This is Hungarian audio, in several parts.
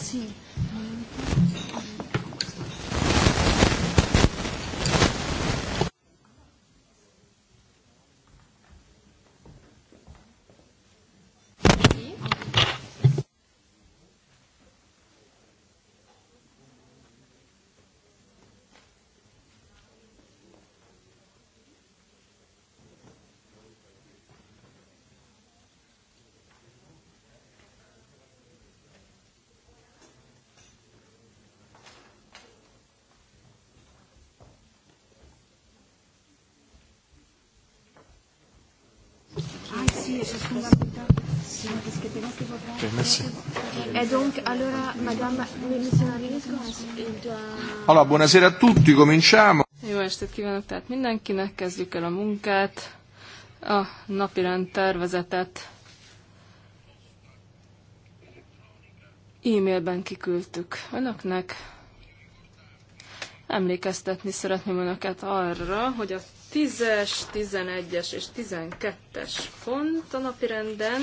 Sì. Okay, merci. E donc, allora, madame, allora, a tutti, cominciamo. Jó estét kívánok tehát mindenkinek, kezdjük el a munkát, a napirend tervezetet e-mailben kiküldtük önöknek. Emlékeztetni szeretném önöket arra, hogy a 10-es, 11-es és 12-es pont a renden,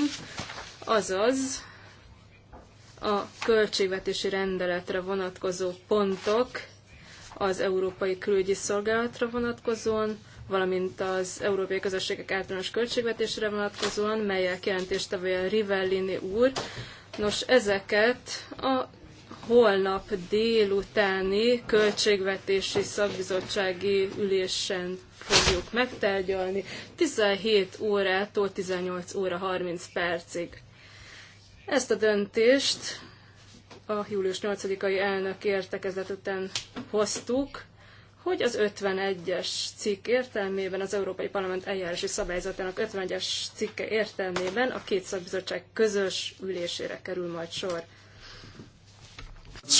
azaz a költségvetési rendeletre vonatkozó pontok az Európai Külügyi Szolgálatra vonatkozóan, valamint az Európai Közösségek általános költségvetésére vonatkozóan, melyek jelentéstevője Rivellini úr. Nos, ezeket a holnap délutáni költségvetési szakbizottsági ülésen fogjuk megtárgyalni 17 órától 18 óra 30 percig. Ezt a döntést a július 8-ai elnök értekezlet után hoztuk, hogy az 51-es cikk értelmében, az Európai Parlament eljárási szabályzatának 51-es cikke értelmében a két szakbizottság közös ülésére kerül majd sor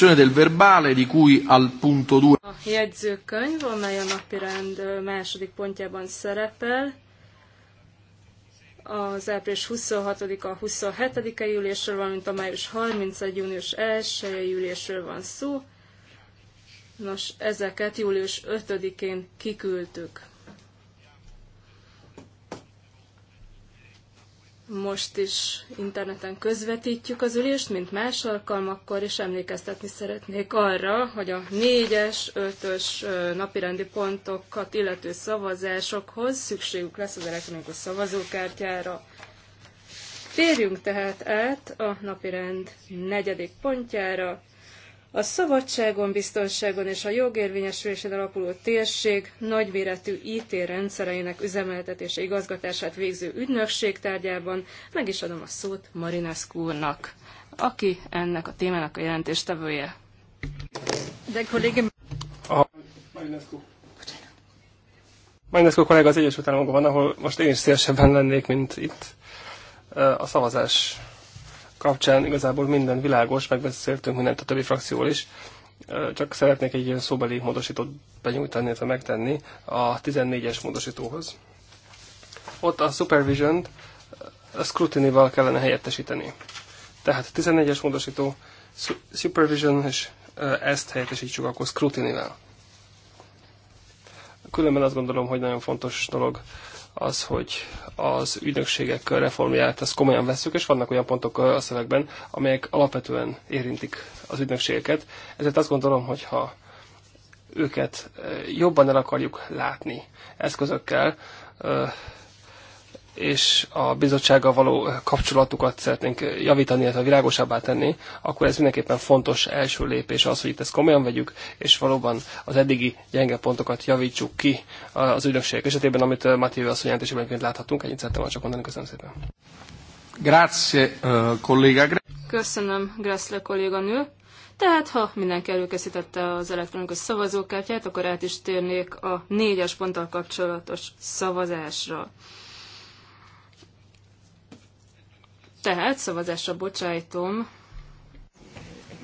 del verbale di cui al punto 2. A jegyzőkönyv, amely a napi rend második pontjában szerepel, az április 26-a 27-e ülésről, valamint a május 31. június 1 -e ülésről van szó. Nos, ezeket július 5-én kiküldtük. most is interneten közvetítjük az ülést, mint más alkalmakkor, és emlékeztetni szeretnék arra, hogy a négyes, ötös napirendi pontokat illető szavazásokhoz szükségük lesz az elektronikus szavazókártyára. Térjünk tehát át a napirend negyedik pontjára, a szabadságon, biztonságon és a jogérvényesülésen alapuló térség nagyméretű IT rendszereinek üzemeltetése igazgatását végző ügynökség tárgyában meg is adom a szót Marinescu úrnak, aki ennek a témának a jelentéstevője. De kollégém... A... Marinescu. Marinescu kollega az Egyesült Államokban van, ahol most én is szélsebben lennék, mint itt a szavazás kapcsán igazából minden világos, megbeszéltünk mindent a többi frakcióval is, csak szeretnék egy ilyen szóbeli módosítót benyújtani, illetve megtenni a 14-es módosítóhoz. Ott a supervision a scrutiny-val kellene helyettesíteni. Tehát 14-es módosító, supervision, és ezt helyettesítsük akkor scrutiny-vel. Különben azt gondolom, hogy nagyon fontos dolog az, hogy az ügynökségek reformját ezt komolyan veszük, és vannak olyan pontok a szövegben, amelyek alapvetően érintik az ügynökségeket. Ezért azt gondolom, hogy ha őket eh, jobban el akarjuk látni eszközökkel, eh, és a bizottsággal való kapcsolatukat szeretnénk javítani, illetve világosabbá tenni, akkor ez mindenképpen fontos első lépés az, hogy itt ezt komolyan vegyük, és valóban az eddigi gyenge pontokat javítsuk ki az ügynökségek esetében, amit uh, Matévi asszony jelentésében láthatunk. Ennyit szerettem csak mondani, köszönöm szépen. Grazie, uh, kolléga. Köszönöm, Grassle kolléganő. Tehát, ha mindenki előkészítette az elektronikus szavazókártyát, akkor át is térnék a négyes ponttal kapcsolatos szavazásra. Tehát szavazásra bocsájtom.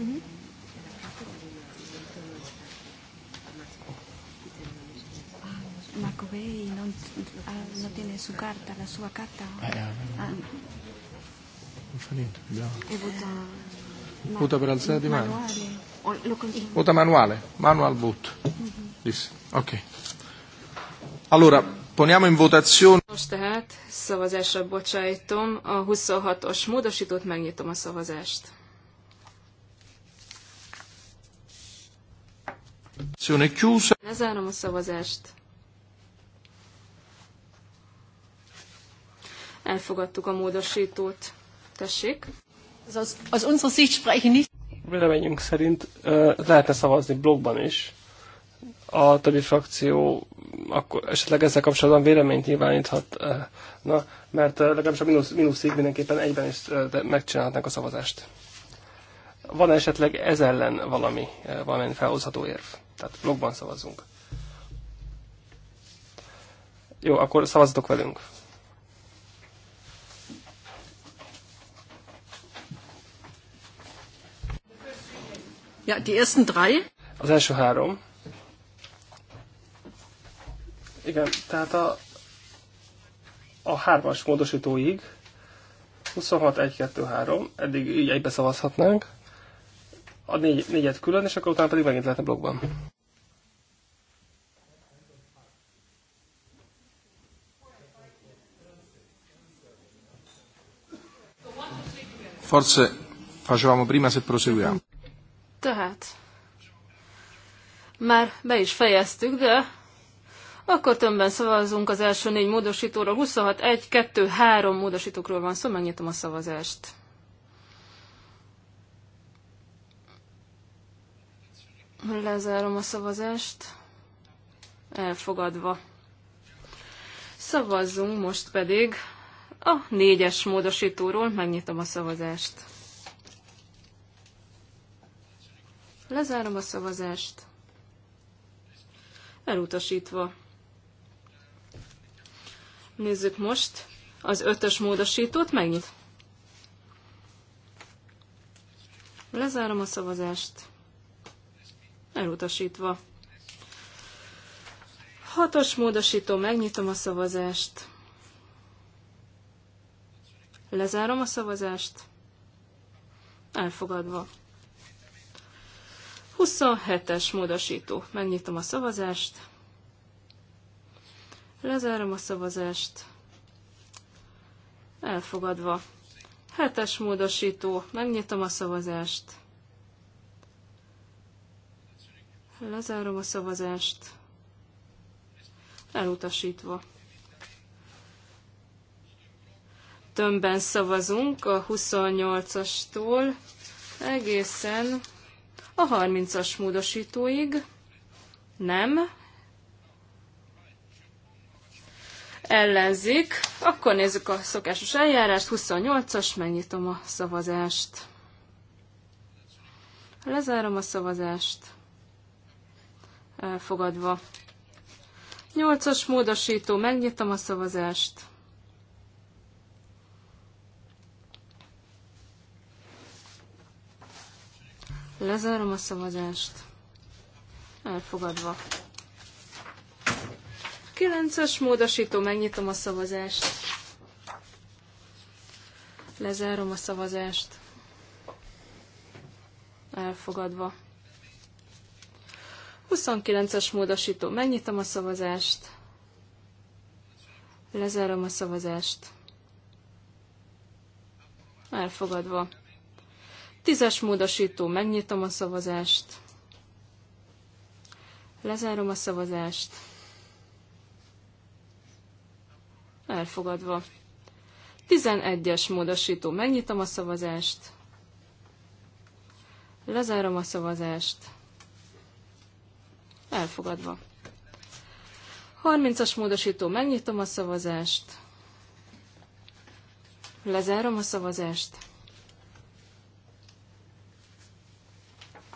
Mm-hmm. Macovei no, eh, no tiene su carta, la sua carta. Ah, ah. E vota, vota per alzare di mano. Manuale. Vota manuale, manual vote. Mhm. Ok. Allora, poniamo in votazione. Most tehát szavazásra bocsájtom a 26-os módosítót, megnyitom a szavazást. Lezárom a szavazást. Elfogadtuk a módosítót. Tessék. Az, az unsere Sicht sprechen nicht. Véleményünk szerint lehetne szavazni blogban is. A többi frakció akkor esetleg ezzel kapcsolatban véleményt nyilváníthatna, mert eh, legalábbis a mínusz, mínuszig mindenképpen egyben is eh, megcsinálhatnánk a szavazást. Van -e esetleg ez ellen valami, eh, valamilyen felhozható érv? Tehát blogban szavazunk. Jó, akkor szavazatok velünk. Ja, die ersten drei. Az első három. Igen, tehát a, a hármas módosítóig 26, 1, 2, 3, eddig így egybe szavazhatnánk, a négy, négyet külön, és akkor utána pedig megint lehetne blogban. Forse facevamo prima se proseguiamo. Tehát, már be is fejeztük, de akkor tömbben szavazunk az első négy módosítóról. 26, 1, 2, 3 módosítókról van szó, szóval megnyitom a szavazást. Lezárom a szavazást. Elfogadva. Szavazzunk most pedig a négyes módosítóról. Megnyitom a szavazást. Lezárom a szavazást. Elutasítva. Nézzük most az ötös módosítót, megnyit. Lezárom a szavazást. Elutasítva. Hatos módosító, megnyitom a szavazást. Lezárom a szavazást. Elfogadva. 27-es módosító. Megnyitom a szavazást. Lezárom a szavazást. Elfogadva. Hetes módosító. Megnyitom a szavazást. Lezárom a szavazást. Elutasítva. Tömbben szavazunk a 28-astól egészen a 30-as módosítóig. Nem, ellenzik, akkor nézzük a szokásos eljárást. 28-as, megnyitom a szavazást. Lezárom a szavazást. Elfogadva. 8-as módosító, megnyitom a szavazást. Lezárom a szavazást. Elfogadva. 9-es módosító, megnyitom a szavazást. Lezárom a szavazást. Elfogadva. 29-es módosító, megnyitom a szavazást. Lezárom a szavazást. Elfogadva. Tízes módosító, megnyitom a szavazást. Lezárom a szavazást. elfogadva. 11-es módosító, megnyitom a szavazást, lezárom a szavazást, elfogadva. 30-as módosító, megnyitom a szavazást, lezárom a szavazást,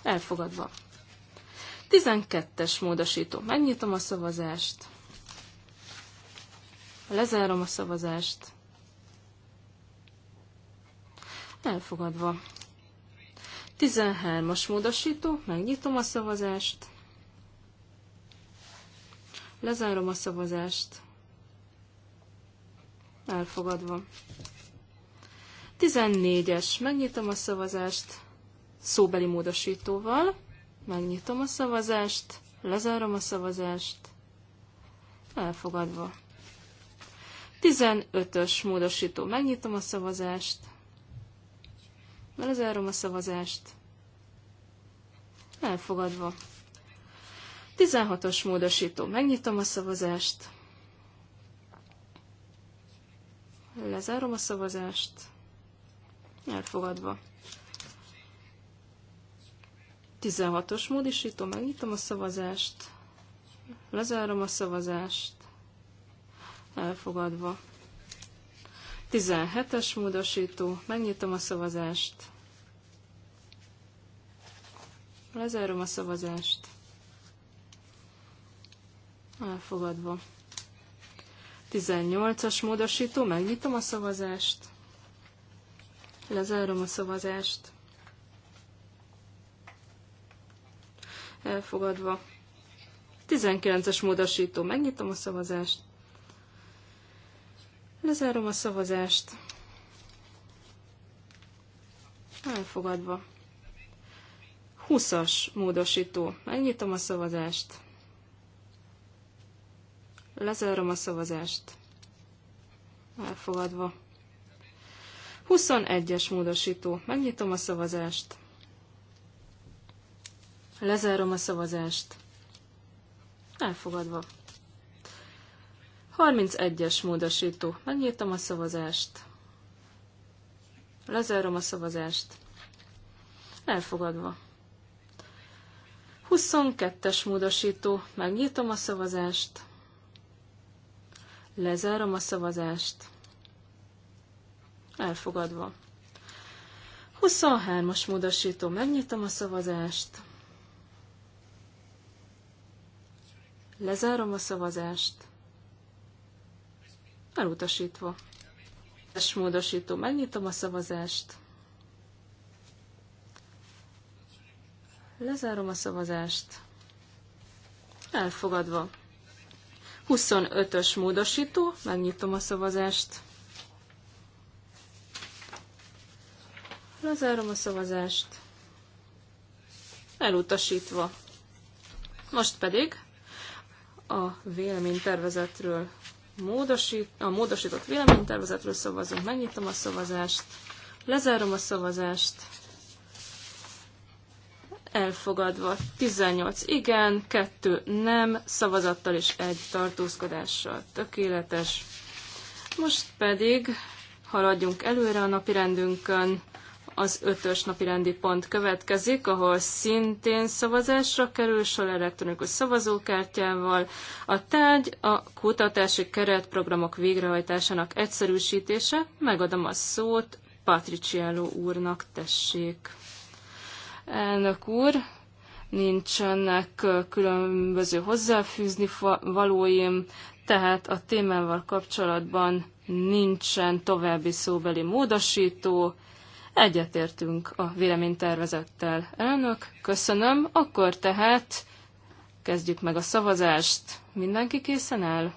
elfogadva. 12-es módosító, megnyitom a szavazást, Lezárom a szavazást. Elfogadva. 13-as módosító, megnyitom a szavazást. Lezárom a szavazást. Elfogadva. 14-es, megnyitom a szavazást szóbeli módosítóval. Megnyitom a szavazást, lezárom a szavazást. Elfogadva. 15-ös módosító. Megnyitom a szavazást. Lezárom a szavazást. Elfogadva. 16-os módosító. Megnyitom a szavazást. Lezárom a szavazást. Elfogadva. 16-os módosító. Megnyitom a szavazást. Lezárom a szavazást elfogadva. 17-es módosító, megnyitom a szavazást. Lezárom a szavazást. Elfogadva. 18-as módosító, megnyitom a szavazást. Lezárom a szavazást. Elfogadva. 19-es módosító, megnyitom a szavazást. Lezárom a szavazást. Elfogadva. 20-as módosító. Megnyitom a szavazást. Lezárom a szavazást. Elfogadva. 21-es módosító. Megnyitom a szavazást. Lezárom a szavazást. Elfogadva. 31-es módosító. Megnyitom a szavazást. Lezárom a szavazást. Elfogadva. 22-es módosító. Megnyitom a szavazást. Lezárom a szavazást. Elfogadva. 23-as módosító. Megnyitom a szavazást. Lezárom a szavazást. Elutasítva. Es módosító. Megnyitom a szavazást. Lezárom a szavazást. Elfogadva. 25-ös módosító. Megnyitom a szavazást. Lezárom a szavazást. Elutasítva. Most pedig a véleménytervezetről módosít, a módosított véleménytervezetről szavazunk. Megnyitom a szavazást, lezárom a szavazást. Elfogadva 18 igen, 2 nem, szavazattal és egy tartózkodással. Tökéletes. Most pedig haladjunk előre a napirendünkön. Az ötös napi rendi pont következik, ahol szintén szavazásra kerül sor elektronikus szavazókártyával. A tárgy a kutatási keretprogramok végrehajtásának egyszerűsítése. Megadom a szót Patriciello úrnak, tessék. Elnök úr, nincsenek különböző hozzáfűzni valóim, tehát a témával kapcsolatban nincsen további szóbeli módosító, Egyetértünk a véleménytervezettel. Elnök, köszönöm. Akkor tehát kezdjük meg a szavazást. Mindenki készen áll?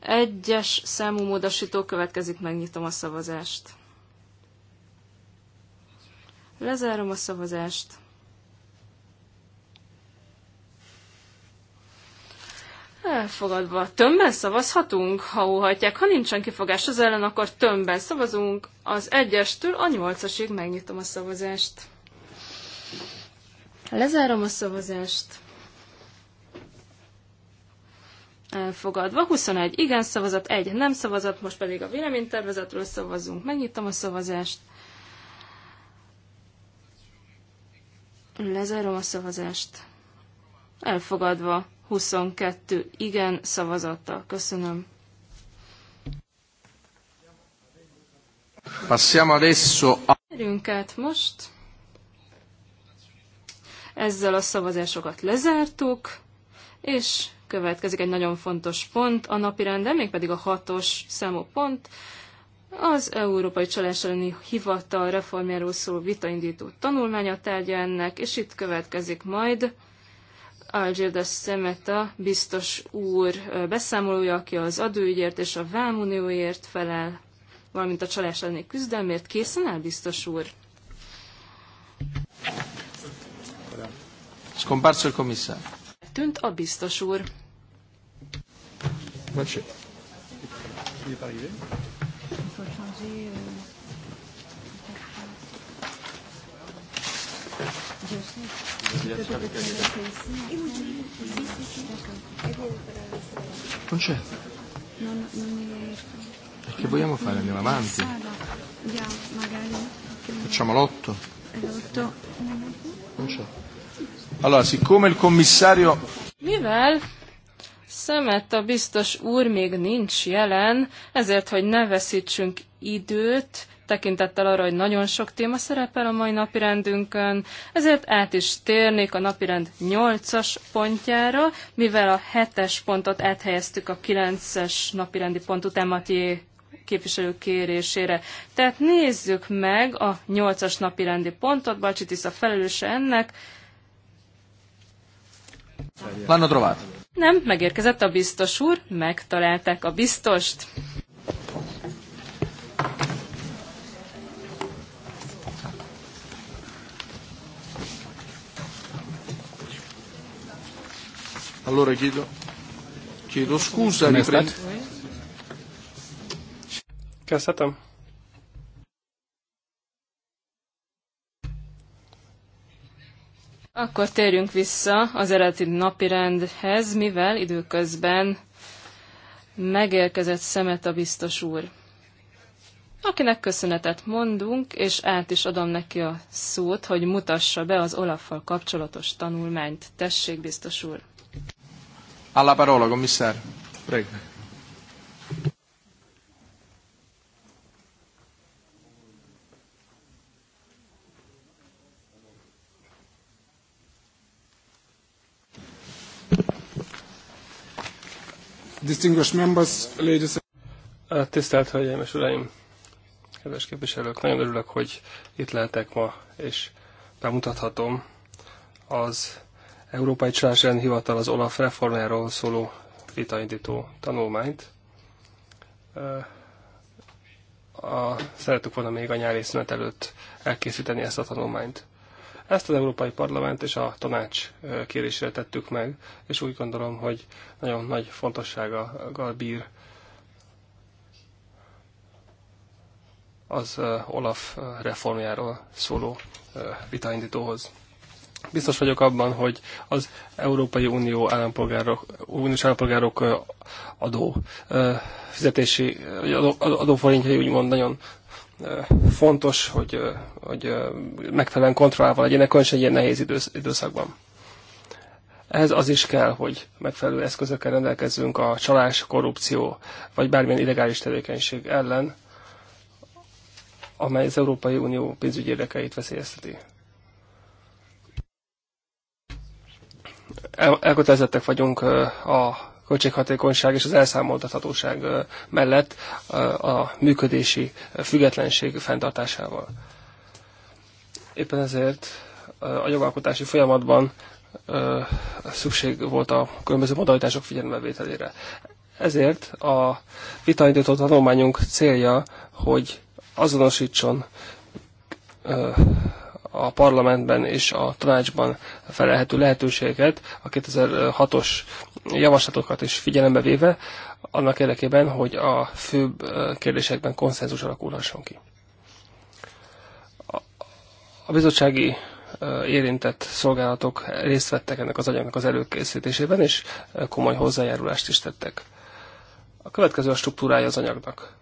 Egyes számú módosító következik, megnyitom a szavazást. Lezárom a szavazást. Elfogadva. Tömbben szavazhatunk, ha óhatják. Ha nincsen kifogás az ellen, akkor tömbben szavazunk. Az egyestől a nyolcasig megnyitom a szavazást. Lezárom a szavazást. Elfogadva. 21 igen szavazat, 1 nem szavazat, most pedig a véleménytervezetről szavazunk. Megnyitom a szavazást. Lezárom a szavazást. Elfogadva. 22 igen szavazattal. Köszönöm. Passiamo adesso a... Át most. Ezzel a szavazásokat lezártuk, és következik egy nagyon fontos pont a napi renden, mégpedig a hatos számú pont, az Európai Csalás elleni Hivatal reformjáról szóló vitaindító tanulmánya tárgya ennek, és itt következik majd Algirdas Szemeta biztos úr beszámolója, aki az adóügyért és a vámunióért felel, valamint a csalás elleni küzdelmért. Készen áll, biztos úr? Scomparso il Tűnt a biztos úr. Merci. Köszönöm. Non c'è. Non, non mi E che vogliamo fare? Andiamo avanti. Andiamo, magari. Facciamo l'otto. L'otto. Non c'è. Allora, siccome il commissario... Mivel szemet a biztos úr még nincs jelen, ezért, hogy ne veszítsünk időt, tekintettel arra, hogy nagyon sok téma szerepel a mai napirendünkön, ezért át is térnék a napirend 8-as pontjára, mivel a 7-es pontot áthelyeztük a 9-es napirendi pont után Matié képviselő kérésére. Tehát nézzük meg a 8-as napirendi pontot, Balcsi Tisza felelőse ennek. L'hanno trovato. Nem, megérkezett a biztos úr, megtalálták a biztost. Allora chiedo, chiedo scusa, riprendo. Akkor térjünk vissza az eredeti napirendhez, mivel időközben megérkezett szemet a biztos úr. Akinek köszönetet mondunk, és át is adom neki a szót, hogy mutassa be az Olaffal kapcsolatos tanulmányt. Tessék, biztos úr! Alla parola, commissario. Prego. Eh, tisztelt Hölgyeim és Uraim! Kedves képviselők, nagyon örülök, hogy itt lehetek ma, és bemutathatom az Európai Csalás Hivatal az Olaf reformjáról szóló vitaindító tanulmányt. A, szerettük volna még a nyári szünet előtt elkészíteni ezt a tanulmányt. Ezt az Európai Parlament és a tanács kérésére tettük meg, és úgy gondolom, hogy nagyon nagy fontossága bír az Olaf reformjáról szóló vitaindítóhoz. Biztos vagyok abban, hogy az Európai Unió állampolgárok, uniós állampolgárok adó fizetési adóforintjai úgymond nagyon fontos, hogy, hogy megfelelően kontrollálva legyenek, olyan egy ilyen nehéz időszakban. Ehhez az is kell, hogy megfelelő eszközökkel rendelkezzünk a csalás, korrupció, vagy bármilyen illegális tevékenység ellen, amely az Európai Unió pénzügyi érdekeit veszélyezteti. elkötelezettek vagyunk a költséghatékonyság és az elszámoltathatóság mellett a működési függetlenség fenntartásával. Éppen ezért a jogalkotási folyamatban szükség volt a különböző modalitások figyelmevételére. Ezért a vitaindított tanulmányunk célja, hogy azonosítson a parlamentben és a tanácsban felelhető lehetőséget, a 2006-os javaslatokat is figyelembe véve, annak érdekében, hogy a főbb kérdésekben konszenzus alakulhasson ki. A bizottsági érintett szolgálatok részt vettek ennek az anyagnak az előkészítésében, és komoly hozzájárulást is tettek. A következő a struktúrája az anyagnak.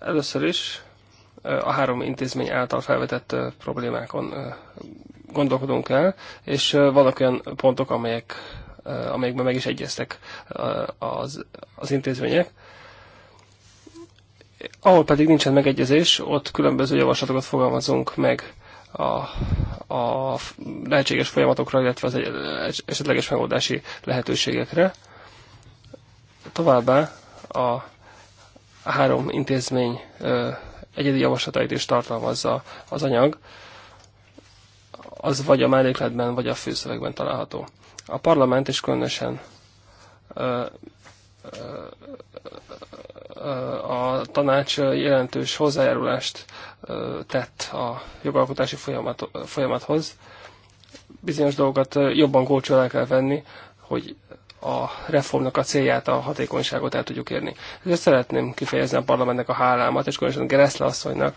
Először is a három intézmény által felvetett problémákon gondolkodunk el, és vannak olyan pontok, amelyek, amelyekben meg is egyeztek az, az intézmények. Ahol pedig nincsen megegyezés, ott különböző javaslatokat fogalmazunk meg a, a lehetséges folyamatokra, illetve az esetleges megoldási lehetőségekre. Továbbá a három intézmény egyedi javaslatait is tartalmazza az anyag, az vagy a mellékletben, vagy a főszövegben található. A parlament is különösen a tanács jelentős hozzájárulást tett a jogalkotási folyamat, folyamathoz. Bizonyos dolgokat jobban kócsolá kell venni, hogy a reformnak a célját, a hatékonyságot el tudjuk érni. Ezért szeretném kifejezni a parlamentnek a hálámat, és különösen Gereszle asszonynak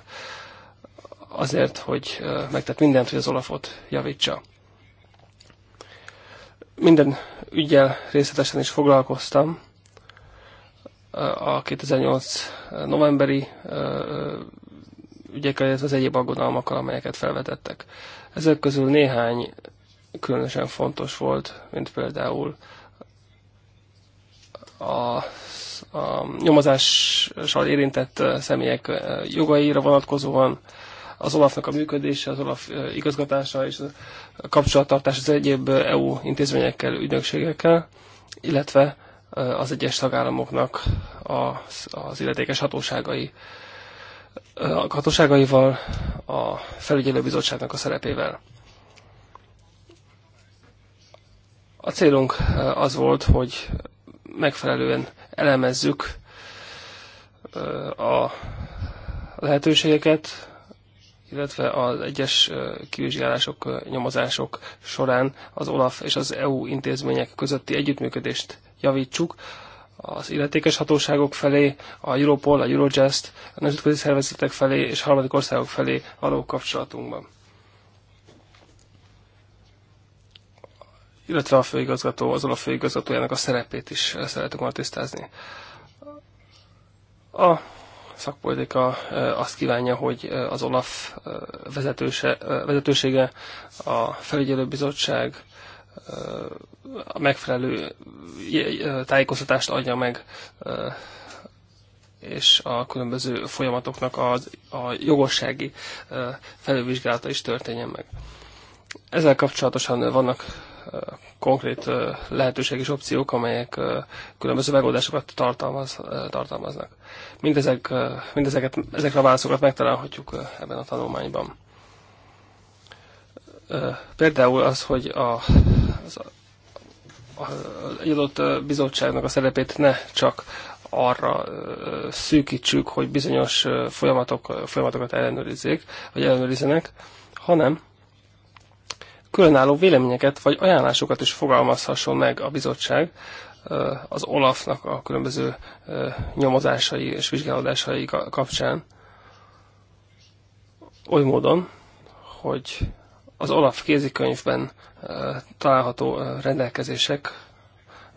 azért, hogy megtett mindent, hogy az Olafot javítsa. Minden ügyel részletesen is foglalkoztam a 2008 novemberi ügyekkel, illetve az egyéb aggodalmakkal, amelyeket felvetettek. Ezek közül néhány különösen fontos volt, mint például a, a nyomozással érintett személyek jogaira vonatkozóan, az Olafnak a működése, az Olaf igazgatása és a kapcsolattartás az egyéb EU intézményekkel, ügynökségekkel, illetve az egyes tagállamoknak az, az illetékes hatóságai, a hatóságaival, a felügyelőbizottságnak a szerepével. A célunk az volt, hogy megfelelően elemezzük a lehetőségeket, illetve az egyes kivizsgálások, nyomozások során az OLAF és az EU intézmények közötti együttműködést javítsuk, az illetékes hatóságok felé, a Europol, a Eurojust, a nemzetközi szervezetek felé és harmadik országok felé való kapcsolatunkban. illetve a főigazgató, azon a főigazgatójának a szerepét is szeretünk volna tisztázni. A szakpolitika azt kívánja, hogy az OLAF vezetőse, vezetősége, a felügyelőbizottság a megfelelő tájékoztatást adja meg és a különböző folyamatoknak a, a jogossági felülvizsgálata is történjen meg. Ezzel kapcsolatosan vannak konkrét lehetőség és opciók, amelyek különböző megoldásokat tartalmaz, tartalmaznak. Mindezek, mindezeket, ezekre a válaszokat megtalálhatjuk ebben a tanulmányban. Például az, hogy a, az, egy adott bizottságnak a szerepét ne csak arra szűkítsük, hogy bizonyos folyamatok, folyamatokat ellenőrizzék, vagy ellenőrizzenek, hanem különálló véleményeket vagy ajánlásokat is fogalmazhasson meg a bizottság az Olafnak a különböző nyomozásai és vizsgálódásai kapcsán oly módon, hogy az Olaf kézikönyvben található rendelkezések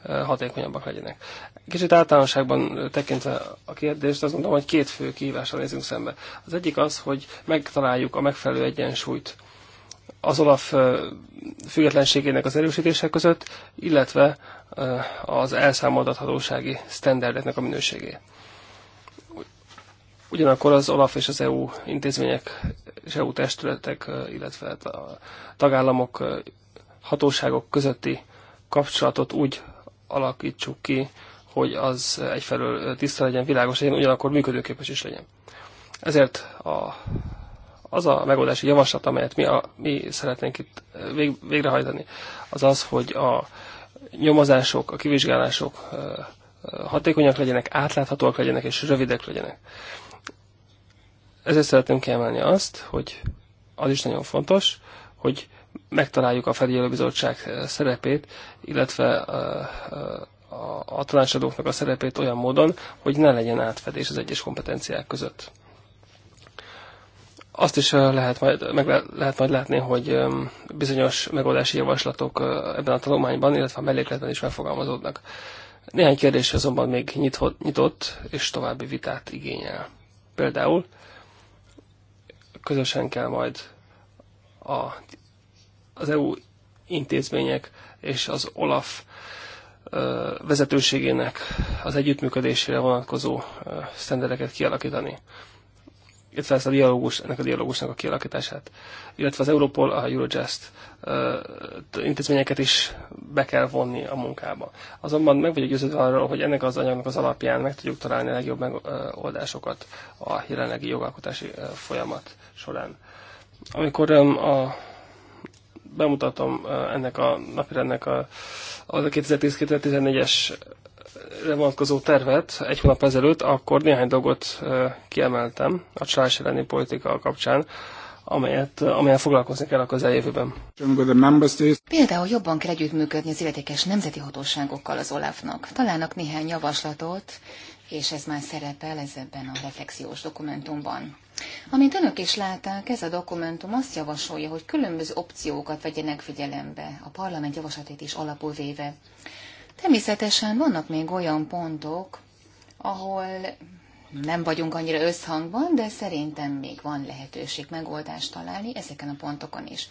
hatékonyabbak legyenek. Kicsit általánosságban tekintve a kérdést, azt gondolom, hogy két fő kihívásra nézünk szembe. Az egyik az, hogy megtaláljuk a megfelelő egyensúlyt az Olaf függetlenségének az erősítése között, illetve az elszámoltathatósági sztenderdeknek a minőségé. Ugyanakkor az Olaf és az EU intézmények és EU testületek, illetve hát a tagállamok, hatóságok közötti kapcsolatot úgy alakítsuk ki, hogy az egyfelől tiszta legyen, világos legyen, ugyanakkor működőképes is legyen. Ezért a az a megoldási javaslat, amelyet mi, a, mi szeretnénk itt vég, végrehajtani, az az, hogy a nyomozások, a kivizsgálások hatékonyak legyenek, átláthatóak legyenek és rövidek legyenek. Ezért szeretném kiemelni azt, hogy az is nagyon fontos, hogy megtaláljuk a felügyelőbizottság szerepét, illetve a, a, a tanácsadóknak a szerepét olyan módon, hogy ne legyen átfedés az egyes kompetenciák között. Azt is lehet majd, meg lehet majd látni, hogy bizonyos megoldási javaslatok ebben a tanulmányban, illetve a mellékletben is megfogalmazódnak. Néhány kérdés azonban még nyitott és további vitát igényel. Például közösen kell majd a, az EU intézmények és az OLAF vezetőségének az együttműködésére vonatkozó sztendereket kialakítani illetve ezt a dialógus, ennek a dialógusnak a kialakítását, illetve az Europol, a Eurojust intézményeket is be kell vonni a munkába. Azonban meg vagyok győződve arról, hogy ennek az anyagnak az alapján meg tudjuk találni a legjobb megoldásokat a jelenlegi jogalkotási folyamat során. Amikor a, bemutatom ennek a napirendnek a, az a 2010-2014-es vonatkozó tervet egy hónap ezelőtt, akkor néhány dolgot kiemeltem a csalás elleni politika kapcsán, amelyet, amelyen foglalkozni kell a közeljövőben. Például jobban kell együttműködni az illetékes nemzeti hatóságokkal az Olafnak. Találnak néhány javaslatot, és ez már szerepel ez ebben a reflexiós dokumentumban. Amint önök is látták, ez a dokumentum azt javasolja, hogy különböző opciókat vegyenek figyelembe, a parlament javaslatét is alapul véve. Természetesen vannak még olyan pontok, ahol nem vagyunk annyira összhangban, de szerintem még van lehetőség megoldást találni ezeken a pontokon is.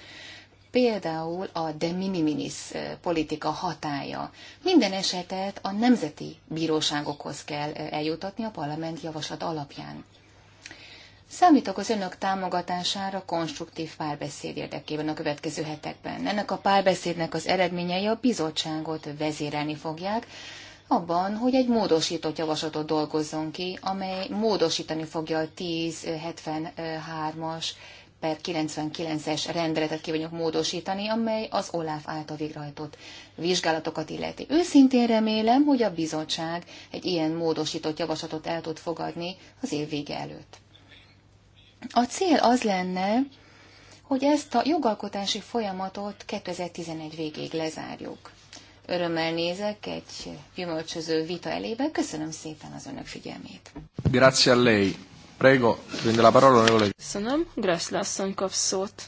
Például a de minimis politika hatája. Minden esetet a nemzeti bíróságokhoz kell eljutatni a parlament javaslat alapján. Számítok az önök támogatására konstruktív párbeszéd érdekében a következő hetekben. Ennek a párbeszédnek az eredményei a bizottságot vezérelni fogják, abban, hogy egy módosított javaslatot dolgozzon ki, amely módosítani fogja a 1073-as per 99-es rendeletet kívánjuk módosítani, amely az OLAF által végrehajtott vizsgálatokat illeti. Őszintén remélem, hogy a bizottság egy ilyen módosított javaslatot el tud fogadni az év vége előtt. A cél az lenne, hogy ezt a jogalkotási folyamatot 2011 végéig lezárjuk. Örömmel nézek egy gyümölcsöző vita elébe. Köszönöm szépen az önök figyelmét. Grazie a lei. Prego, prende la parola, onorevole. Köszönöm. Grazie asszony kap szót.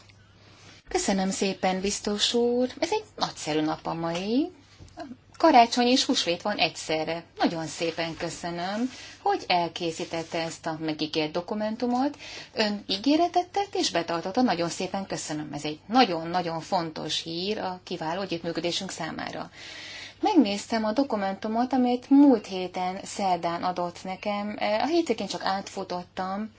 Köszönöm szépen, biztos úr. Ez egy nagyszerű nap a mai. Karácsony és húsvét van egyszerre. Nagyon szépen köszönöm hogy elkészítette ezt a megígért dokumentumot. Ön ígéretet tett és betartotta, nagyon szépen köszönöm. Ez egy nagyon-nagyon fontos hír a kiváló együttműködésünk számára. Megnéztem a dokumentumot, amit múlt héten szerdán adott nekem. A hétvégén csak átfutottam,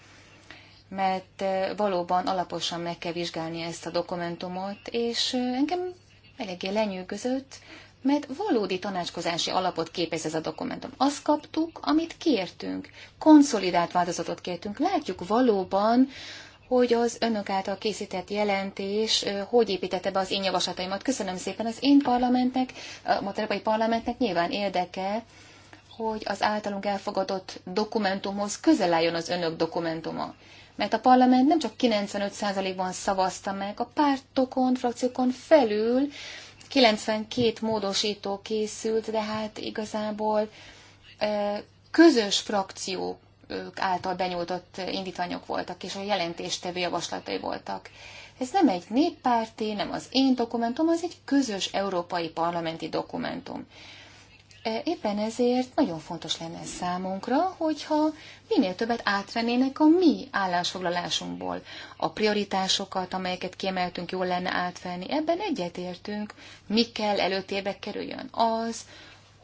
mert eh, valóban alaposan meg kell vizsgálni ezt a dokumentumot, és eh, engem eléggé lenyűgözött, mert valódi tanácskozási alapot képez ez a dokumentum. Azt kaptuk, amit kértünk. Konszolidált változatot kértünk. Látjuk valóban, hogy az önök által készített jelentés hogy építette be az én javaslataimat. Köszönöm szépen az én parlamentnek, a Montenegai parlamentnek nyilván érdeke, hogy az általunk elfogadott dokumentumhoz közel álljon az önök dokumentuma. Mert a parlament nem csak 95%-ban szavazta meg, a pártokon, frakciókon felül 92 módosító készült, de hát igazából közös frakciók által benyújtott indítványok voltak, és a jelentéstevő javaslatai voltak. Ez nem egy néppárti, nem az én dokumentum, az egy közös európai parlamenti dokumentum. E, éppen ezért nagyon fontos lenne számunkra, hogyha minél többet átvennének a mi állásfoglalásunkból. A prioritásokat, amelyeket kiemeltünk, jól lenne átvenni, ebben egyetértünk, mi kell előtérbe kerüljön. Az,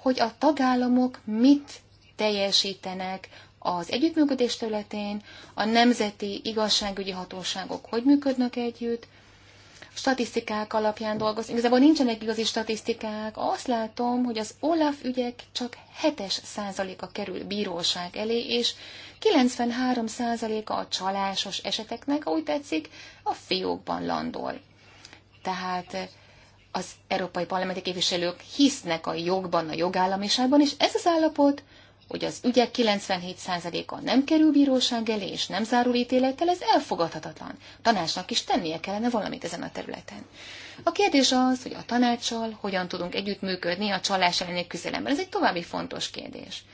hogy a tagállamok mit teljesítenek az együttműködés területén, a nemzeti igazságügyi hatóságok hogy működnek együtt, statisztikák alapján dolgozni. Igazából nincsenek igazi statisztikák. Azt látom, hogy az Olaf ügyek csak 7-es százaléka kerül bíróság elé, és 93 százaléka a csalásos eseteknek, ahogy tetszik, a fiókban landol. Tehát az európai parlamenti képviselők hisznek a jogban, a jogállamiságban, és ez az állapot hogy az ügyek 97%-a nem kerül bíróság elé, és nem zárul ítélettel, ez elfogadhatatlan. Tanácsnak is tennie kellene valamit ezen a területen. A kérdés az, hogy a tanácssal hogyan tudunk együttműködni a csalás elleni küzdelemben. Ez egy további fontos kérdés.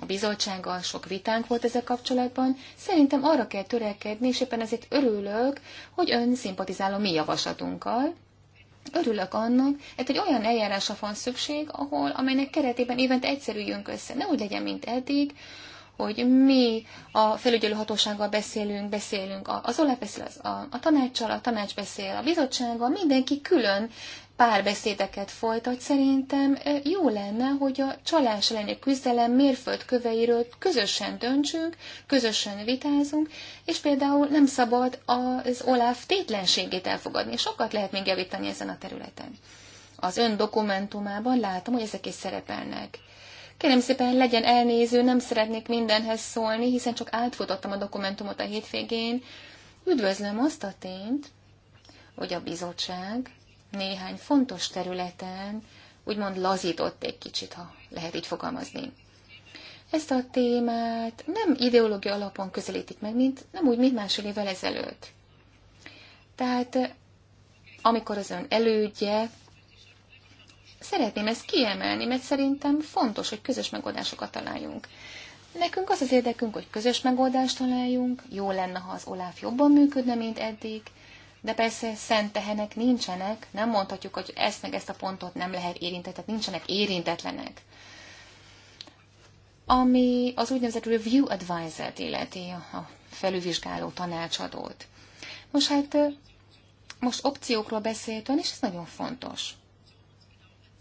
A bizottsággal sok vitánk volt ezzel kapcsolatban, szerintem arra kell törekedni, és éppen ezért örülök, hogy ön szimpatizál a mi javaslatunkkal, Örülök annak, hát egy olyan eljárásra van szükség, ahol, amelynek keretében évente egyszerű jönk össze. Ne úgy legyen, mint eddig, hogy mi a felügyelő hatósággal beszélünk, beszélünk, az OLAF beszél az, a, a tanácssal, a tanács beszél a bizottsággal, mindenki külön párbeszédeket beszédeket folytat szerintem jó lenne, hogy a csalás elleni küzdelem mérföldköveiről közösen döntsünk, közösen vitázunk, és például nem szabad az Olaf tétlenségét elfogadni. Sokat lehet még javítani ezen a területen. Az ön dokumentumában látom, hogy ezek is szerepelnek. Kérem szépen, legyen elnéző, nem szeretnék mindenhez szólni, hiszen csak átfutottam a dokumentumot a hétvégén. Üdvözlöm azt a tényt, hogy a bizottság néhány fontos területen úgymond lazított egy kicsit, ha lehet így fogalmazni. Ezt a témát nem ideológia alapon közelítik meg, mint nem úgy, mint másfél évvel ezelőtt. Tehát amikor az ön elődje, szeretném ezt kiemelni, mert szerintem fontos, hogy közös megoldásokat találjunk. Nekünk az az érdekünk, hogy közös megoldást találjunk, jó lenne, ha az Olaf jobban működne, mint eddig, de persze szent tehenek nincsenek, nem mondhatjuk, hogy ezt meg ezt a pontot nem lehet érintett, tehát nincsenek érintetlenek. Ami az úgynevezett review advisor-t illeti, a felülvizsgáló tanácsadót. Most hát most opciókról beszéltünk, és ez nagyon fontos.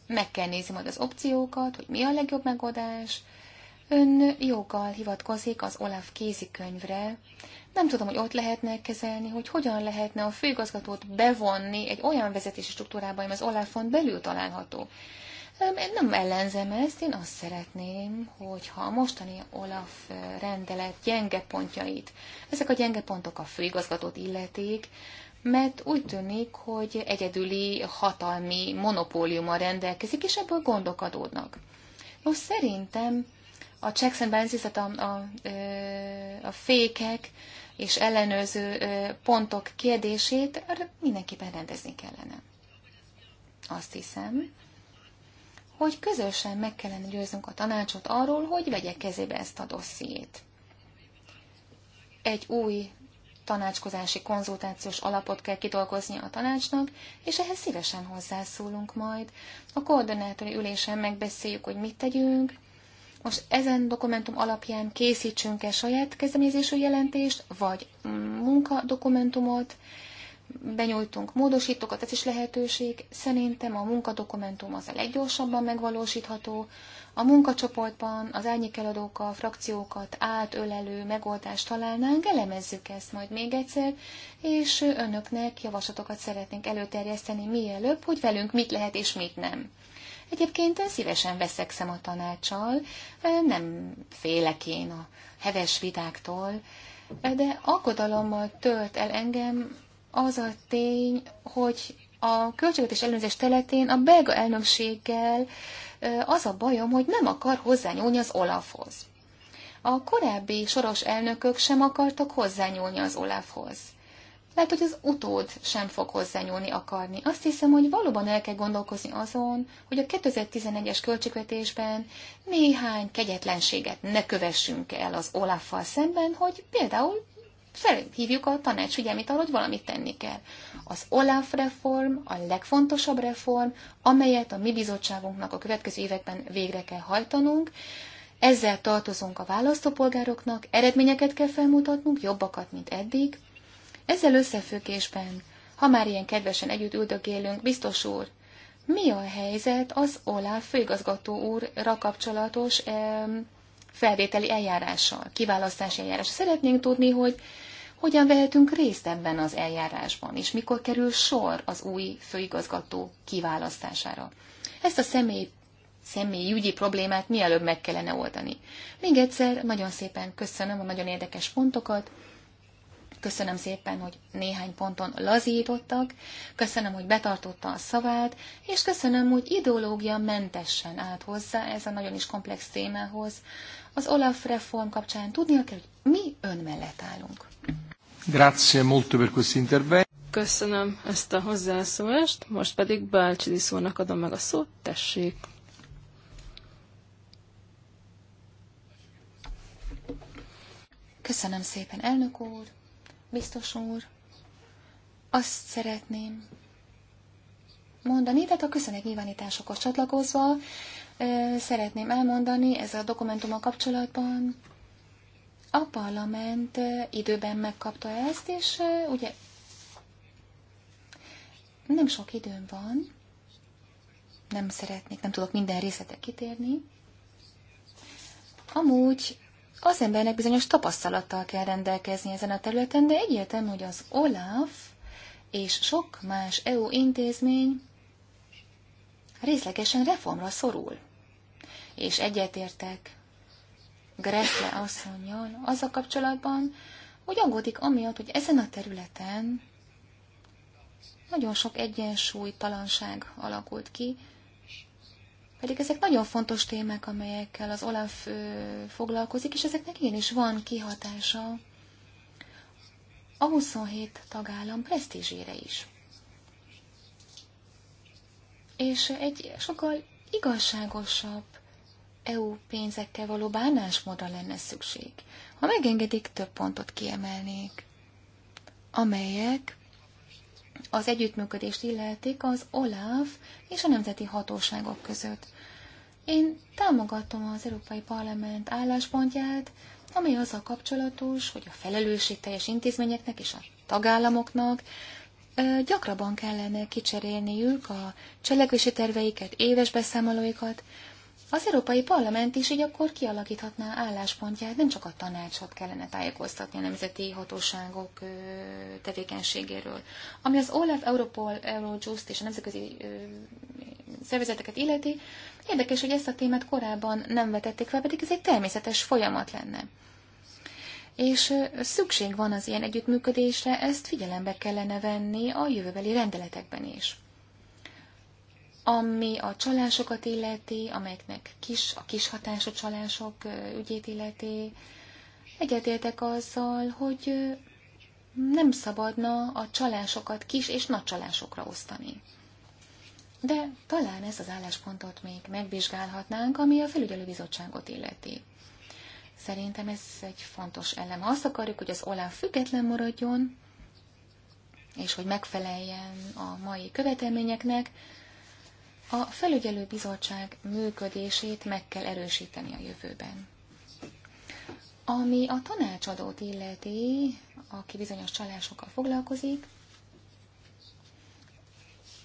Meg kell nézni majd az opciókat, hogy mi a legjobb megoldás. Ön joggal hivatkozik az Olaf kézikönyvre, nem tudom, hogy ott lehetne kezelni, hogy hogyan lehetne a főigazgatót bevonni egy olyan vezetési struktúrába, ami az Olafon belül található. Én nem ellenzem ezt, én azt szeretném, hogyha a mostani Olaf rendelet gyenge pontjait, ezek a gyenge pontok a főigazgatót illetik, mert úgy tűnik, hogy egyedüli hatalmi monopóliuma rendelkezik, és ebből gondok adódnak. Most szerintem a checks and balances, a, a, a fékek és ellenőrző pontok kérdését mindenképpen rendezni kellene. Azt hiszem, hogy közösen meg kellene győznünk a tanácsot arról, hogy vegye kezébe ezt a dossziét. Egy új tanácskozási konzultációs alapot kell kidolgozni a tanácsnak, és ehhez szívesen hozzászólunk majd. A koordinátori ülésen megbeszéljük, hogy mit tegyünk, most ezen dokumentum alapján készítsünk-e saját kezdeményezésű jelentést, vagy munkadokumentumot, benyújtunk módosítókat, ez is lehetőség. Szerintem a munkadokumentum az a leggyorsabban megvalósítható. A munkacsoportban az árnyékeladókkal, frakciókat átölelő megoldást találnánk, elemezzük ezt majd még egyszer, és önöknek javaslatokat szeretnénk előterjeszteni mielőbb, hogy velünk mit lehet és mit nem. Egyébként szívesen veszek a tanácsal, nem félek én a heves vitáktól, de aggodalommal tölt el engem az a tény, hogy a költségvetés ellenőrzés teletén a belga elnökséggel az a bajom, hogy nem akar hozzányúlni az Olafhoz. A korábbi soros elnökök sem akartak hozzányúlni az Olafhoz lehet, hogy az utód sem fog hozzányúlni akarni. Azt hiszem, hogy valóban el kell gondolkozni azon, hogy a 2011-es költségvetésben néhány kegyetlenséget ne kövessünk el az Olaffal szemben, hogy például felhívjuk a tanács figyelmét arra, hogy valamit tenni kell. Az Olaf reform a legfontosabb reform, amelyet a mi bizottságunknak a következő években végre kell hajtanunk. Ezzel tartozunk a választópolgároknak, eredményeket kell felmutatnunk, jobbakat, mint eddig, ezzel összefüggésben, ha már ilyen kedvesen együtt üldögélünk, biztos úr, mi a helyzet az Olaf főigazgató úrra kapcsolatos felvételi eljárással, kiválasztási eljárás? Szeretnénk tudni, hogy hogyan vehetünk részt ebben az eljárásban, és mikor kerül sor az új főigazgató kiválasztására. Ezt a személy ügyi problémát mielőbb meg kellene oldani. Még egyszer nagyon szépen köszönöm a nagyon érdekes pontokat, köszönöm szépen, hogy néhány ponton lazítottak, köszönöm, hogy betartotta a szavát, és köszönöm, hogy ideológia mentesen állt hozzá ez a nagyon is komplex témához. Az Olaf reform kapcsán tudnia kell, hogy mi ön mellett állunk. Grazie molto per questo intervento. Köszönöm ezt a hozzászólást, most pedig Bálcsidi szónak adom meg a szót, tessék. Köszönöm szépen, elnök úr! biztos úr, azt szeretném mondani, tehát a köszönet nyilvánításokhoz csatlakozva szeretném elmondani ezzel a dokumentummal kapcsolatban, a parlament időben megkapta ezt, és ugye nem sok időm van, nem szeretnék, nem tudok minden részletre kitérni. Amúgy az embernek bizonyos tapasztalattal kell rendelkezni ezen a területen, de egyértelmű, hogy az OLAF és sok más EU intézmény részlegesen reformra szorul. És egyetértek Gressle asszonyjal az a kapcsolatban, hogy aggódik amiatt, hogy ezen a területen nagyon sok egyensúlytalanság alakult ki, pedig ezek nagyon fontos témák, amelyekkel az Olaf foglalkozik, és ezeknek igenis van kihatása a 27 tagállam presztízsére is. És egy sokkal igazságosabb EU pénzekkel való bánásmódra lenne szükség. Ha megengedik, több pontot kiemelnék, amelyek az együttműködést illetik az OLAF és a nemzeti hatóságok között. Én támogatom az Európai Parlament álláspontját, amely azzal kapcsolatos, hogy a felelősségteljes intézményeknek és a tagállamoknak gyakrabban kellene kicserélniük a cselekvési terveiket, éves beszámolóikat. Az Európai Parlament is így akkor kialakíthatná álláspontját, nem csak a tanácsot kellene tájékoztatni a nemzeti hatóságok tevékenységéről. Ami az OLAF, Europol, Eurojust és a nemzetközi szervezeteket illeti, Érdekes, hogy ezt a témát korábban nem vetették fel, pedig ez egy természetes folyamat lenne. És szükség van az ilyen együttműködésre, ezt figyelembe kellene venni a jövőbeli rendeletekben is. Ami a csalásokat illeti, amelyeknek kis, a kis hatású csalások ügyét illeti, egyetértek azzal, hogy nem szabadna a csalásokat kis és nagy csalásokra osztani de talán ezt az álláspontot még megvizsgálhatnánk, ami a felügyelőbizottságot illeti. Szerintem ez egy fontos elem. Ha azt akarjuk, hogy az olán független maradjon, és hogy megfeleljen a mai követelményeknek, a felügyelőbizottság működését meg kell erősíteni a jövőben. Ami a tanácsadót illeti, aki bizonyos csalásokkal foglalkozik,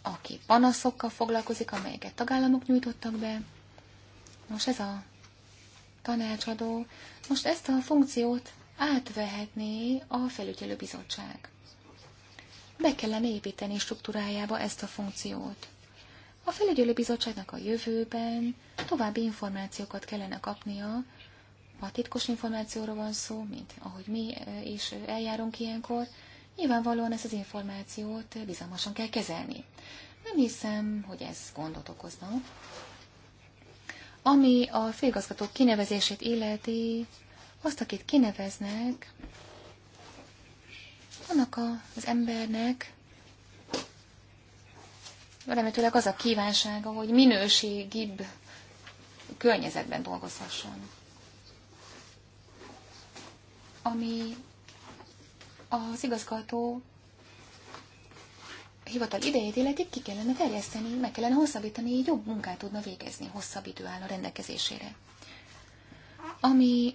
aki panaszokkal foglalkozik, amelyeket tagállamok nyújtottak be. Most ez a tanácsadó, most ezt a funkciót átvehetné a felügyelő bizottság. Be kellene építeni struktúrájába ezt a funkciót. A felügyelő bizottságnak a jövőben további információkat kellene kapnia, ha titkos információra van szó, mint ahogy mi eh, is eh, eljárunk ilyenkor, Nyilvánvalóan ezt az információt bizalmasan kell kezelni. Nem hiszem, hogy ez gondot okozna. Ami a főigazgatók kinevezését illeti, azt, akit kineveznek, annak a, az embernek remetőleg az a kívánsága, hogy minőségibb környezetben dolgozhasson. Ami az igazgató hivatal idejét illetik, ki kellene terjeszteni, meg kellene hosszabbítani, így jobb munkát tudna végezni, hosszabb idő áll a rendelkezésére. Ami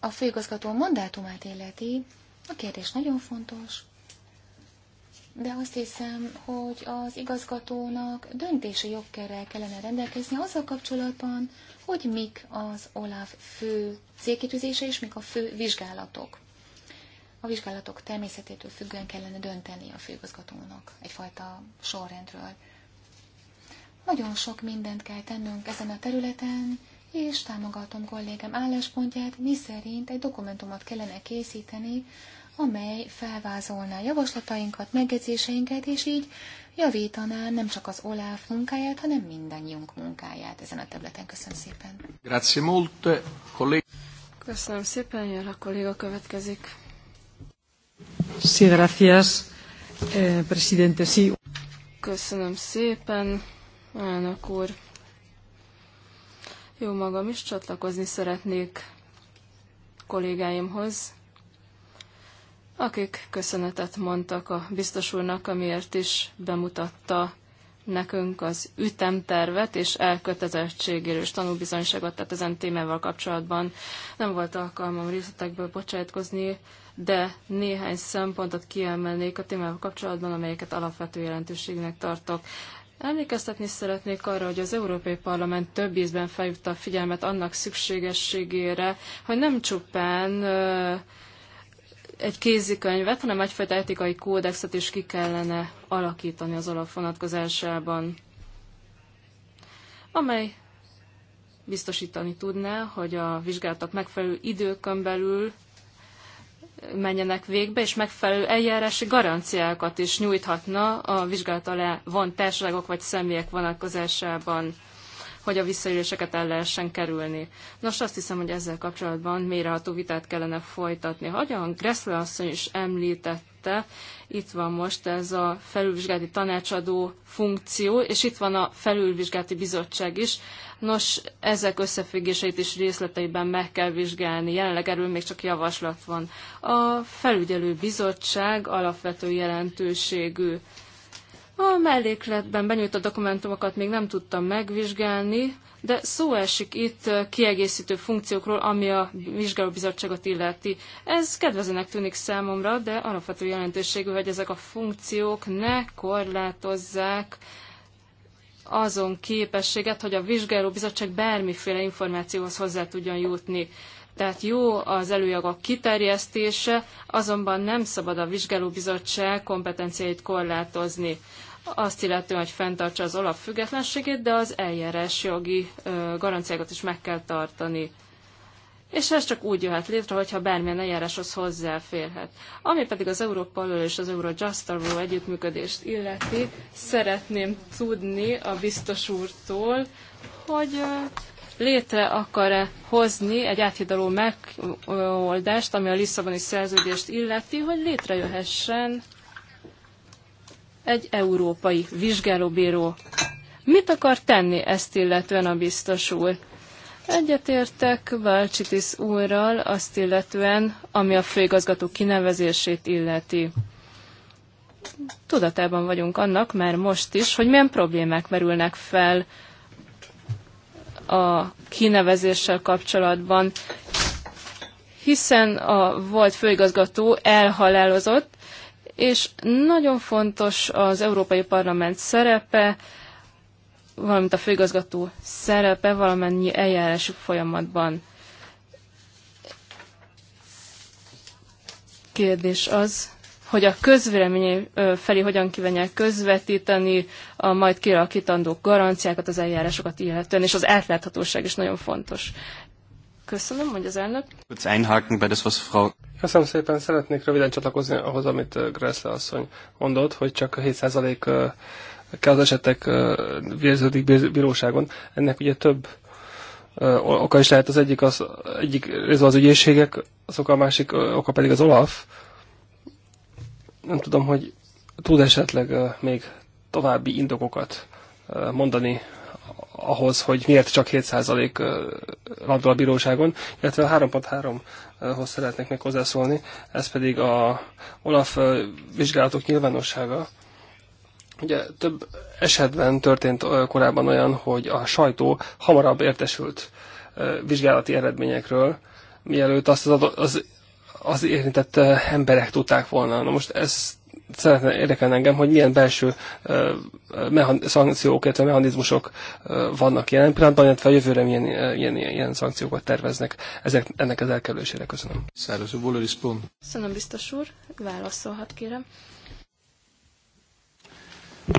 a főigazgató mandátumát illeti, a kérdés nagyon fontos, de azt hiszem, hogy az igazgatónak döntési jogkerrel kellene rendelkezni azzal kapcsolatban, hogy mik az OLAF fő célkitűzése és mik a fő vizsgálatok a vizsgálatok természetétől függően kellene dönteni a főigazgatónak egyfajta sorrendről. Nagyon sok mindent kell tennünk ezen a területen, és támogatom kollégám álláspontját, miszerint egy dokumentumot kellene készíteni, amely felvázolná javaslatainkat, megjegyzéseinket, és így javítaná nem csak az OLAF munkáját, hanem mindannyiunk munkáját ezen a területen. Köszönöm szépen. Grazie molte, kollég... Köszönöm szépen, jön a kolléga következik. Sí, gracias, eh, presidente. Sí. Köszönöm szépen, elnök úr. Jó magam is csatlakozni szeretnék kollégáimhoz, akik köszönetet mondtak a biztos úrnak, amiért is bemutatta nekünk az ütemtervet és elkötelezettségéről és tanúbizonyságot, tehát ezen témával kapcsolatban nem volt alkalmam részletekből bocsátkozni, de néhány szempontot kiemelnék a témával kapcsolatban, amelyeket alapvető jelentőségnek tartok. Emlékeztetni szeretnék arra, hogy az Európai Parlament több ízben feljutta a figyelmet annak szükségességére, hogy nem csupán egy kézikönyvet, hanem egyfajta etikai kódexet is ki kellene alakítani az alap vonatkozásában, amely biztosítani tudná, hogy a vizsgálatok megfelelő időkön belül menjenek végbe, és megfelelő eljárási garanciákat is nyújthatna a vizsgálat alá van társaságok vagy személyek vonatkozásában, hogy a visszaéléseket el lehessen kerülni. Nos, azt hiszem, hogy ezzel kapcsolatban mélyreható vitát kellene folytatni. Hogyan Gressler asszony is említette, említette, itt van most ez a felülvizsgálati tanácsadó funkció, és itt van a felülvizsgálati bizottság is. Nos, ezek összefüggéseit is részleteiben meg kell vizsgálni. Jelenleg erről még csak javaslat van. A felügyelő bizottság alapvető jelentőségű. A mellékletben benyújtott dokumentumokat még nem tudtam megvizsgálni, de szó esik itt kiegészítő funkciókról, ami a vizsgálóbizottságot illeti. Ez kedvezőnek tűnik számomra, de alapvető jelentőségű, hogy ezek a funkciók ne korlátozzák azon képességet, hogy a vizsgálóbizottság bármiféle információhoz hozzá tudjon jutni. Tehát jó az előjogok kiterjesztése, azonban nem szabad a vizsgálóbizottság kompetenciáit korlátozni azt illetően, hogy fenntartsa az olaf függetlenségét, de az eljárás jogi garanciákat is meg kell tartani. És ez csak úgy jöhet létre, hogyha bármilyen eljáráshoz hozzáférhet. Ami pedig az Európa és az Euro tal való együttműködést illeti, szeretném tudni a biztos úrtól, hogy létre akar-e hozni egy áthidaló megoldást, ami a Lisszaboni szerződést illeti, hogy létrejöhessen egy európai vizsgálóbíró. Mit akar tenni ezt illetően a biztos úr? Egyetértek Valcsitis úrral azt illetően, ami a főigazgató kinevezését illeti. Tudatában vagyunk annak mert most is, hogy milyen problémák merülnek fel a kinevezéssel kapcsolatban, hiszen a volt főigazgató elhalálozott, és nagyon fontos az Európai Parlament szerepe, valamint a főigazgató szerepe valamennyi eljárási folyamatban. Kérdés az, hogy a közvélemény felé hogyan kívánják közvetíteni a majd kialakítandó garanciákat, az eljárásokat illetően, és az átláthatóság is nagyon fontos. Köszönöm, hogy az elnök. Einhaken bei das, was Frau... Köszönöm szépen, szeretnék röviden csatlakozni ahhoz, amit Gressle asszony mondott, hogy csak 7% kell az esetek vérződik bíróságon. Ennek ugye több oka is lehet, az egyik az, egyik része az ügyészségek, az oka, a másik oka pedig az Olaf. Nem tudom, hogy tud esetleg még további indokokat mondani ahhoz, hogy miért csak 7% labda a bíróságon, illetve a 3.3-hoz szeretnék még hozzászólni, ez pedig a Olaf vizsgálatok nyilvánossága. Ugye több esetben történt korábban olyan, hogy a sajtó hamarabb értesült vizsgálati eredményekről, mielőtt azt az, adott, az, az érintett emberek tudták volna. Na most ezt szeretne érdekelni engem, hogy milyen belső szankciók, illetve mechanizmusok vannak jelen pillanatban, illetve a jövőre milyen, ilyen, ilyen szankciókat terveznek ezek, ennek az elkerülésére. Köszönöm. Szárazó Bóloris pont. Köszönöm, biztos úr. Válaszolhat, kérem.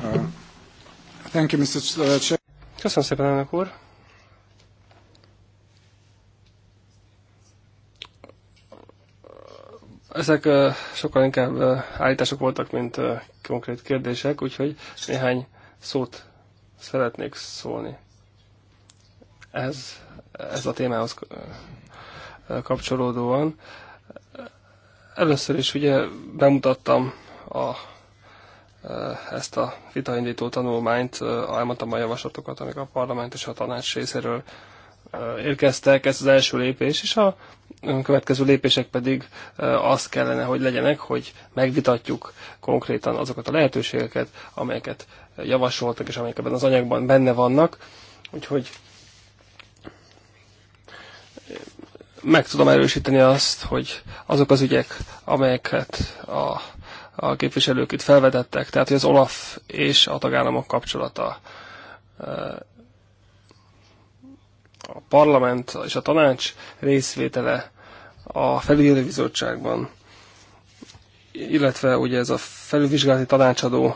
Uh, thank you, Mr. Uh, köszönöm szépen, elnök úr. Ezek sokkal inkább állítások voltak, mint konkrét kérdések, úgyhogy néhány szót szeretnék szólni. Ez, ez a témához kapcsolódóan. Először is ugye bemutattam a, ezt a vitaindító tanulmányt, elmondtam a javaslatokat, amik a parlament és a tanács részéről érkeztek, ez az első lépés, és a következő lépések pedig azt kellene, hogy legyenek, hogy megvitatjuk konkrétan azokat a lehetőségeket, amelyeket javasoltak, és amelyek ebben az anyagban benne vannak. Úgyhogy meg tudom erősíteni azt, hogy azok az ügyek, amelyeket a, a képviselők itt felvetettek, tehát hogy az OLAF és a tagállamok kapcsolata, a parlament és a tanács részvétele a bizottságban, illetve ugye ez a felülvizsgálati tanácsadó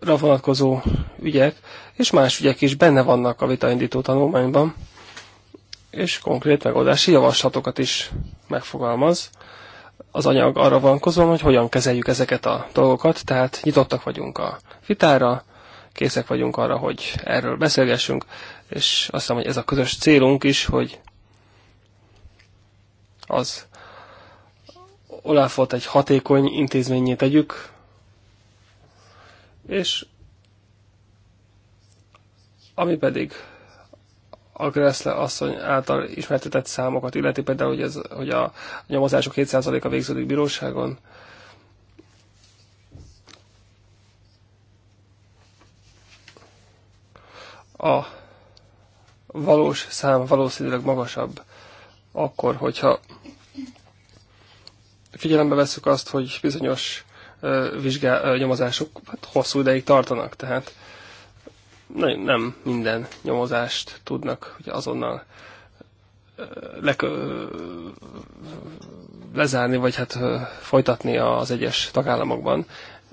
vonatkozó ügyek, és más ügyek is benne vannak a vitaindító tanulmányban, és konkrét megoldási javaslatokat is megfogalmaz. Az anyag arra vonatkozóan, hogy hogyan kezeljük ezeket a dolgokat, tehát nyitottak vagyunk a vitára, készek vagyunk arra, hogy erről beszélgessünk, és azt hiszem, hogy ez a közös célunk is, hogy az Olafot egy hatékony intézményé tegyük, és ami pedig a Gressle asszony által ismertetett számokat illeti, például, hogy, ez, hogy a nyomozások 7%-a végződik bíróságon, a valós szám valószínűleg magasabb akkor, hogyha figyelembe veszük azt, hogy bizonyos vizsgá, nyomozások hát hosszú ideig tartanak, tehát nem minden nyomozást tudnak hogy azonnal lekö, lezárni, vagy hát folytatni az egyes tagállamokban.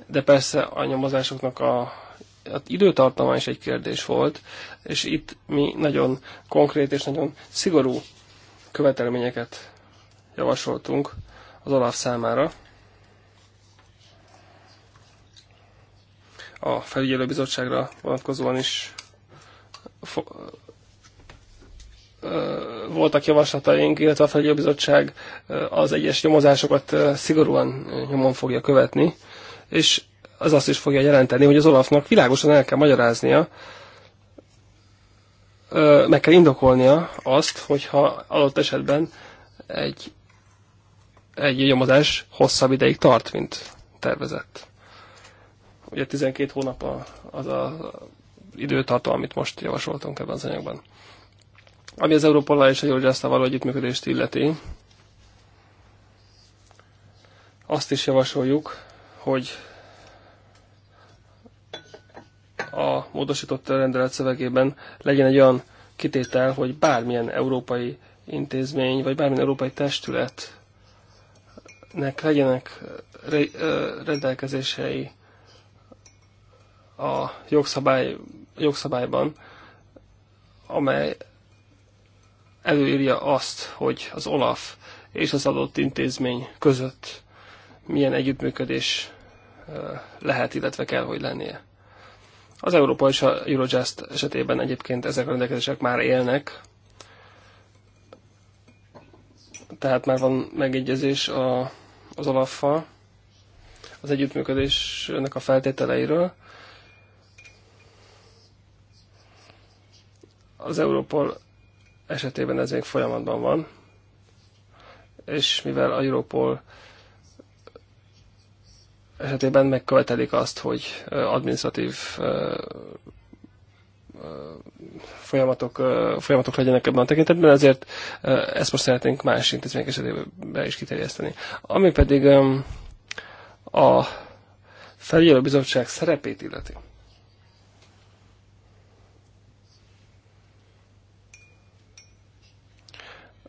De persze a nyomozásoknak a az időtartama is egy kérdés volt, és itt mi nagyon konkrét és nagyon szigorú követelményeket javasoltunk az Olaf számára. A felügyelőbizottságra vonatkozóan is voltak javaslataink, illetve a felügyelőbizottság az egyes nyomozásokat szigorúan nyomon fogja követni, és az azt is fogja jelenteni, hogy az Olafnak világosan el kell magyaráznia, meg kell indokolnia azt, hogyha adott esetben egy, egy nyomozás hosszabb ideig tart, mint tervezett. Ugye 12 hónap a, az a időtartó, amit most javasoltunk ebben az anyagban. Ami az Európa és a Jorgyászta való együttműködést illeti, azt is javasoljuk, hogy a módosított rendelet szövegében legyen egy olyan kitétel, hogy bármilyen európai intézmény, vagy bármilyen európai testületnek legyenek eh, eh, rendelkezései a jogszabály, jogszabályban, amely előírja azt, hogy az OLAF és az adott intézmény között milyen együttműködés eh, lehet, illetve kell, hogy lennie. Az Európa és a Eurojust esetében egyébként ezek a rendelkezések már élnek, tehát már van megegyezés a, az olaffal, az együttműködésnek a feltételeiről. Az Europol esetében ez még folyamatban van, és mivel a Europol esetében megkövetelik azt, hogy administratív folyamatok, folyamatok legyenek ebben a tekintetben, ezért ezt most szeretnénk más intézmények esetében is kiterjeszteni. Ami pedig a bizottság szerepét illeti.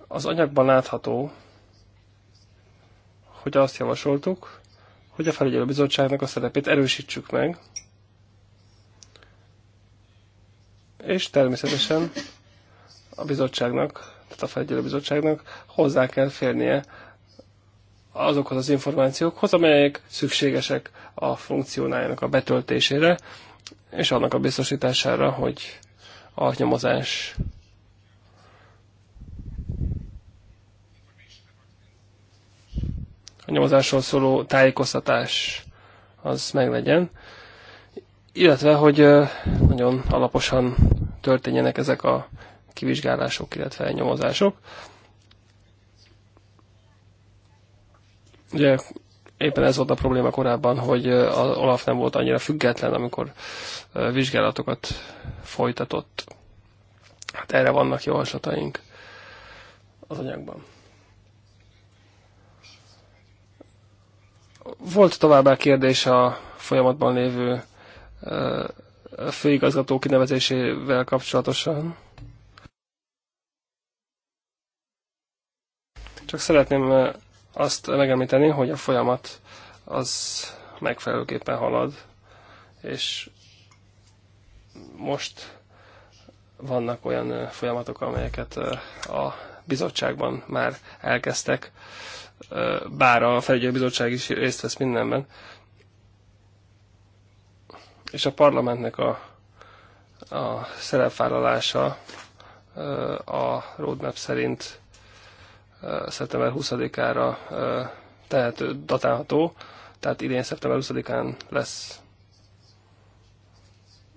Az anyagban látható, hogy azt javasoltuk, hogy a felügyelőbizottságnak a szerepét erősítsük meg, és természetesen a bizottságnak, tehát a felügyelőbizottságnak hozzá kell férnie azokhoz az információkhoz, amelyek szükségesek a funkcionájának a betöltésére, és annak a biztosítására, hogy a nyomozás a nyomozásról szóló tájékoztatás az meglegyen, illetve, hogy nagyon alaposan történjenek ezek a kivizsgálások, illetve nyomozások. Ugye éppen ez volt a probléma korábban, hogy az Olaf nem volt annyira független, amikor vizsgálatokat folytatott. Hát erre vannak javaslataink az anyagban. Volt továbbá kérdés a folyamatban lévő főigazgató kinevezésével kapcsolatosan. Csak szeretném azt megemlíteni, hogy a folyamat az megfelelőképpen halad, és most vannak olyan folyamatok, amelyeket a bizottságban már elkezdtek, bár a felügyelőbizottság is részt vesz mindenben. És a parlamentnek a, a szerepvállalása a roadmap szerint szeptember 20-ára tehető, datálható, tehát idén szeptember 20-án lesz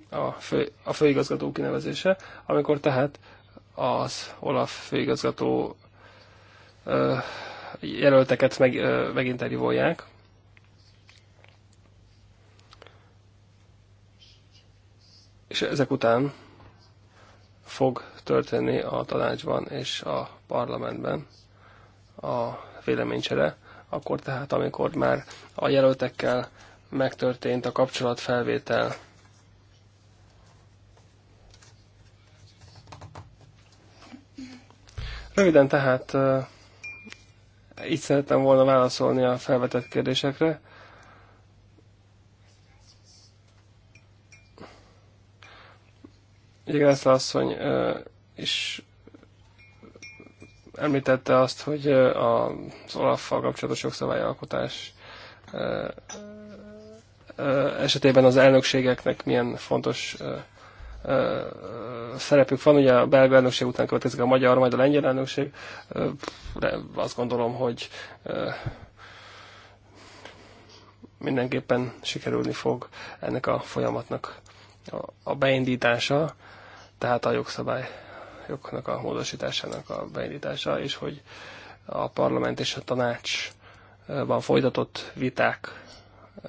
a, fő, a főigazgató kinevezése, amikor tehát az Olaf főigazgató jelölteket meg, meginterjúolják. És ezek után fog történni a tanácsban és a parlamentben a véleménycsere, akkor tehát, amikor már a jelöltekkel megtörtént a kapcsolatfelvétel, Röviden tehát így szerettem volna válaszolni a felvetett kérdésekre. Jégelszle asszony is említette azt, hogy az Olaffal kapcsolatos jogszabályalkotás esetében az elnökségeknek milyen fontos szerepük van, ugye a belga elnökség után következik a magyar, majd a lengyel elnökség, de azt gondolom, hogy mindenképpen sikerülni fog ennek a folyamatnak a beindítása, tehát a jogszabály jognak a módosításának a beindítása, és hogy a parlament és a tanácsban folytatott viták,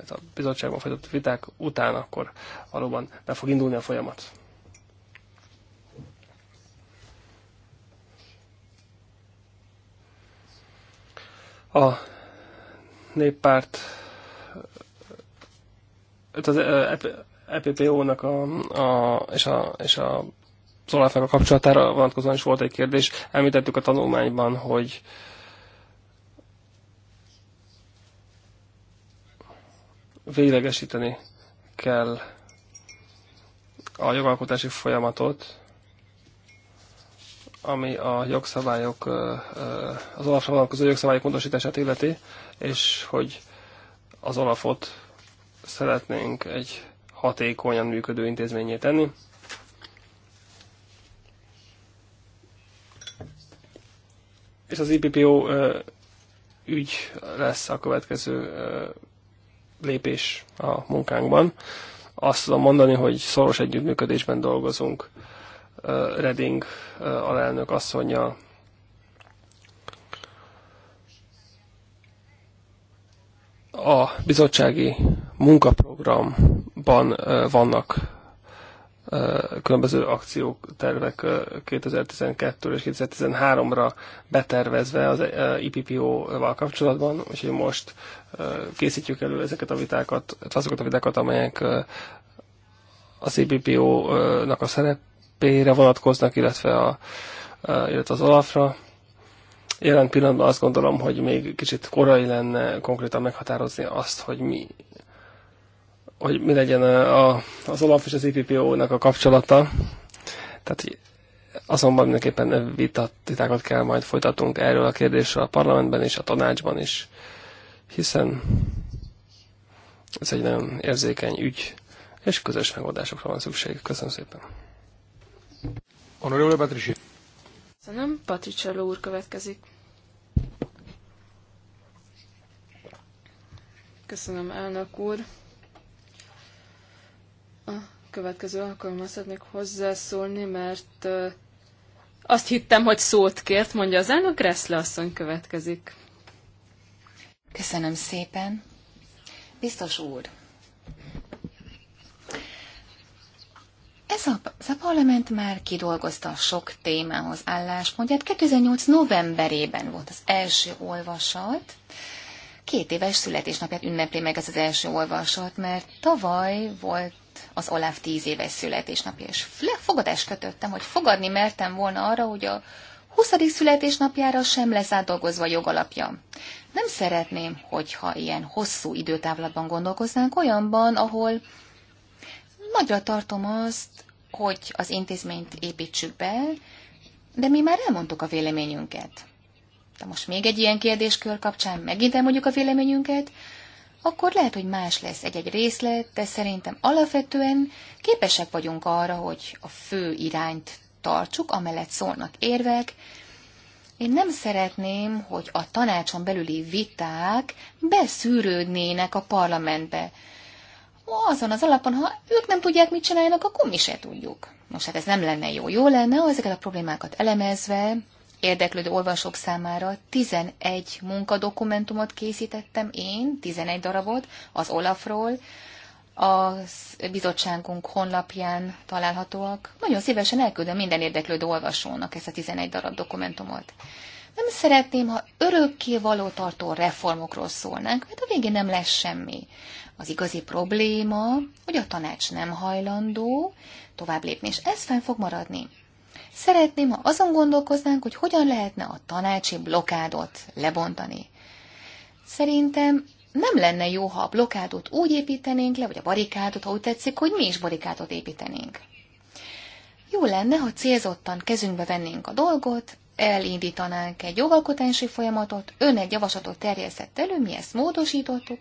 a bizottságban folytatott viták után akkor valóban be fog indulni a folyamat. A néppárt, az EPPO-nak e a, a, és a, és a a kapcsolatára vonatkozóan is volt egy kérdés. Említettük a tanulmányban, hogy véglegesíteni kell a jogalkotási folyamatot, ami a jogszabályok, az alapra vonatkozó jogszabályok módosítását illeti, és hogy az olafot szeretnénk egy hatékonyan működő intézményé tenni. És az IPPO ügy lesz a következő lépés a munkánkban. Azt tudom mondani, hogy szoros együttműködésben dolgozunk Reding alelnök asszonya a bizottsági munkaprogramban vannak különböző akciók, tervek 2012-től és 2013-ra betervezve az IPPO-val kapcsolatban, úgyhogy most készítjük elő ezeket a vitákat, azokat a vitákat, amelyek az IPPO-nak a szerep, EP-re vonatkoznak, illetve, a, illetve az Olafra. Jelen pillanatban azt gondolom, hogy még kicsit korai lenne konkrétan meghatározni azt, hogy mi, hogy mi legyen a, az Olaf és az IPPO-nak a kapcsolata. Tehát azonban mindenképpen vitatitákat kell majd folytatunk erről a kérdésről a parlamentben és a tanácsban is, hiszen ez egy nagyon érzékeny ügy, és közös megoldásokra van szükség. Köszönöm szépen! Honorable Patricia. Köszönöm. Patricello úr következik. Köszönöm, elnök úr. A következő alkalommal szeretnék hozzászólni, mert azt hittem, hogy szót kért, mondja az elnök, Greszle asszony következik. Köszönöm szépen. Biztos úr, Ez a, ez a parlament már kidolgozta a sok témához álláspontját. 2008. novemberében volt az első olvasat. Két éves születésnapját ünnepli meg ez az első olvasat, mert tavaly volt az Olaf tíz éves születésnapja, és fogadást kötöttem, hogy fogadni mertem volna arra, hogy a 20. születésnapjára sem lesz átdolgozva a jogalapja. Nem szeretném, hogyha ilyen hosszú időtávlatban gondolkoznánk olyanban, ahol nagyra tartom azt, hogy az intézményt építsük be, de mi már elmondtuk a véleményünket. De most még egy ilyen kérdéskör kapcsán megint elmondjuk a véleményünket, akkor lehet, hogy más lesz egy-egy részlet, de szerintem alapvetően képesek vagyunk arra, hogy a fő irányt tartsuk, amellett szólnak érvek. Én nem szeretném, hogy a tanácson belüli viták beszűrődnének a parlamentbe azon az alapon, ha ők nem tudják, mit csináljanak, akkor mi se tudjuk. Nos, hát ez nem lenne jó. Jó lenne, ha ezeket a problémákat elemezve, érdeklődő olvasók számára 11 munkadokumentumot készítettem én, 11 darabot az Olafról, a bizottságunk honlapján találhatóak. Nagyon szívesen elküldöm minden érdeklődő olvasónak ezt a 11 darab dokumentumot. Nem szeretném, ha örökké való tartó reformokról szólnánk, mert a végén nem lesz semmi. Az igazi probléma, hogy a tanács nem hajlandó tovább lépni, és ez fenn fog maradni. Szeretném, ha azon gondolkoznánk, hogy hogyan lehetne a tanácsi blokádot lebontani. Szerintem nem lenne jó, ha a blokádot úgy építenénk le, vagy a barikádot, ha úgy tetszik, hogy mi is barikádot építenénk. Jó lenne, ha célzottan kezünkbe vennénk a dolgot, elindítanánk egy jogalkotási folyamatot, ön egy javaslatot terjesztett elő, mi ezt módosítottuk,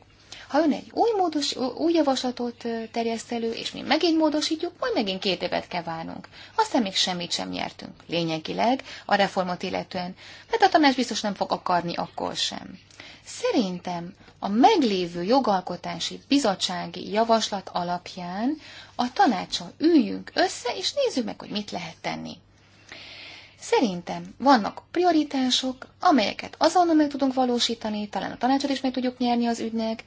ha ön egy új, módos, új javaslatot terjeszt elő, és mi megint módosítjuk, majd megint két évet kell várnunk. Aztán még semmit sem nyertünk. Lényegileg a reformot illetően, mert a tanács biztos nem fog akarni akkor sem. Szerintem a meglévő jogalkotási bizottsági javaslat alapján a tanácson üljünk össze, és nézzük meg, hogy mit lehet tenni. Szerintem vannak prioritások, amelyeket azonnal meg tudunk valósítani, talán a tanácsot is meg tudjuk nyerni az ügynek,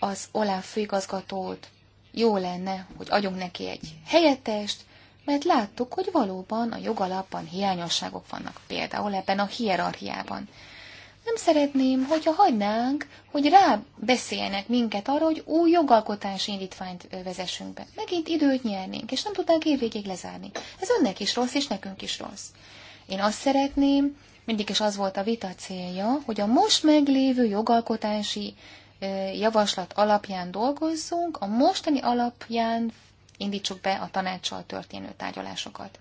az Olaf főigazgatót. Jó lenne, hogy adjunk neki egy helyettest, mert láttuk, hogy valóban a jogalapban hiányosságok vannak, például ebben a hierarchiában. Nem szeretném, hogyha hagynánk, hogy rá rábeszéljenek minket arra, hogy új jogalkotási indítványt vezessünk be. Megint időt nyernénk, és nem tudnánk évvégig lezárni. Ez önnek is rossz, és nekünk is rossz. Én azt szeretném, mindig is az volt a vita célja, hogy a most meglévő jogalkotási javaslat alapján dolgozzunk, a mostani alapján indítsuk be a tanácssal történő tárgyalásokat.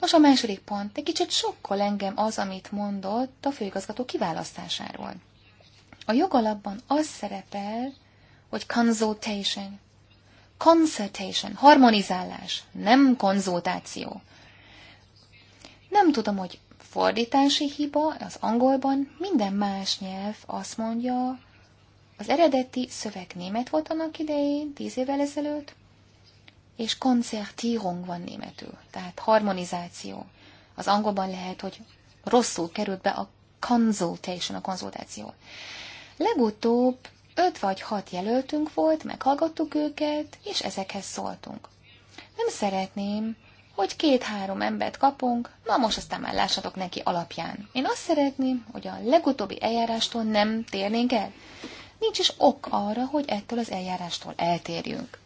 Nos, a második pont. Egy kicsit sokkal engem az, amit mondott a főigazgató kiválasztásáról. A jogalapban az szerepel, hogy consultation, consultation, harmonizálás, nem konzultáció. Nem tudom, hogy fordítási hiba az angolban, minden más nyelv azt mondja, az eredeti szöveg német volt annak idején, tíz évvel ezelőtt, és koncertírung van németül, tehát harmonizáció. Az angolban lehet, hogy rosszul került be a consultation, a konzultáció. Legutóbb öt vagy hat jelöltünk volt, meghallgattuk őket, és ezekhez szóltunk. Nem szeretném, hogy két-három embert kapunk, na most aztán már lássatok neki alapján. Én azt szeretném, hogy a legutóbbi eljárástól nem térnénk el. Nincs is ok arra, hogy ettől az eljárástól eltérjünk.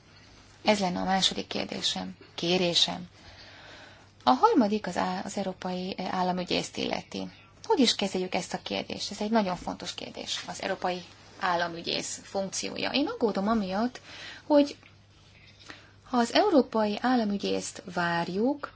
Ez lenne a második kérdésem, kérésem. A harmadik az, á, az európai államügyészt illeti. Hogy is kezeljük ezt a kérdést? Ez egy nagyon fontos kérdés, az európai államügyész funkciója. Én aggódom amiatt, hogy ha az európai államügyészt várjuk,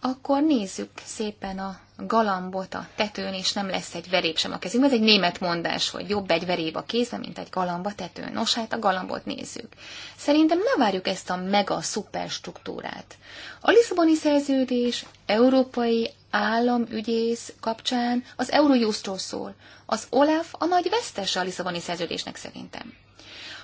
akkor nézzük szépen a galambot a tetőn, és nem lesz egy veréb sem a kezünkben. Ez egy német mondás, hogy jobb egy veréb a kézben, mint egy galamb a tetőn. Nos, hát a galambot nézzük. Szerintem ne várjuk ezt a mega szuperstruktúrát. A Lisszaboni szerződés európai államügyész kapcsán az Eurojustról szól. Az Olaf a nagy vesztese a Lisszaboni szerződésnek szerintem.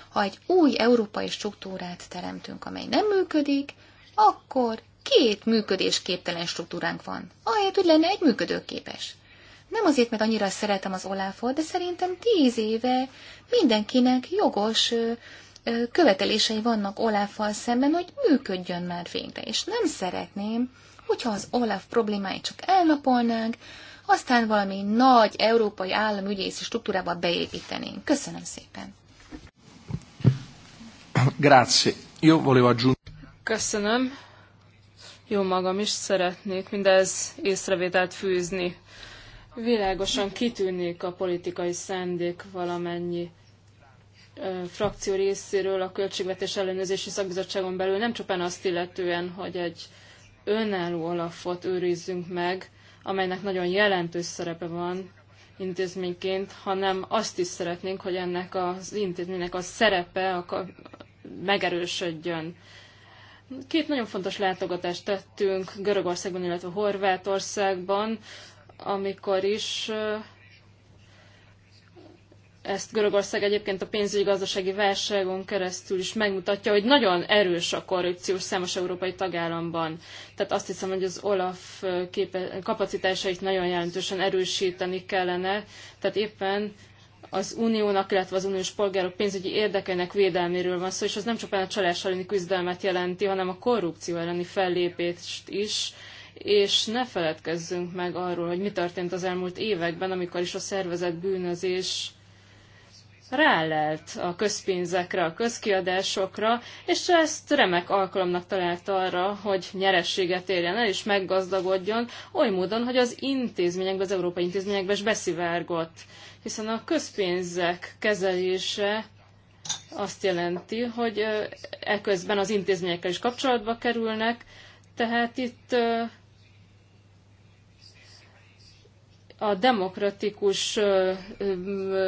Ha egy új európai struktúrát teremtünk, amely nem működik, akkor két működésképtelen struktúránk van, ahelyett, hogy lenne egy működőképes. Nem azért, mert annyira szeretem az Oláfot, de szerintem tíz éve mindenkinek jogos követelései vannak Olaffal szemben, hogy működjön már végre. És nem szeretném, hogyha az oláf problémáit csak elnapolnánk, aztán valami nagy európai államügyészi struktúrába beépítenénk. Köszönöm szépen! Grazie. Io volevo aggiungere. Köszönöm. Jó magam is szeretnék mindez észrevételt fűzni. Világosan kitűnik a politikai szándék valamennyi frakció részéről a Költségvetés Ellenőrzési Szakbizottságon belül nem csupán azt illetően, hogy egy önálló alapot őrizzünk meg, amelynek nagyon jelentős szerepe van intézményként, hanem azt is szeretnénk, hogy ennek az intézménynek a szerepe a megerősödjön. Két nagyon fontos látogatást tettünk Görögországban, illetve Horvátországban, amikor is eh, ezt Görögország egyébként a pénzügyi gazdasági válságon keresztül is megmutatja, hogy nagyon erős a korrupció számos európai tagállamban. Tehát azt hiszem, hogy az OLAF eh, képe, kapacitásait nagyon jelentősen erősíteni kellene. Tehát éppen az uniónak, illetve az uniós polgárok pénzügyi érdekeinek védelméről van szó, és az nem csupán a csalás elleni küzdelmet jelenti, hanem a korrupció elleni fellépést is, és ne feledkezzünk meg arról, hogy mi történt az elmúlt években, amikor is a szervezett bűnözés rálelt a közpénzekre, a közkiadásokra, és ezt remek alkalomnak találta arra, hogy nyerességet érjen el, és meggazdagodjon, oly módon, hogy az intézményekbe, az európai intézményekbe is beszivárgott hiszen a közpénzek kezelése azt jelenti, hogy eközben az intézményekkel is kapcsolatba kerülnek, tehát itt a demokratikus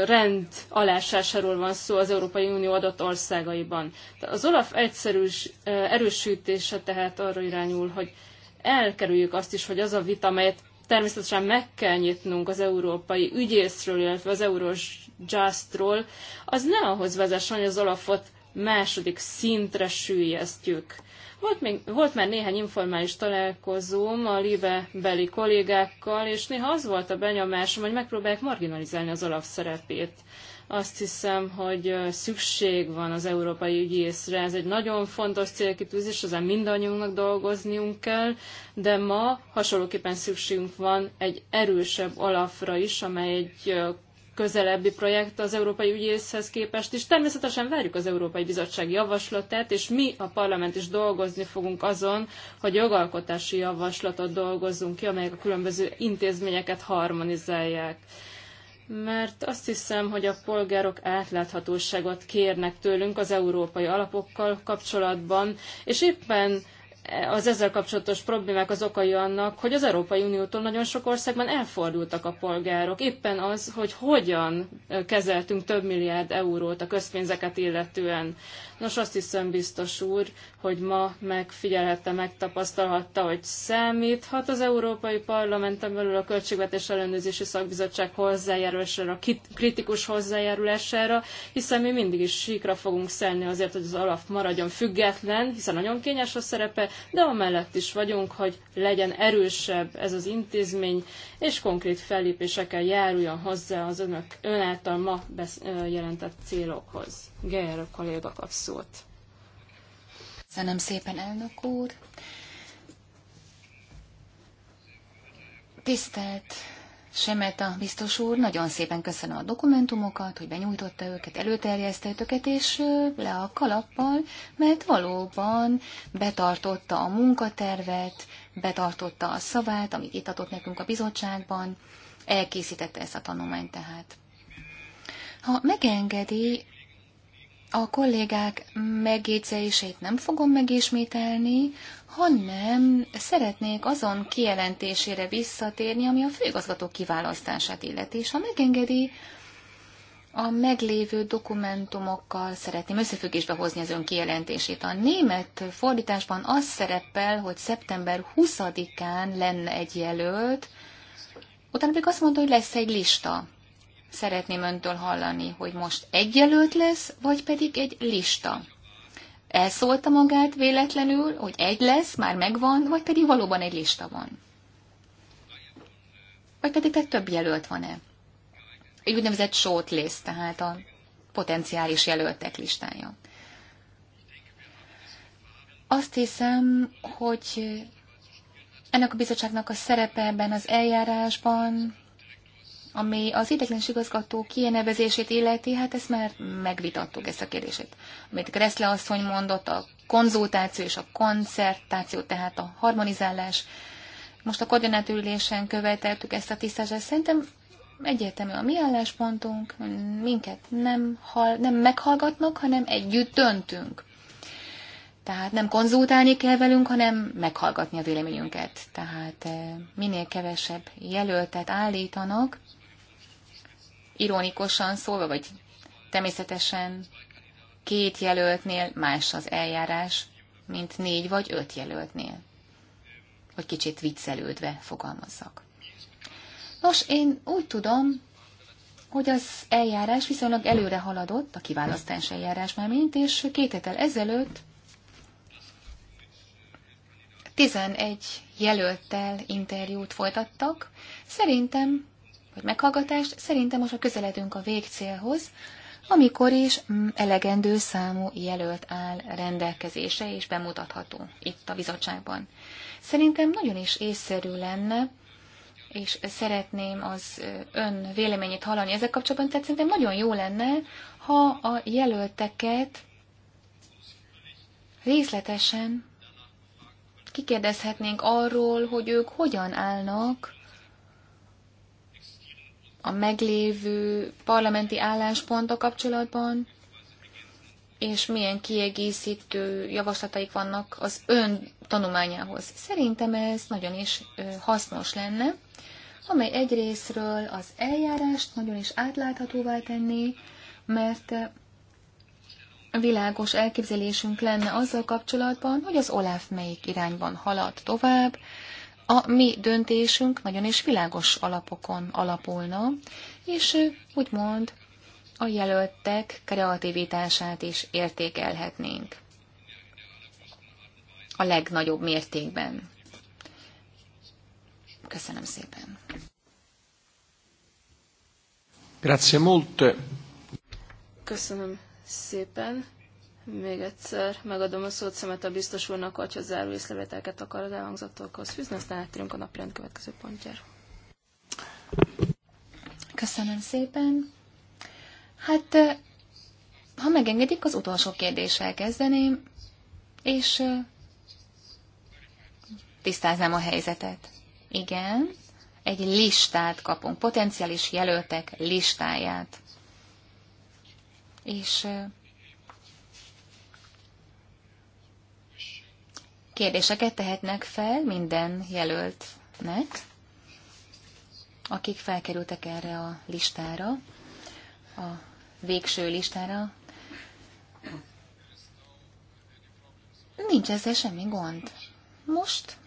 rend alásásáról van szó az Európai Unió adott országaiban. Az Olaf egyszerűs erősítése tehát arra irányul, hogy elkerüljük azt is, hogy az a vita, amelyet természetesen meg kell nyitnunk az európai ügyészről, illetve az eurós justról, az ne ahhoz vezessen, hogy az alapot második szintre sűjesztjük. Volt, még, volt már néhány informális találkozóm a Libe beli kollégákkal, és néha az volt a benyomásom, hogy megpróbálják marginalizálni az alapszerepét. szerepét azt hiszem, hogy szükség van az európai ügyészre. Ez egy nagyon fontos célkitűzés, ezen mindannyiunknak dolgozniunk kell, de ma hasonlóképpen szükségünk van egy erősebb alapra is, amely egy közelebbi projekt az Európai Ügyészhez képest is. Természetesen várjuk az Európai Bizottság javaslatát, és mi a parlament is dolgozni fogunk azon, hogy jogalkotási javaslatot dolgozzunk ki, amelyek a különböző intézményeket harmonizálják mert azt hiszem, hogy a polgárok átláthatóságot kérnek tőlünk az európai alapokkal kapcsolatban, és éppen az ezzel kapcsolatos problémák az okai annak, hogy az Európai Uniótól nagyon sok országban elfordultak a polgárok. Éppen az, hogy hogyan kezeltünk több milliárd eurót a közpénzeket illetően. Nos, azt hiszem biztos úr, hogy ma megfigyelhette, megtapasztalhatta, hogy számíthat az Európai Parlamenten belül a Költségvetés Ellenőrzési Szakbizottság hozzájárulására, a kritikus hozzájárulására, hiszen mi mindig is síkra fogunk szelni azért, hogy az alap maradjon független, hiszen nagyon kényes a szerepe, de amellett is vagyunk, hogy legyen erősebb ez az intézmény, és konkrét fellépésekkel járuljon hozzá az önök ön által ma jelentett célokhoz. Geyer kolléga kap szót. Köszönöm szépen, elnök úr. Tisztelt Semeta biztos úr, nagyon szépen köszönöm a dokumentumokat, hogy benyújtotta őket, előterjeszte őket, és le a kalappal, mert valóban betartotta a munkatervet, betartotta a szavát, amit itt adott nekünk a bizottságban, elkészítette ezt a tanulmányt tehát. Ha megengedi, a kollégák megjegyzését nem fogom megismételni, hanem szeretnék azon kijelentésére visszatérni, ami a főigazgató kiválasztását illeti, és ha megengedi, a meglévő dokumentumokkal szeretném összefüggésbe hozni az ön kijelentését. A német fordításban az szerepel, hogy szeptember 20-án lenne egy jelölt, utána pedig azt mondta, hogy lesz egy lista. Szeretném öntől hallani, hogy most egy jelölt lesz, vagy pedig egy lista. Elszólta magát véletlenül, hogy egy lesz, már megvan, vagy pedig valóban egy lista van? Vagy pedig te több jelölt van-e? Egy úgynevezett shortlist, tehát a potenciális jelöltek listája. Azt hiszem, hogy ennek a bizottságnak a szerepe ebben az eljárásban ami az ideglenes igazgató kienevezését illeti, hát ezt már megvitattuk ezt a kérdését. Amit Gressle asszony mondott, a konzultáció és a koncertáció, tehát a harmonizálás. Most a koordinátülésen követeltük ezt a tisztázást. Szerintem egyértelmű a mi álláspontunk, minket nem, hall, nem meghallgatnak, hanem együtt döntünk. Tehát nem konzultálni kell velünk, hanem meghallgatni a véleményünket. Tehát eh, minél kevesebb jelöltet állítanak, ironikusan szólva, vagy természetesen két jelöltnél más az eljárás, mint négy vagy öt jelöltnél. Hogy kicsit viccelődve fogalmazzak. Nos, én úgy tudom, hogy az eljárás viszonylag előre haladott, a kiválasztás eljárás már mint, és két hetel ezelőtt 11 jelölttel interjút folytattak. Szerintem vagy meghallgatást, szerintem most a közeledünk a végcélhoz, amikor is mm, elegendő számú jelölt áll rendelkezése és bemutatható itt a bizottságban. Szerintem nagyon is észszerű lenne, és szeretném az ön véleményét hallani ezek kapcsolatban, tehát szerintem nagyon jó lenne, ha a jelölteket részletesen kikérdezhetnénk arról, hogy ők hogyan állnak a meglévő parlamenti álláspontok kapcsolatban, és milyen kiegészítő javaslataik vannak az ön tanulmányához. Szerintem ez nagyon is hasznos lenne, amely egyrésztről az eljárást nagyon is átláthatóvá tenné, mert világos elképzelésünk lenne azzal kapcsolatban, hogy az Olaf melyik irányban halad tovább, a mi döntésünk nagyon is világos alapokon alapulna, és úgymond a jelöltek kreativitását is értékelhetnénk. A legnagyobb mértékben. Köszönöm szépen. Grazie molte. Köszönöm szépen. Még egyszer megadom a szót szemet a biztos úrnak, hogyha záró észrevételket akar az elhangzottakhoz fűzni, aztán átérünk a napirend következő pontjára. Köszönöm szépen. Hát, ha megengedik, az utolsó kérdéssel kezdeném, és tisztáznám a helyzetet. Igen, egy listát kapunk, potenciális jelöltek listáját. És kérdéseket tehetnek fel minden jelöltnek, akik felkerültek erre a listára, a végső listára. Nincs ezzel semmi gond. Most,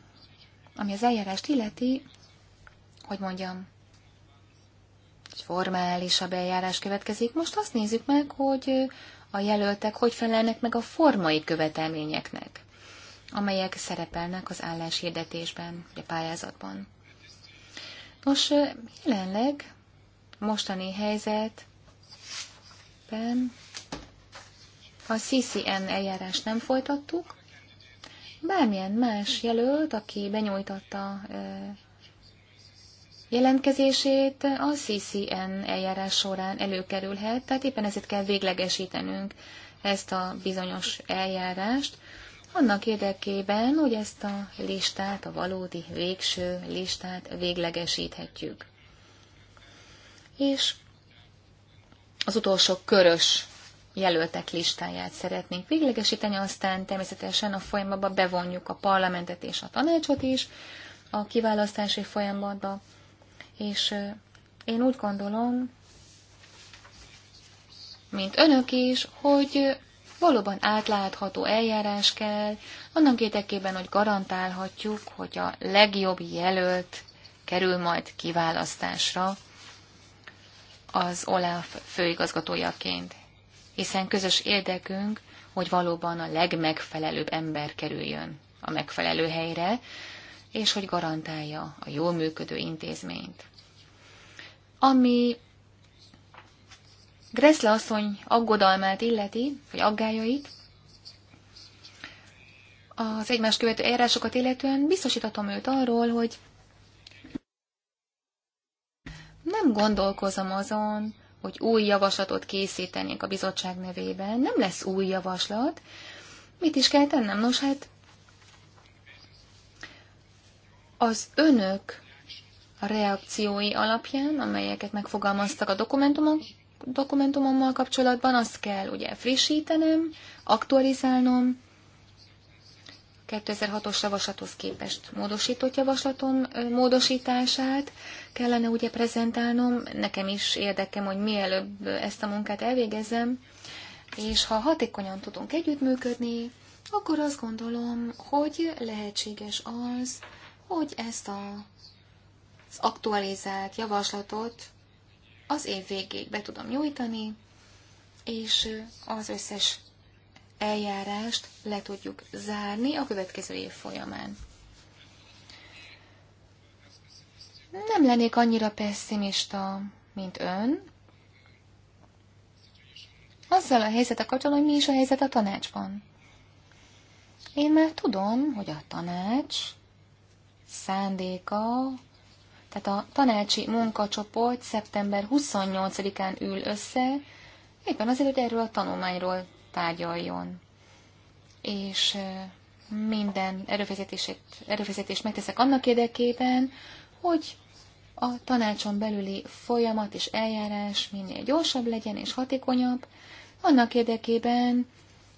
ami az eljárást illeti, hogy mondjam, egy formálisabb eljárás következik. Most azt nézzük meg, hogy a jelöltek hogy felelnek meg a formai követelményeknek amelyek szerepelnek az álláshirdetésben, vagy a pályázatban. Nos, jelenleg mostani helyzetben a CCN eljárást nem folytattuk. Bármilyen más jelölt, aki benyújtotta jelentkezését, a CCN eljárás során előkerülhet, tehát éppen ezért kell véglegesítenünk ezt a bizonyos eljárást, annak érdekében, hogy ezt a listát, a valódi végső listát véglegesíthetjük. És az utolsó körös jelöltek listáját szeretnénk véglegesíteni, aztán természetesen a folyamatba bevonjuk a parlamentet és a tanácsot is a kiválasztási folyamatba, és én úgy gondolom, mint önök is, hogy Valóban átlátható eljárás kell, annak érdekében, hogy garantálhatjuk, hogy a legjobb jelölt kerül majd kiválasztásra az OLAF főigazgatójaként, hiszen közös érdekünk, hogy valóban a legmegfelelőbb ember kerüljön a megfelelő helyre, és hogy garantálja a jól működő intézményt. Ami Greszle asszony aggodalmát illeti, vagy aggájait, az egymás követő eljárásokat illetően biztosítatom őt arról, hogy nem gondolkozom azon, hogy új javaslatot készítenék a bizottság nevében. Nem lesz új javaslat. Mit is kell tennem? Nos, hát az önök reakciói alapján, amelyeket megfogalmaztak a dokumentumok, dokumentumommal kapcsolatban azt kell ugye frissítenem, aktualizálnom, 2006-os javaslathoz képest módosított javaslatom módosítását kellene ugye prezentálnom. Nekem is érdekem, hogy mielőbb ezt a munkát elvégezem, és ha hatékonyan tudunk együttműködni, akkor azt gondolom, hogy lehetséges az, hogy ezt a, az aktualizált javaslatot az év végéig be tudom nyújtani, és az összes eljárást le tudjuk zárni a következő év folyamán. Nem lennék annyira pessimista, mint ön. Azzal a a kapcsolatban, hogy mi is a helyzet a tanácsban. Én már tudom, hogy a tanács szándéka tehát a tanácsi munkacsoport szeptember 28-án ül össze, éppen azért, hogy erről a tanulmányról tárgyaljon. És minden erőfeszítését, erőfeszítést megteszek annak érdekében, hogy a tanácson belüli folyamat és eljárás minél gyorsabb legyen és hatékonyabb, annak érdekében,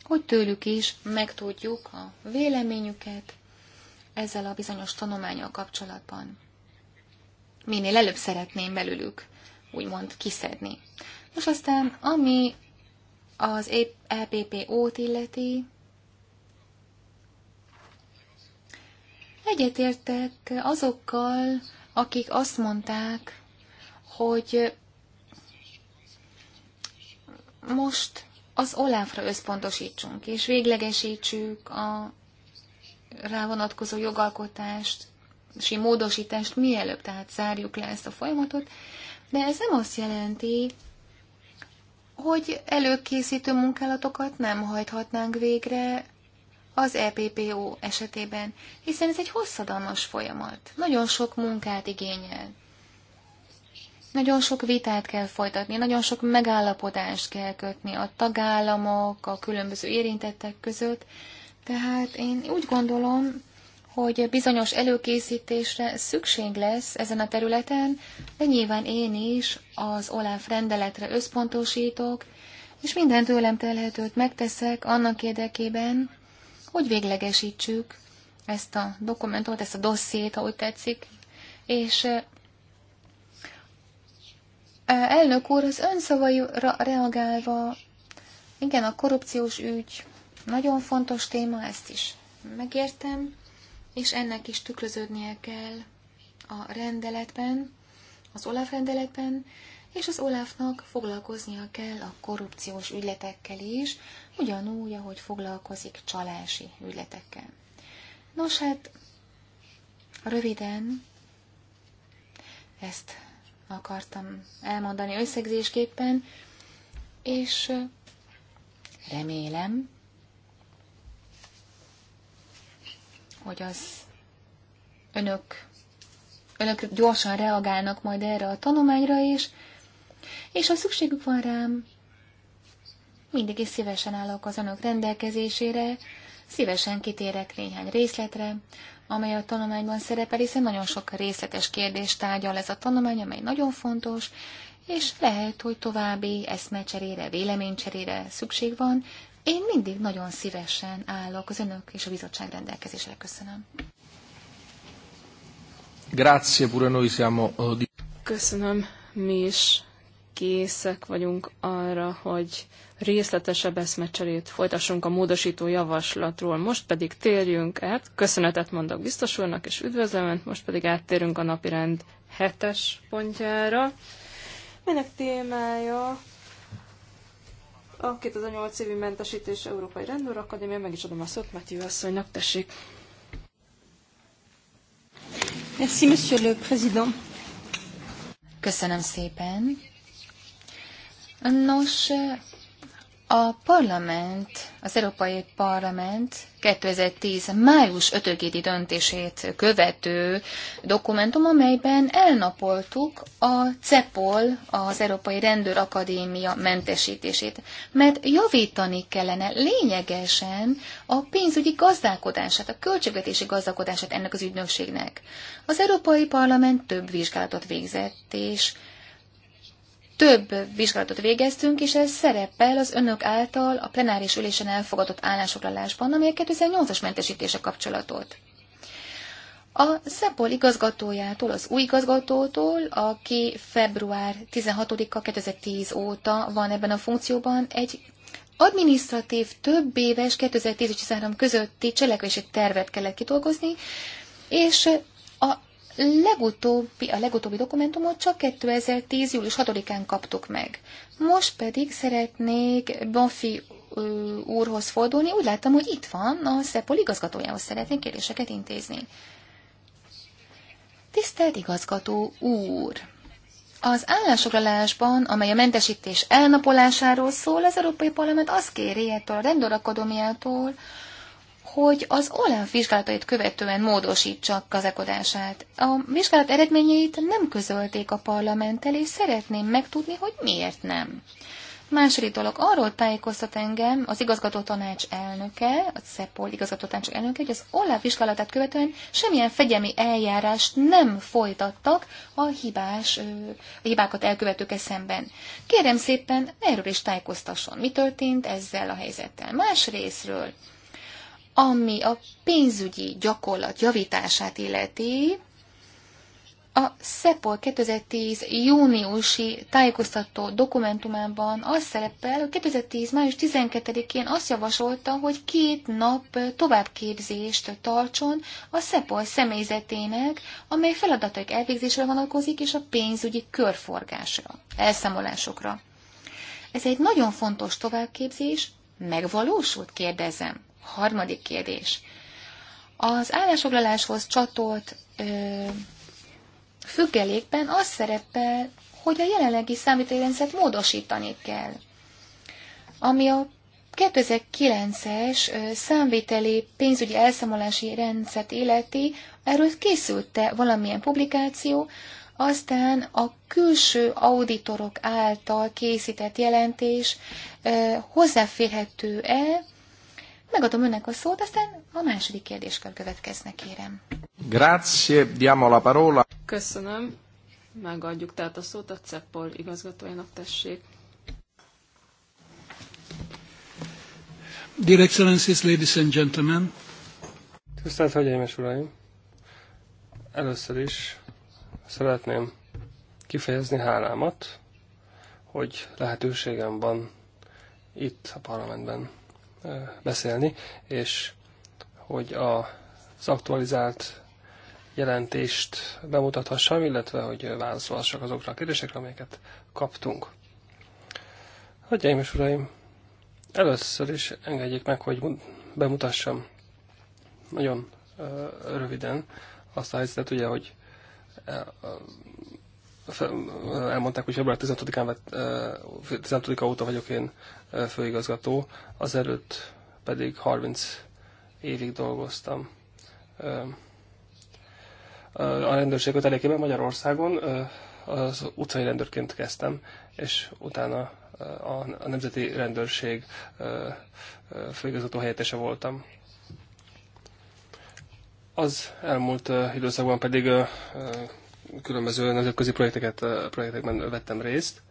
hogy tőlük is megtudjuk a véleményüket ezzel a bizonyos tanulmányal kapcsolatban minél előbb szeretném belőlük úgymond kiszedni. Most aztán, ami az EPPO-t illeti, egyetértek azokkal, akik azt mondták, hogy most az Olafra összpontosítsunk, és véglegesítsük a rá vonatkozó jogalkotást, si módosítást mielőbb, tehát zárjuk le ezt a folyamatot, de ez nem azt jelenti, hogy előkészítő munkálatokat nem hajthatnánk végre az EPPO esetében, hiszen ez egy hosszadalmas folyamat, nagyon sok munkát igényel. Nagyon sok vitát kell folytatni, nagyon sok megállapodást kell kötni a tagállamok, a különböző érintettek között. Tehát én úgy gondolom, hogy bizonyos előkészítésre szükség lesz ezen a területen, de nyilván én is az Olaf rendeletre összpontosítok, és minden tőlem telhetőt megteszek annak érdekében, hogy véglegesítsük ezt a dokumentumot, ezt a dossziét, ahogy tetszik, és elnök úr az önszavaira reagálva, igen, a korrupciós ügy nagyon fontos téma, ezt is megértem, és ennek is tükröződnie kell a rendeletben, az OLAF rendeletben, és az Olafnak foglalkoznia kell a korrupciós ügyletekkel is, ugyanúgy, ahogy foglalkozik csalási ügyletekkel. Nos, hát röviden ezt akartam elmondani összegzésképpen, és remélem, hogy az önök, önök gyorsan reagálnak majd erre a tanulmányra is, és ha szükségük van rám, mindig is szívesen állok az önök rendelkezésére, szívesen kitérek néhány részletre, amely a tanulmányban szerepel, hiszen nagyon sok részletes kérdést tárgyal ez a tanulmány, amely nagyon fontos, és lehet, hogy további eszmecserére, véleménycserére szükség van, én mindig nagyon szívesen állok az önök és a bizottság rendelkezésre. Köszönöm. Grazie, pure noi siamo... Eh, Köszönöm, mi is készek vagyunk arra, hogy részletesebb eszmecserét folytassunk a módosító javaslatról. Most pedig térjünk át, köszönetet mondok biztos úrnak, és üdvözlöm önt, most pedig áttérünk a napirend hetes pontjára, minek témája a 2008 évi mentesítés Európai Rendőr Akadémia. Meg is adom a szót Matthew asszonynak, tessék. Merci, monsieur le président. Köszönöm szépen. Nos, a parlament, az Európai Parlament 2010. május 5-i döntését követő dokumentum, amelyben elnapoltuk a CEPOL, az Európai Rendőr Akadémia mentesítését, mert javítani kellene lényegesen a pénzügyi gazdálkodását, a költségvetési gazdálkodását ennek az ügynökségnek. Az Európai Parlament több vizsgálatot végzett, és több vizsgálatot végeztünk, és ez szerepel az önök által a plenáris ülésen elfogadott állásfoglalásban, amely 2008-as mentesítése kapcsolatot. A SZEPOL igazgatójától, az új igazgatótól, aki február 16-a 2010 óta van ebben a funkcióban, egy adminisztratív több éves 2013 közötti cselekvési tervet kellett kitolgozni, és a legutóbbi, a legutóbbi dokumentumot csak 2010. július 6-án kaptuk meg. Most pedig szeretnék Bonfi úrhoz fordulni. Úgy láttam, hogy itt van, a SZEPOL igazgatójához szeretnék kérdéseket intézni. Tisztelt igazgató úr! Az állásfoglalásban, amely a mentesítés elnapolásáról szól, az Európai Parlament azt kéri ettől a rendőrakadomiától, hogy az Olaf vizsgálatait követően módosítsa gazdálkodását. A vizsgálat eredményeit nem közölték a parlamenttel, és szeretném megtudni, hogy miért nem. Második dolog, arról tájékoztat engem az igazgató tanács elnöke, a CEPOL igazgató tanács elnöke, hogy az Olaf vizsgálatát követően semmilyen fegyelmi eljárást nem folytattak a hibás, a hibákat elkövetőkkel szemben. Kérem szépen, erről is tájékoztasson, mi történt ezzel a helyzettel. Más részről, ami a pénzügyi gyakorlat javítását illeti, a SZEPOL 2010 júniusi tájékoztató dokumentumában az szerepel, hogy 2010. május 12-én azt javasolta, hogy két nap továbbképzést tartson a SZEPOL személyzetének, amely feladatok elvégzésre vonatkozik és a pénzügyi körforgásra, elszámolásokra. Ez egy nagyon fontos továbbképzés, megvalósult, kérdezem. Harmadik kérdés. Az állásfoglaláshoz csatolt ö, függelékben az szerepel, hogy a jelenlegi számítógéprendszert módosítani kell, ami a 2009-es számviteli pénzügyi elszámolási rendszert életi, erről készült-e valamilyen publikáció, aztán a külső auditorok által készített jelentés hozzáférhető-e Megadom önnek a szót, aztán a második kérdéskör következnek, kérem. Grazie, diamo la parola. Köszönöm. Megadjuk tehát a szót a CEPOL igazgatójának, tessék. Dear Excellencies, ladies and gentlemen. Tisztelt Hölgyeim és Uraim! Először is szeretném kifejezni hálámat, hogy lehetőségem van itt a parlamentben beszélni, és hogy a, az aktualizált jelentést bemutathassam, illetve hogy válaszolhassak azokra a kérdésekre, amelyeket kaptunk. Hagyjaim és uraim, először is engedjék meg, hogy bemutassam nagyon röviden azt a helyzetet, ugye, hogy elmondták, hogy február 16-án 16 óta vagyok én főigazgató, azelőtt pedig 30 évig dolgoztam a rendőrség kötelékében Magyarországon, az utcai rendőrként kezdtem, és utána a Nemzeti Rendőrség főigazgató helyettese voltam. Az elmúlt időszakban pedig különböző nemzetközi projekteket, projektekben vettem részt.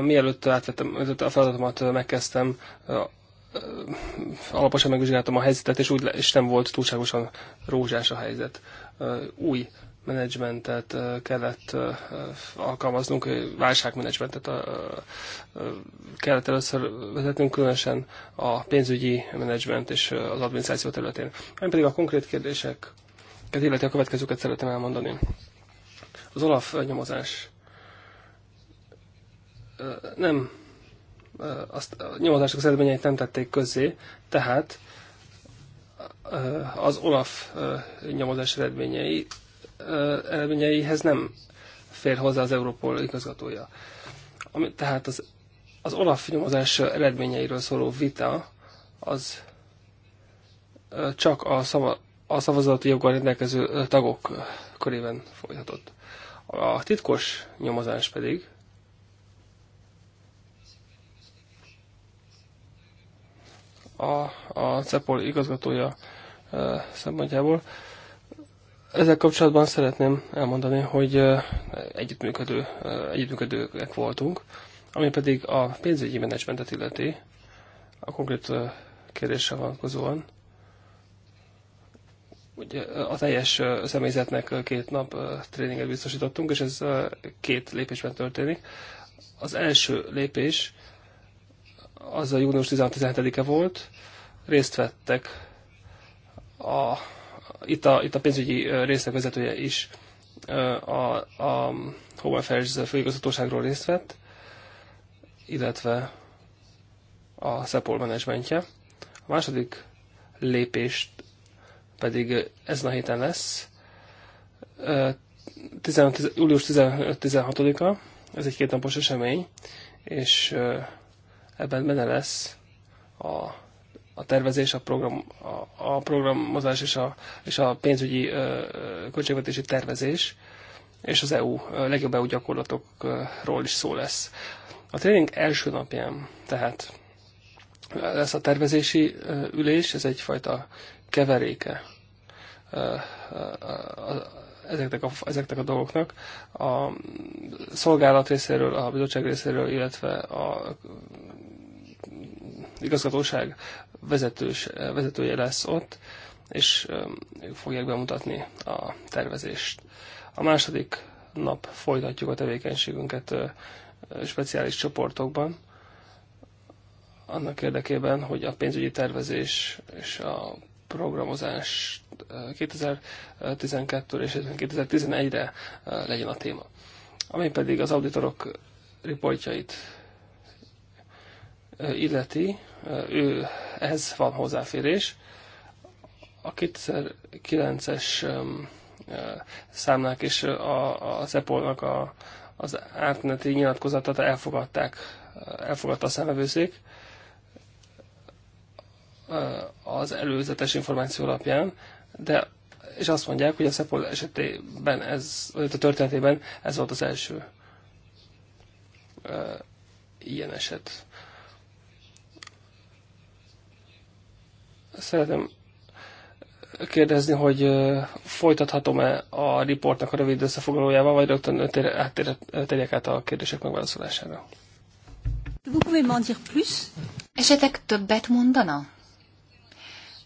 Mielőtt átvettem, a feladatomat megkezdtem, alaposan megvizsgáltam a helyzetet, és, úgy, és nem volt túlságosan rózsás a helyzet. Új menedzsmentet kellett alkalmaznunk, válságmenedzsmentet kellett először vezetnünk, különösen a pénzügyi menedzsment és az adminisztráció területén. Ami pedig a konkrét kérdések, illeti a következőket szeretném elmondani. Az Olaf nyomozás nem azt a nyomozások az eredményeit nem tették közzé, tehát az Olaf nyomozás eredményei eredményeihez nem fér hozzá az Európol igazgatója. Ami, tehát az, az Olaf nyomozás eredményeiről szóló vita az csak a, szava, a szavazati joggal rendelkező tagok körében folytatott. A titkos nyomozás pedig a, a CEPOL igazgatója szempontjából ezzel kapcsolatban szeretném elmondani, hogy együttműködő, együttműködőek voltunk, ami pedig a pénzügyi menedzsmentet illeti, a konkrét kérdéssel vonatkozóan. Ugye a teljes személyzetnek két nap tréninget biztosítottunk, és ez két lépésben történik. Az első lépés az a június 17 e volt, részt vettek a itt a, itt a pénzügyi résznek vezetője is a, a Home Affairs főigazgatóságról részt vett, illetve a Szepol menedzsmentje. A második lépést pedig ezen a héten lesz, 15, július 15-16-a, ez egy kétnapos esemény, és ebben benne lesz a a tervezés, a, program, a, a programozás és a, és a pénzügyi ö, költségvetési tervezés, és az EU legjobb EU gyakorlatokról is szó lesz. A tréning első napján tehát lesz a tervezési ülés, ez egyfajta keveréke ezeknek a, ezeknek a dolgoknak. A szolgálat részéről, a bizottság részéről, illetve a igazgatóság vezetős, vezetője lesz ott, és um, ők fogják bemutatni a tervezést. A második nap folytatjuk a tevékenységünket speciális csoportokban, annak érdekében, hogy a pénzügyi tervezés és a programozás 2012 és 2011-re legyen a téma. Ami pedig az auditorok riportjait illeti, ő, ez van hozzáférés. A 2009-es számlák és a, a Apple-nak a, az átmeneti nyilatkozatát elfogadták, elfogadta a számvevőszék az előzetes információ alapján, de és azt mondják, hogy a Szepol esetében ez, vagy a történetében ez volt az első uh, ilyen eset. Szeretem kérdezni, hogy folytathatom-e a riportnak a rövid összefoglalójával, vagy rögtön tegyek át a kérdések megválaszolására. Esetek többet mondana?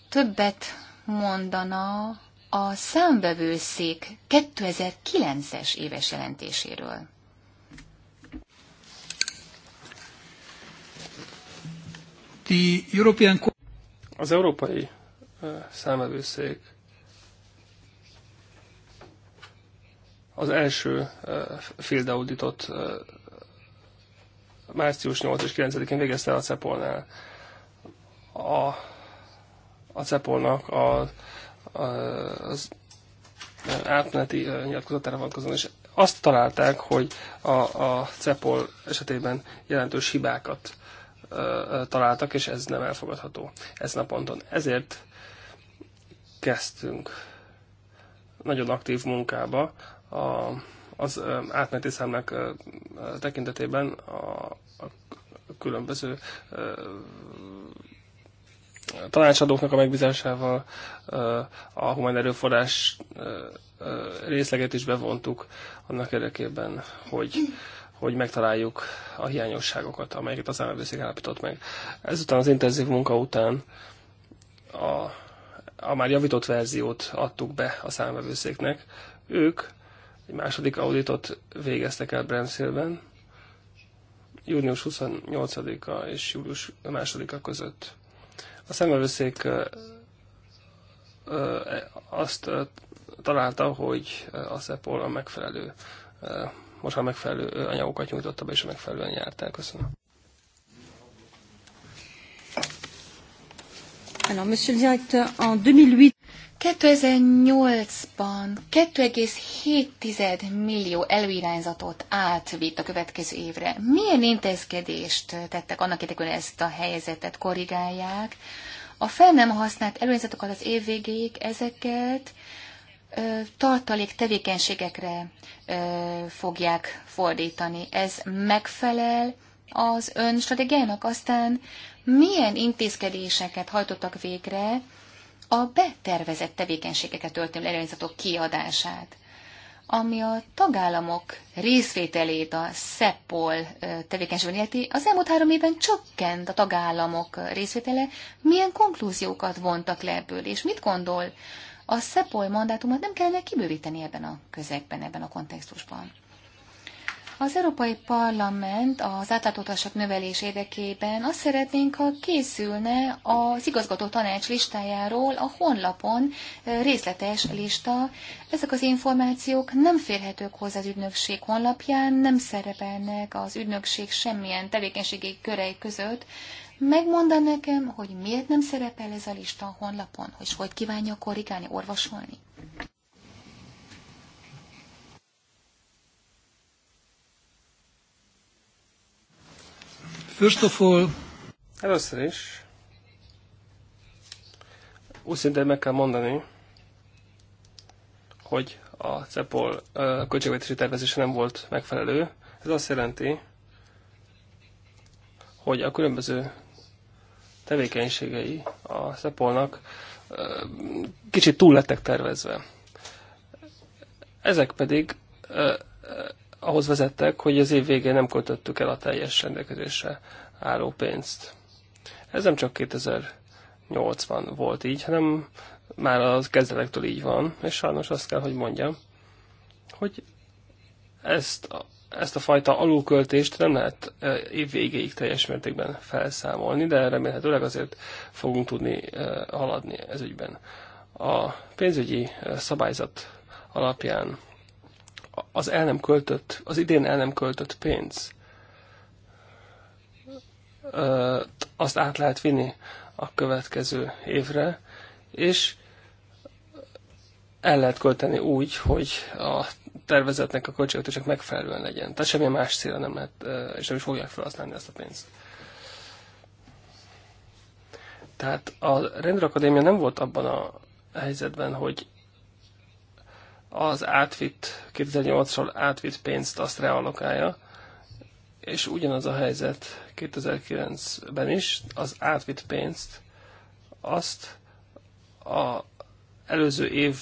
Többet mondana a számbevőszék 2009-es éves jelentéséről. The European az Európai Számvevőszék az első field auditot március 8 és 9-én végezte a CEPOL-nál. A, a Cepolnak a, a, az átmeneti nyilatkozatára közön, és azt találták, hogy a, a CEPOL esetében jelentős hibákat találtak, és ez nem elfogadható ezen a ponton. Ezért kezdtünk nagyon aktív munkába a, az átmeneti számlák tekintetében a, a különböző a tanácsadóknak a megbízásával a humán erőforrás részleget is bevontuk annak érdekében, hogy hogy megtaláljuk a hiányosságokat, amelyeket az ellenőrzék állapított meg. Ezután az intenzív munka után a, a már javított verziót adtuk be a számvevőszéknek. Ők egy második auditot végeztek el Brenszélben, június 28-a és július 2-a között. A számvevőszék e, azt találta, hogy a SEPOL a megfelelő most már megfelelő anyagokat nyújtotta be, és megfelelően járt el. Köszönöm. Alors, monsieur le directeur, en 2008... ban 2,7 millió előirányzatot átvitt a következő évre. Milyen intézkedést tettek annak érdekében, hogy ezt a helyzetet korrigálják? A fel nem használt előirányzatokat az év végéig ezeket tartalék tevékenységekre fogják fordítani. Ez megfelel az ön stratégiának? Aztán milyen intézkedéseket hajtottak végre a betervezett tevékenységeket töltő előnyzatok kiadását? Ami a tagállamok részvételét a szepol tevékenységben illeti, az elmúlt három évben csökkent a tagállamok részvétele. Milyen konklúziókat vontak le ebből, és mit gondol a szepoly mandátumot nem kellene kibővíteni ebben a közegben, ebben a kontextusban. Az Európai Parlament az átláthatóság növelés érdekében azt szeretnénk, ha készülne az igazgató tanács listájáról a honlapon részletes lista. Ezek az információk nem férhetők hozzá az ügynökség honlapján, nem szerepelnek az ügynökség semmilyen tevékenységi körei között, megmondaná nekem, hogy miért nem szerepel ez a lista a honlapon, hogy hogy kívánja korrigálni, orvosolni? First of all... Először is úgy szintén meg kell mondani, hogy a CEPOL költségvetési tervezése nem volt megfelelő. Ez azt jelenti, hogy a különböző tevékenységei a Szepolnak kicsit túl lettek tervezve. Ezek pedig ahhoz vezettek, hogy az év végén nem költöttük el a teljes rendelkezésre álló pénzt. Ez nem csak 2080 volt így, hanem már az kezdetektől így van, és sajnos azt kell, hogy mondjam, hogy ezt ezt a fajta alulköltést nem lehet e, év végéig teljes mértékben felszámolni, de remélhetőleg azért fogunk tudni e, haladni ez ügyben. A pénzügyi e, szabályzat alapján az el nem költött, az idén el nem költött pénz, azt át lehet vinni a következő évre, és el lehet költeni úgy, hogy a tervezetnek a költségvetések megfelelően legyen. Tehát semmi más célra nem lehet, és nem is fogják felhasználni ezt a pénzt. Tehát a rendőrakadémia nem volt abban a helyzetben, hogy az átvitt, 2008-ról átvitt pénzt azt realokálja, és ugyanaz a helyzet 2009-ben is, az átvitt pénzt azt a előző év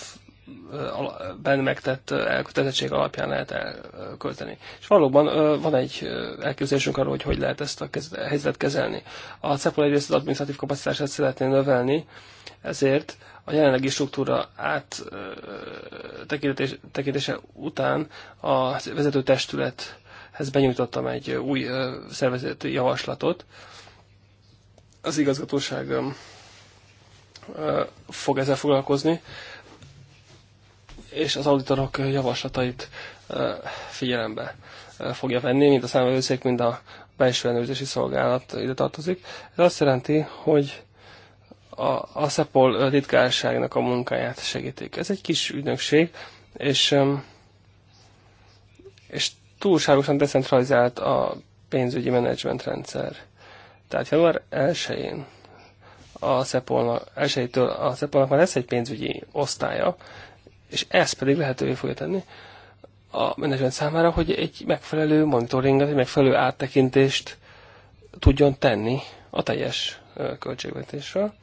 ben megtett elkötelezettség alapján lehet elkölteni. És valóban van egy elképzelésünk arról, hogy hogy lehet ezt a helyzetet kezelni. A CEPOL egyrészt az administratív kapacitását szeretné növelni, ezért a jelenlegi struktúra át tekintése után a vezető testülethez benyújtottam egy új szervezeti javaslatot. Az igazgatóság fog ezzel foglalkozni és az auditorok javaslatait figyelembe fogja venni, mint a számvevőszék, mind a belső ellenőrzési szolgálat ide tartozik. Ez azt jelenti, hogy a, a SZEPOL titkárságnak a munkáját segítik. Ez egy kis ügynökség, és, és túlságosan decentralizált a pénzügyi menedzsment rendszer. Tehát január 1-én a SZEPOL-nak, a szepol már lesz egy pénzügyi osztálya, és ez pedig lehetővé fogja tenni a menedzsment számára, hogy egy megfelelő monitoringot, egy megfelelő áttekintést tudjon tenni a teljes költségvetésről.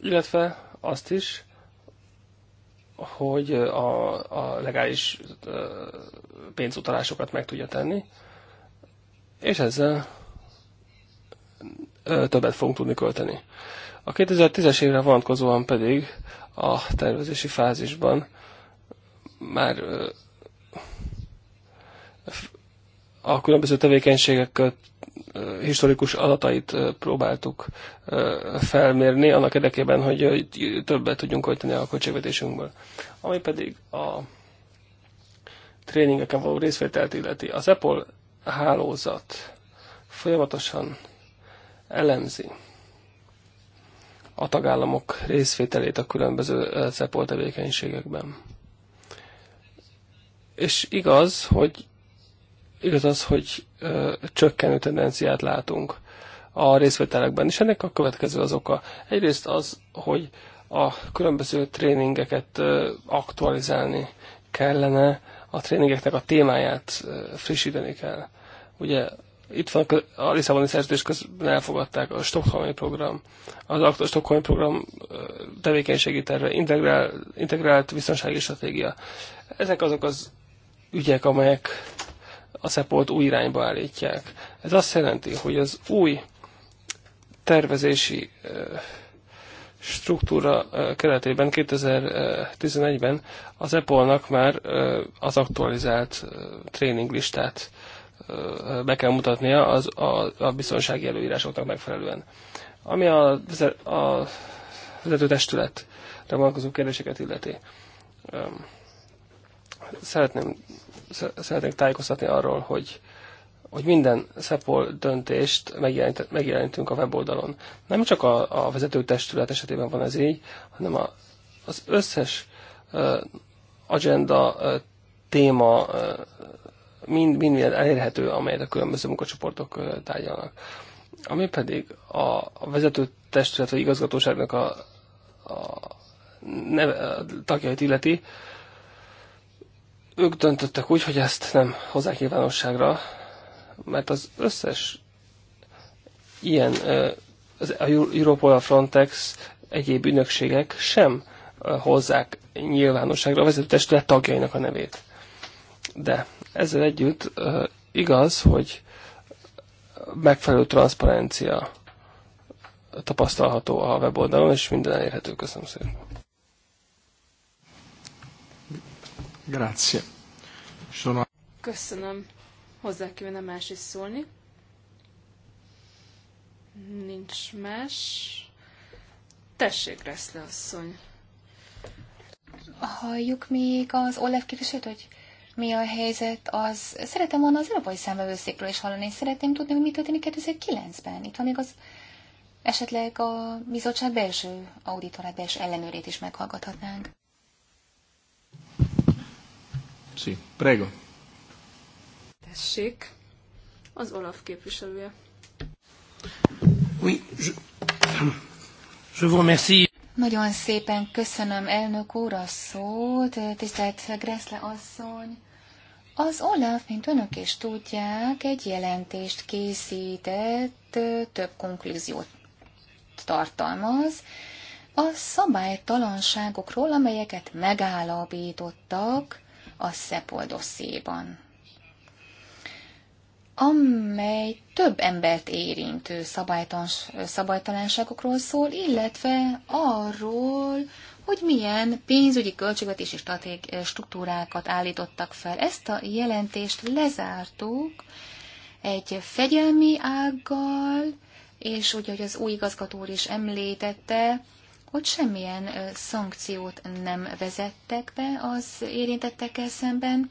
Illetve azt is, hogy a, a legális pénzutalásokat meg tudja tenni, és ezzel többet fogunk tudni költeni. A 2010-es évre vonatkozóan pedig a tervezési fázisban már a különböző tevékenységek historikus adatait próbáltuk felmérni, annak érdekében, hogy többet tudjunk költeni a költségvetésünkből. Ami pedig a tréningeken való részvételt illeti. Az Apple hálózat folyamatosan elemzi a tagállamok részvételét a különböző eh, CEPOL tevékenységekben. És igaz, hogy igaz az, hogy ö, eh, csökkenő tendenciát látunk a részvételekben, és ennek a következő az oka. Egyrészt az, hogy a különböző tréningeket ö, eh, aktualizálni kellene, a tréningeknek a témáját ö, frissíteni kell. Ugye itt van a Lisszaboni szerződés közben elfogadták a Stockholmi program, az aktuális Stockholmi program tevékenységi terve, integrál, integrált biztonsági stratégia. Ezek azok az ügyek, amelyek a szepolt új irányba állítják. Ez azt jelenti, hogy az új tervezési struktúra keretében 2011-ben az Apple-nak már az aktualizált tréninglistát be kell mutatnia az, a, a biztonsági előírásoknak megfelelően. Ami a, a vezetőtestületre vonatkozó kérdéseket illeti. Szeretném, szeretnék tájékoztatni arról, hogy hogy minden SEPOL döntést megjelent, megjelentünk a weboldalon. Nem csak a, a vezető testület esetében van ez így, hanem a, az összes uh, agenda uh, téma uh, mind, mind, elérhető, amelyet a különböző munkacsoportok tárgyalnak. Ami pedig a vezető testület vagy igazgatóságnak a, a, neve, a tagjait illeti, ők döntöttek úgy, hogy ezt nem hozzák nyilvánosságra, mert az összes ilyen a Europol, a Frontex, egyéb ügynökségek sem hozzák nyilvánosságra a testület tagjainak a nevét. De ezzel együtt igaz, hogy megfelelő transzparencia tapasztalható a weboldalon, és minden elérhető. Köszönöm szépen. Grazie. Sono... Köszönöm. Hozzá kívánom más is szólni. Nincs más. Tessék, Reszle asszony. Halljuk még az Olev képviselőt, hogy mi a helyzet, az szeretem volna az európai számvevőszékről is hallani, szeretném tudni, hogy mi történik 2009-ben. Itt van még az esetleg a bizottság belső auditorát, belső ellenőrét is meghallgathatnánk. Sí, prego. Tessék, az Olaf képviselője. Oui, je, je vous remercie. Nagyon szépen köszönöm elnök úr a szót, tisztelt Greszle asszony. Az Olaf, mint önök is tudják, egy jelentést készített, több konklúziót tartalmaz, a szabálytalanságokról, amelyeket megállapítottak a Szepol amely több embert érintő szabálytalanságokról szól, illetve arról, hogy milyen pénzügyi költségvetési stratég, struktúrákat állítottak fel. Ezt a jelentést lezártuk egy fegyelmi ággal, és ugye, hogy az új igazgató is említette, hogy semmilyen szankciót nem vezettek be az érintettekkel szemben.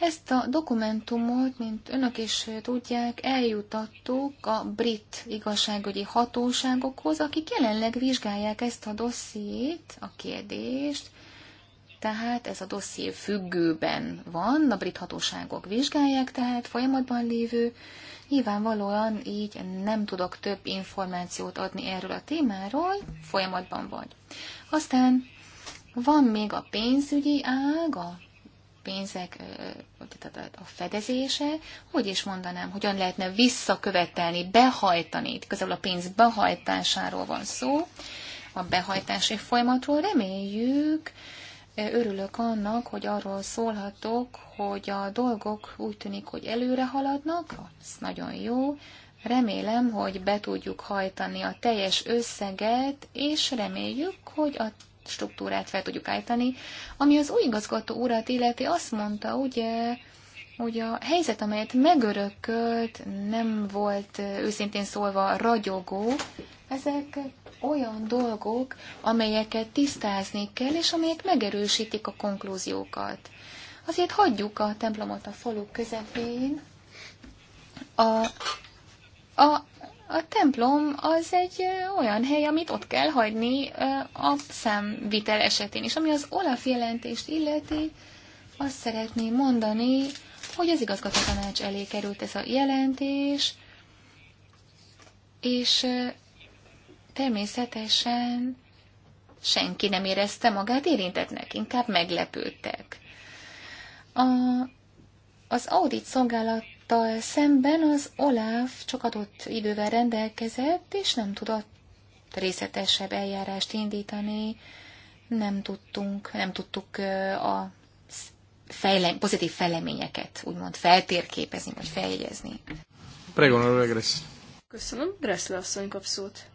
Ezt a dokumentumot, mint önök is tudják, eljutattuk a brit igazságügyi hatóságokhoz, akik jelenleg vizsgálják ezt a dossziét, a kérdést, tehát ez a dosszié függőben van, a brit hatóságok vizsgálják, tehát folyamatban lévő. Nyilvánvalóan így nem tudok több információt adni erről a témáról, folyamatban vagy. Aztán van még a pénzügyi ág, a pénzek, tehát a fedezése, hogy is mondanám, hogyan lehetne visszakövetelni, behajtani, itt igazából a pénz behajtásáról van szó, a behajtási folyamatról reméljük, Örülök annak, hogy arról szólhatok, hogy a dolgok úgy tűnik, hogy előre haladnak, ez nagyon jó. Remélem, hogy be tudjuk hajtani a teljes összeget, és reméljük, hogy a struktúrát fel tudjuk állítani. Ami az új igazgató urat illeti, azt mondta, ugye, hogy a helyzet, amelyet megörökölt, nem volt őszintén szólva ragyogó, ezek olyan dolgok, amelyeket tisztázni kell, és amelyek megerősítik a konklúziókat. Azért hagyjuk a templomot a falu közepén. A, a a templom az egy olyan hely, amit ott kell hagyni a szemvitel esetén. És ami az Olaf jelentést illeti, azt szeretném mondani, hogy az igazgató tanács elé került ez a jelentés, és természetesen senki nem érezte magát érintetnek, inkább meglepődtek. A, az audit szolgálat tal szemben az Olaf csak adott idővel rendelkezett, és nem tudott részletesebb eljárást indítani, nem tudtunk, nem tudtuk a fejlem, pozitív fejleményeket úgymond feltérképezni, vagy feljegyezni. Pregonor Gressz. Köszönöm. Gressle asszony kap szót.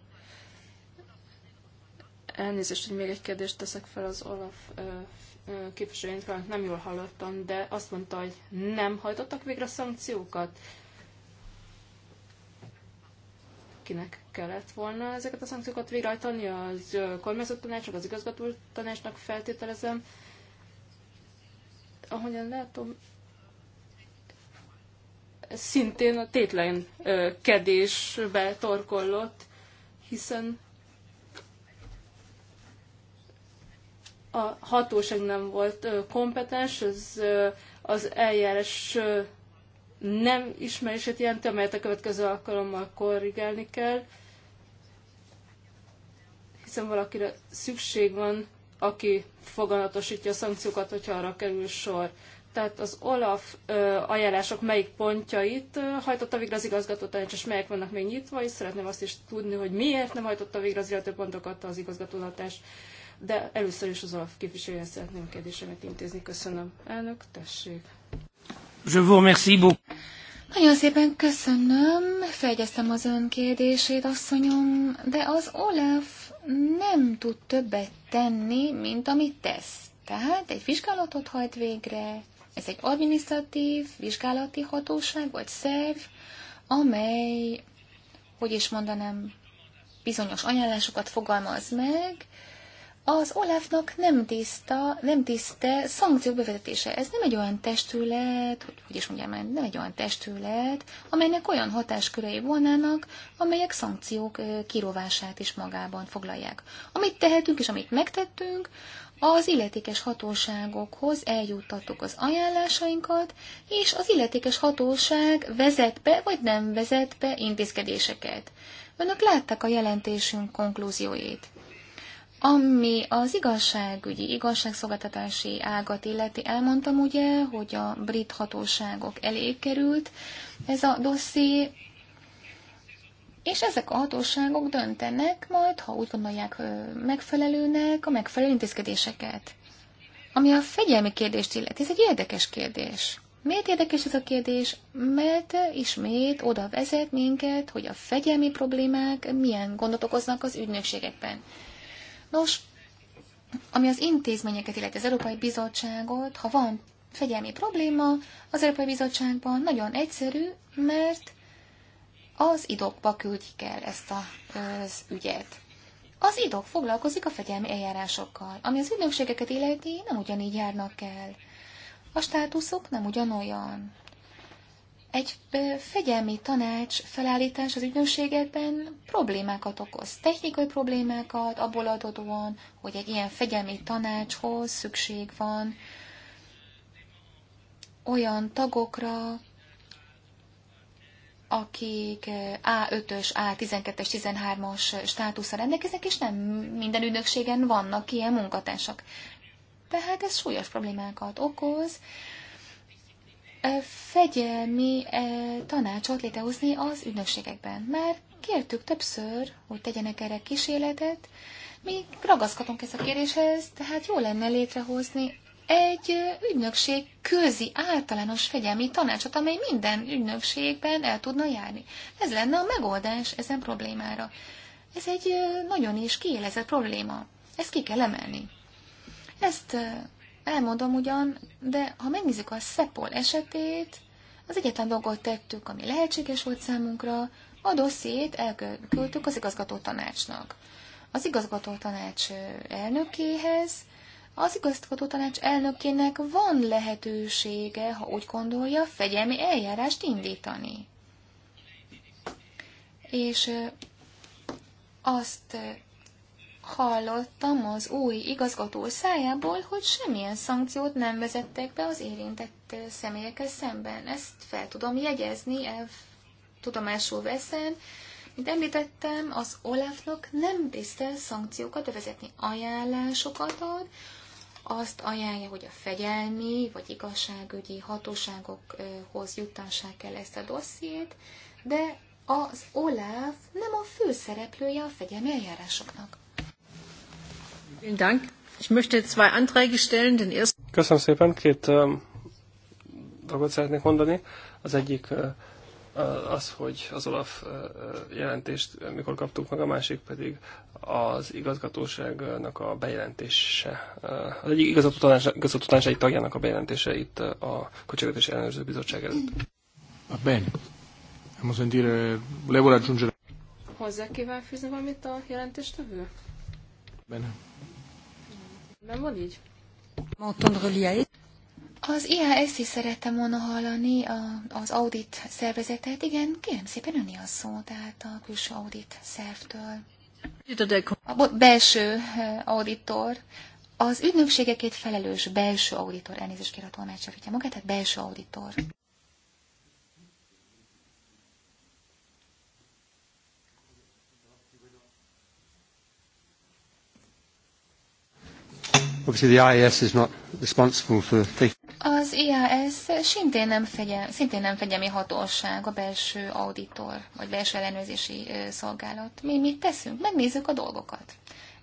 Elnézést, hogy még egy kérdést teszek fel az Olaf képviselőjét nem jól hallottam, de azt mondta, hogy nem hajtottak végre szankciókat. Kinek kellett volna ezeket a szankciókat végrehajtani? Az kormányzott tanácsnak, az igazgató tanácsnak feltételezem. Ahogyan látom, szintén a tétlenkedésbe torkollott, hiszen a hatóság nem volt kompetens, az, az eljárás nem ismerését jelenti, amelyet a következő alkalommal korrigálni kell, hiszen valakire szükség van, aki foganatosítja a szankciókat, hogyha arra kerül sor. Tehát az OLAF ajánlások melyik pontjait hajtotta végre az igazgató tanács, és melyek vannak még nyitva, és szeretném azt is tudni, hogy miért nem hajtotta végre az illető pontokat az igazgató tanács de először is az Olaf képviselője szeretném kérdésemet intézni. Köszönöm. Elnök, tessék. Je vous remercie beaucoup. Nagyon szépen köszönöm, feljegyeztem az ön kérdését, asszonyom, de az Olaf nem tud többet tenni, mint amit tesz. Tehát egy vizsgálatot hajt végre, ez egy administratív, vizsgálati hatóság vagy szerv, amely, hogy is mondanám, bizonyos ajánlásokat fogalmaz meg, az Olafnak nem tiszta, nem tiszte szankciók bevezetése. Ez nem egy olyan testület, hogy, hogy is mondjam, nem egy olyan testület, amelynek olyan hatáskörei volnának, amelyek szankciók kirovását is magában foglalják. Amit tehetünk és amit megtettünk, az illetékes hatóságokhoz eljuttattuk az ajánlásainkat, és az illetékes hatóság vezet be vagy nem vezet be intézkedéseket. Önök látták a jelentésünk konklúzióit. Ami az igazságügyi, igazságszolgáltatási ágat illeti, elmondtam ugye, hogy a brit hatóságok elé került ez a dosszi, és ezek a hatóságok döntenek majd, ha úgy gondolják megfelelőnek, a megfelelő intézkedéseket. Ami a fegyelmi kérdést illeti, ez egy érdekes kérdés. Miért érdekes ez a kérdés? Mert ismét oda vezet minket, hogy a fegyelmi problémák milyen gondot okoznak az ügynökségekben. Nos, ami az intézményeket illeti az Európai Bizottságot, ha van fegyelmi probléma az Európai Bizottságban, nagyon egyszerű, mert az idokba küldjük el ezt a, az ügyet. Az idok foglalkozik a fegyelmi eljárásokkal, ami az ügynökségeket illeti nem ugyanígy járnak el. A státuszok nem ugyanolyan. Egy fegyelmi tanács felállítás az ügynökségekben problémákat okoz. Technikai problémákat abból adódóan, hogy egy ilyen fegyelmi tanácshoz szükség van olyan tagokra, akik A5-ös, A12-es, 13-as státuszra rendelkeznek, és nem minden ügynökségen vannak ilyen munkatársak. Tehát ez súlyos problémákat okoz, fegyelmi tanácsot létrehozni az ügynökségekben. Már kértük többször, hogy tegyenek erre kísérletet, mi ragaszkodunk ezt a kéréshez, tehát jó lenne létrehozni egy ügynökség közi általános fegyelmi tanácsot, amely minden ügynökségben el tudna járni. Ez lenne a megoldás ezen problémára. Ez egy nagyon is kiélezett probléma. Ezt ki kell emelni. Ezt Elmondom ugyan, de ha megnézzük a Szepol esetét, az egyetlen dolgot tettük, ami lehetséges volt számunkra, a dossziét elküldtük az igazgató tanácsnak. Az igazgató tanács elnökéhez, az igazgató tanács elnökének van lehetősége, ha úgy gondolja, fegyelmi eljárást indítani. És azt hallottam az új igazgató szájából, hogy semmilyen szankciót nem vezettek be az érintett személyekkel szemben. Ezt fel tudom jegyezni, tudomásul veszem. Mint említettem, az Olafnak nem tisztel szankciókat bevezetni, ajánlásokat ad, azt ajánlja, hogy a fegyelmi vagy igazságügyi hatóságokhoz juttassák el ezt a dossziét, de az Olaf nem a főszereplője a fegyelmi eljárásoknak. Köszönöm szépen, két um, dolgot szeretnék mondani. Az egyik uh, uh az, hogy az Olaf uh, jelentést uh, mikor kaptuk meg, a másik pedig az igazgatóságnak a bejelentése. Uh, az egyik igazgató tanácsai tagjának a bejelentése itt a Kocsigatási Ellenőrző Bizottság előtt. A Ben. Most a sentire, volevo raggiungere. Hozzá kíván fűzni valamit a jelentéstevő? Bene. Nem van így? E. Az ihs is szerettem volna hallani, a, az audit szervezetet. Igen, kérem szépen önni a szó, tehát a külső audit szervtől. A belső eh, auditor, az ügynökségekért felelős belső auditor, elnézést kér a tolmácsra, hogyha magát, tehát belső auditor. Obviously the IAS is not responsible for taking... Az IAS szintén nem, fegyel, szintén nem fegyelmi hatóság, a belső auditor, vagy belső ellenőrzési szolgálat. Mi mit teszünk? Megnézzük a dolgokat.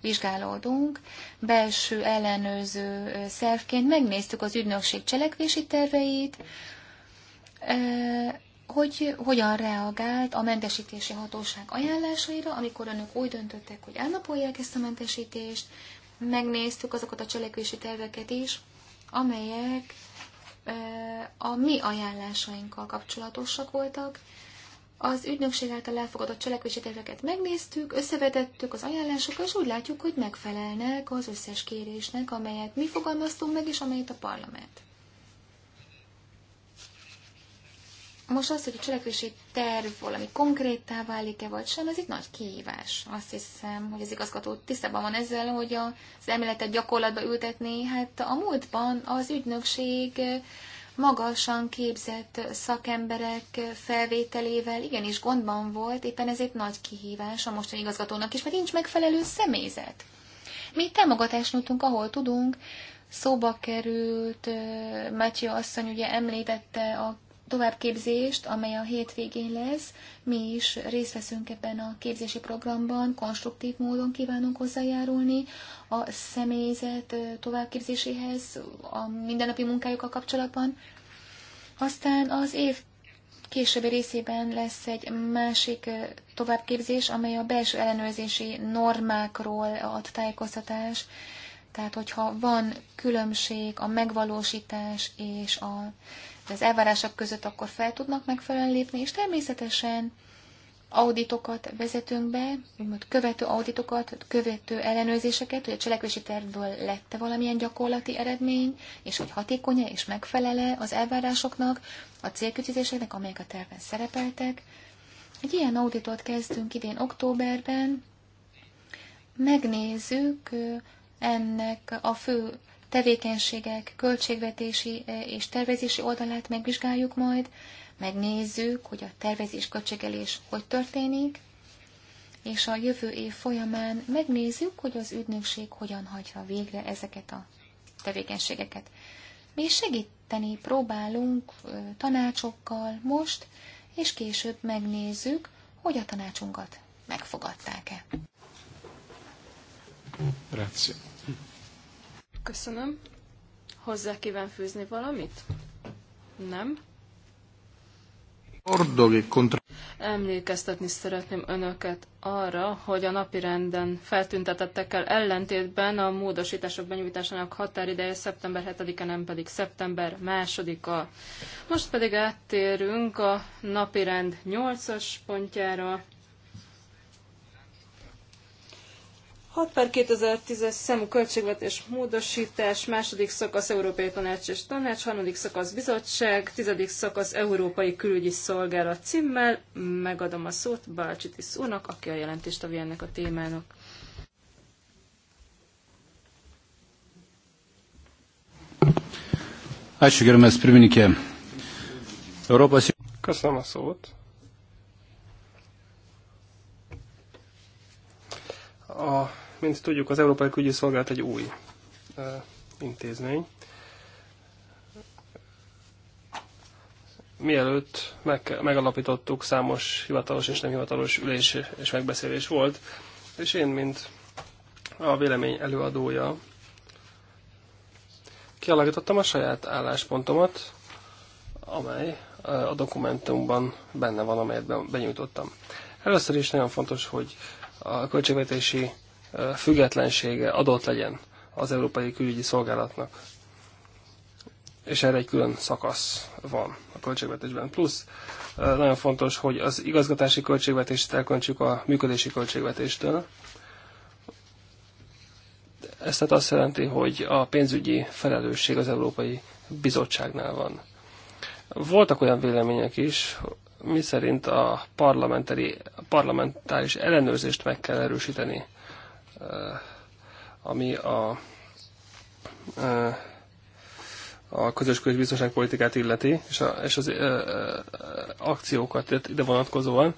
Vizsgálódunk, belső ellenőrző szervként megnéztük az ügynökség cselekvési terveit, hogy hogyan reagált a mentesítési hatóság ajánlásaira, amikor önök úgy döntöttek, hogy elnapolják ezt a mentesítést, megnéztük azokat a cselekvési terveket is, amelyek a mi ajánlásainkkal kapcsolatosak voltak. Az ügynökség által elfogadott cselekvési terveket megnéztük, összevetettük az ajánlásokat és úgy látjuk, hogy megfelelnek az összes kérésnek, amelyet mi fogalmaztunk meg, és amelyet a parlament. Most az, hogy a cselekvési terv valami konkréttá válik-e vagy sem, ez itt nagy kihívás. Azt hiszem, hogy az igazgató tisztában van ezzel, hogy az emeletet gyakorlatba ültetni. Hát a múltban az ügynökség magasan képzett szakemberek felvételével igenis gondban volt, éppen ezért nagy kihívás a mostani igazgatónak is, mert nincs megfelelő személyzet. Mi támogatást nyújtunk, ahol tudunk, szóba került, Matyi asszony ugye említette a továbbképzést, amely a hétvégén lesz. Mi is részt veszünk ebben a képzési programban, konstruktív módon kívánunk hozzájárulni a személyzet továbbképzéséhez, a mindennapi munkájukkal kapcsolatban. Aztán az év későbbi részében lesz egy másik továbbképzés, amely a belső ellenőrzési normákról ad tájékoztatás. Tehát, hogyha van különbség a megvalósítás és a az elvárások között akkor fel tudnak megfelelően lépni, és természetesen auditokat vezetünk be, úgymond követő auditokat, követő ellenőrzéseket, hogy a cselekvési tervből lette valamilyen gyakorlati eredmény, és hogy hatékonya és megfelele az elvárásoknak, a célkütőzéseknek, amelyek a terven szerepeltek. Egy ilyen auditot kezdünk idén októberben, megnézzük ennek a fő tevékenységek, költségvetési eh, és tervezési oldalát megvizsgáljuk majd, megnézzük, hogy a tervezés költségelés hogy történik, és a jövő év folyamán megnézzük, hogy az ügynökség hogyan hagyja végre ezeket a tevékenységeket. Mi segíteni próbálunk eh, tanácsokkal most, és később megnézzük, hogy a tanácsunkat megfogadták-e. Grazie. Köszönöm. Hozzá kíván fűzni valamit? Nem? Emlékeztetni szeretném önöket arra, hogy a napirenden feltüntetettekkel ellentétben a módosítások benyújtásának határideje szeptember 7-e, nem pedig szeptember 2-a. Most pedig áttérünk a napirend 8-as pontjára. 6 per 2010-es számú költségvetés módosítás, második szakasz Európai Tanács és Tanács, harmadik szakasz Bizottság, tizedik szakasz Európai Külügyi Szolgálat címmel. Megadom a szót Balcsitis úrnak, aki a jelentést a ennek a témának. Köszönöm a szót. A mint tudjuk, az Európai Külügyi Szolgálat egy új intézmény. Mielőtt meg, megalapítottuk, számos hivatalos és nem hivatalos ülés és megbeszélés volt, és én, mint a vélemény előadója, kialakítottam a saját álláspontomat, amely a dokumentumban benne van, amelyet benyújtottam. Először is nagyon fontos, hogy a költségvetési függetlensége adott legyen az Európai Külügyi Szolgálatnak. És erre egy külön szakasz van a költségvetésben. Plusz nagyon fontos, hogy az igazgatási költségvetést elköntsük a működési költségvetéstől. Ez tehát azt jelenti, hogy a pénzügyi felelősség az Európai Bizottságnál van. Voltak olyan vélemények is, miszerint a parlamentari, parlamentáris ellenőrzést meg kell erősíteni ami a, a közös biztonságpolitikát illeti, és, a, és az akciókat ide vonatkozóan,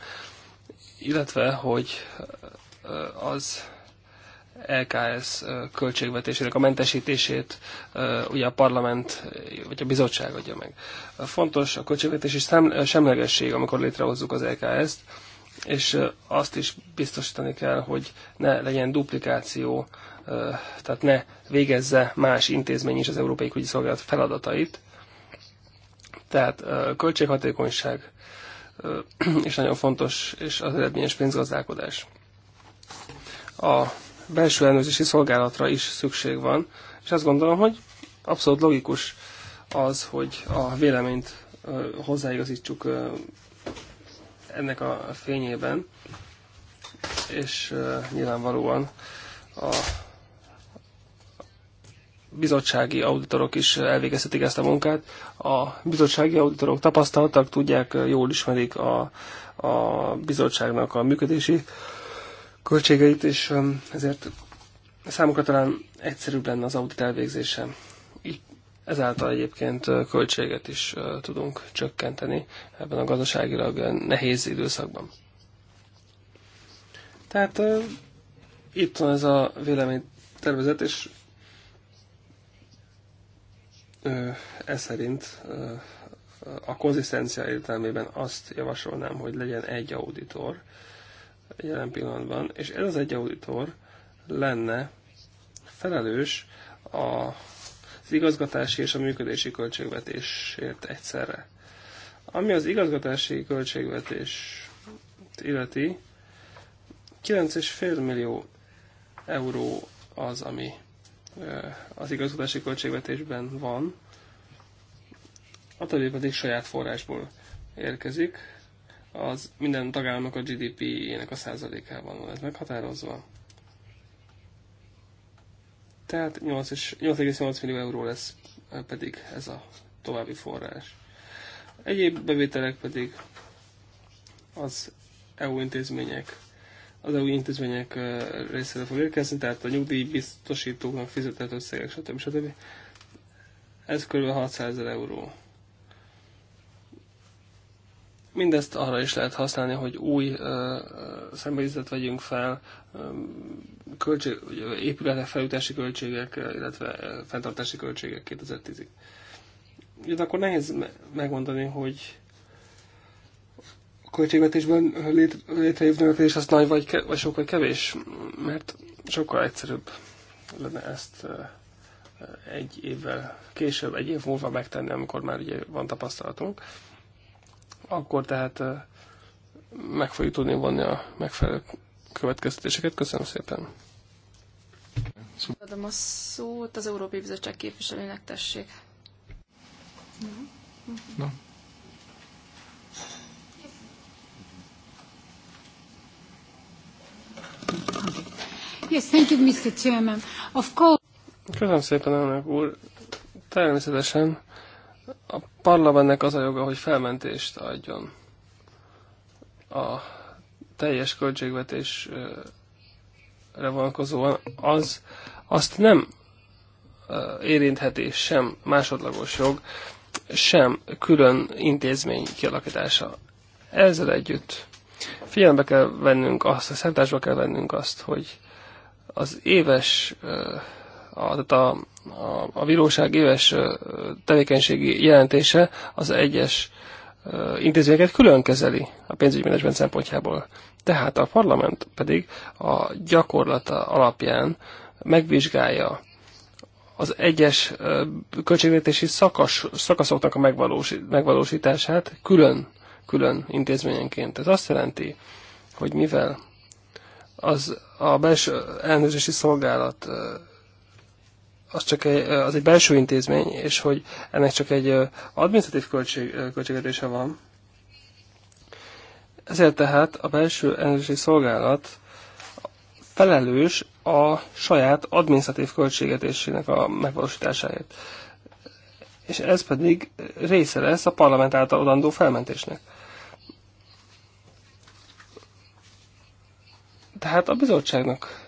illetve, hogy az LKS költségvetésének a mentesítését ugye a parlament vagy a bizottság adja meg. Fontos a költségvetési semlegesség, amikor létrehozzuk az LKS-t, és azt is biztosítani kell, hogy ne legyen duplikáció, tehát ne végezze más intézmény is az Európai Kügyi Szolgálat feladatait. Tehát költséghatékonyság, és nagyon fontos, és az eredményes pénzgazdálkodás. A belső ellenőrzési szolgálatra is szükség van, és azt gondolom, hogy abszolút logikus az, hogy a véleményt hozzáigazítsuk ennek a fényében, és nyilvánvalóan a bizottsági auditorok is elvégezhetik ezt a munkát. A bizottsági auditorok tapasztaltak, tudják, jól ismerik a, a bizottságnak a működési költségeit, és ezért számukra talán egyszerűbb lenne az audit elvégzése. Ezáltal egyébként költséget is tudunk csökkenteni ebben a gazdaságilag nehéz időszakban. Tehát itt van ez a véleménytervezet, és ez szerint a konzisztencia értelmében azt javasolnám, hogy legyen egy auditor jelen pillanatban, és ez az egy auditor lenne felelős a az igazgatási és a működési költségvetésért egyszerre. Ami az igazgatási költségvetés illeti, 9,5 millió euró az, ami az igazgatási költségvetésben van, a többi pedig saját forrásból érkezik, az minden tagállamnak a GDP-ének a százalékában van ez meghatározva. Tehát 8,8 millió euró lesz eh, pedig ez a további forrás. Egyéb bevételek pedig az EU intézmények az EU intézmények eh, részére fog érkezni, tehát a nyugdíjbiztosítóknak fizetett összegek, stb. stb. Ez kb. 600 euró. Mindezt arra is lehet használni, hogy új uh, személyzet vegyünk fel, költség, épületek felütési költségek, illetve fenntartási költségek 2010-ig. Ugye akkor nehéz megmondani, hogy a költségvetésben lét, létrejövő növekedés az nagy vagy, vagy sok vagy kevés, mert sokkal egyszerűbb lenne ezt egy évvel később, egy év múlva megtenni, amikor már ugye van tapasztalatunk akkor tehát meg fogjuk tudni vonni a megfelelő következtetéseket. Köszönöm szépen! Adom a szót az Európai Bizottság képviselőnek, tessék. Na. Yes, thank you, Mr. Chairman. Of course. Köszönöm szépen, elnök úr. Természetesen a parlamentnek az a joga, hogy felmentést adjon a teljes költségvetésre vonatkozóan, az, azt nem érintheti sem másodlagos jog, sem külön intézmény kialakítása. Ezzel együtt figyelembe kell vennünk azt, a szentásba kell vennünk azt, hogy az éves a, tehát a, a, a bíróság éves tevékenységi jelentése az egyes intézményeket külön kezeli a pénzügymenedzsment szempontjából. Tehát a parlament pedig a gyakorlata alapján megvizsgálja az egyes költségvetési szakas, szakaszoknak a megvalósítását külön, külön intézményenként. Ez azt jelenti, hogy mivel az a belső elnőzési szolgálat az csak egy, az egy belső intézmény, és hogy ennek csak egy administratív költség, költségedése van. Ezért tehát a belső energia szolgálat felelős a saját administratív költségetésének a megvalósításáért. És ez pedig része lesz a parlament által adandó felmentésnek. Tehát a bizottságnak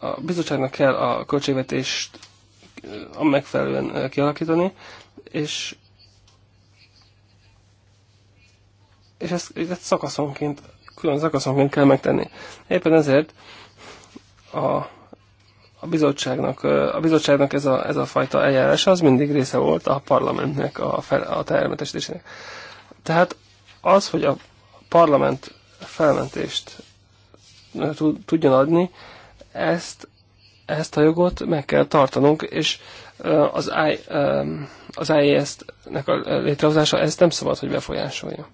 a bizottságnak kell a költségvetést a megfelelően kialakítani, és és ezt, ezt szakaszonként, külön szakaszonként kell megtenni. Éppen ezért a, a bizottságnak, a bizottságnak ez, a, ez a fajta eljárás az mindig része volt a parlamentnek, a, fel, a termetesítésének. Tehát az, hogy a parlament felmentést tudjon adni, ezt, ezt a jogot meg kell tartanunk, és az, I, az IES-nek a létrehozása ezt nem szabad, hogy befolyásolja.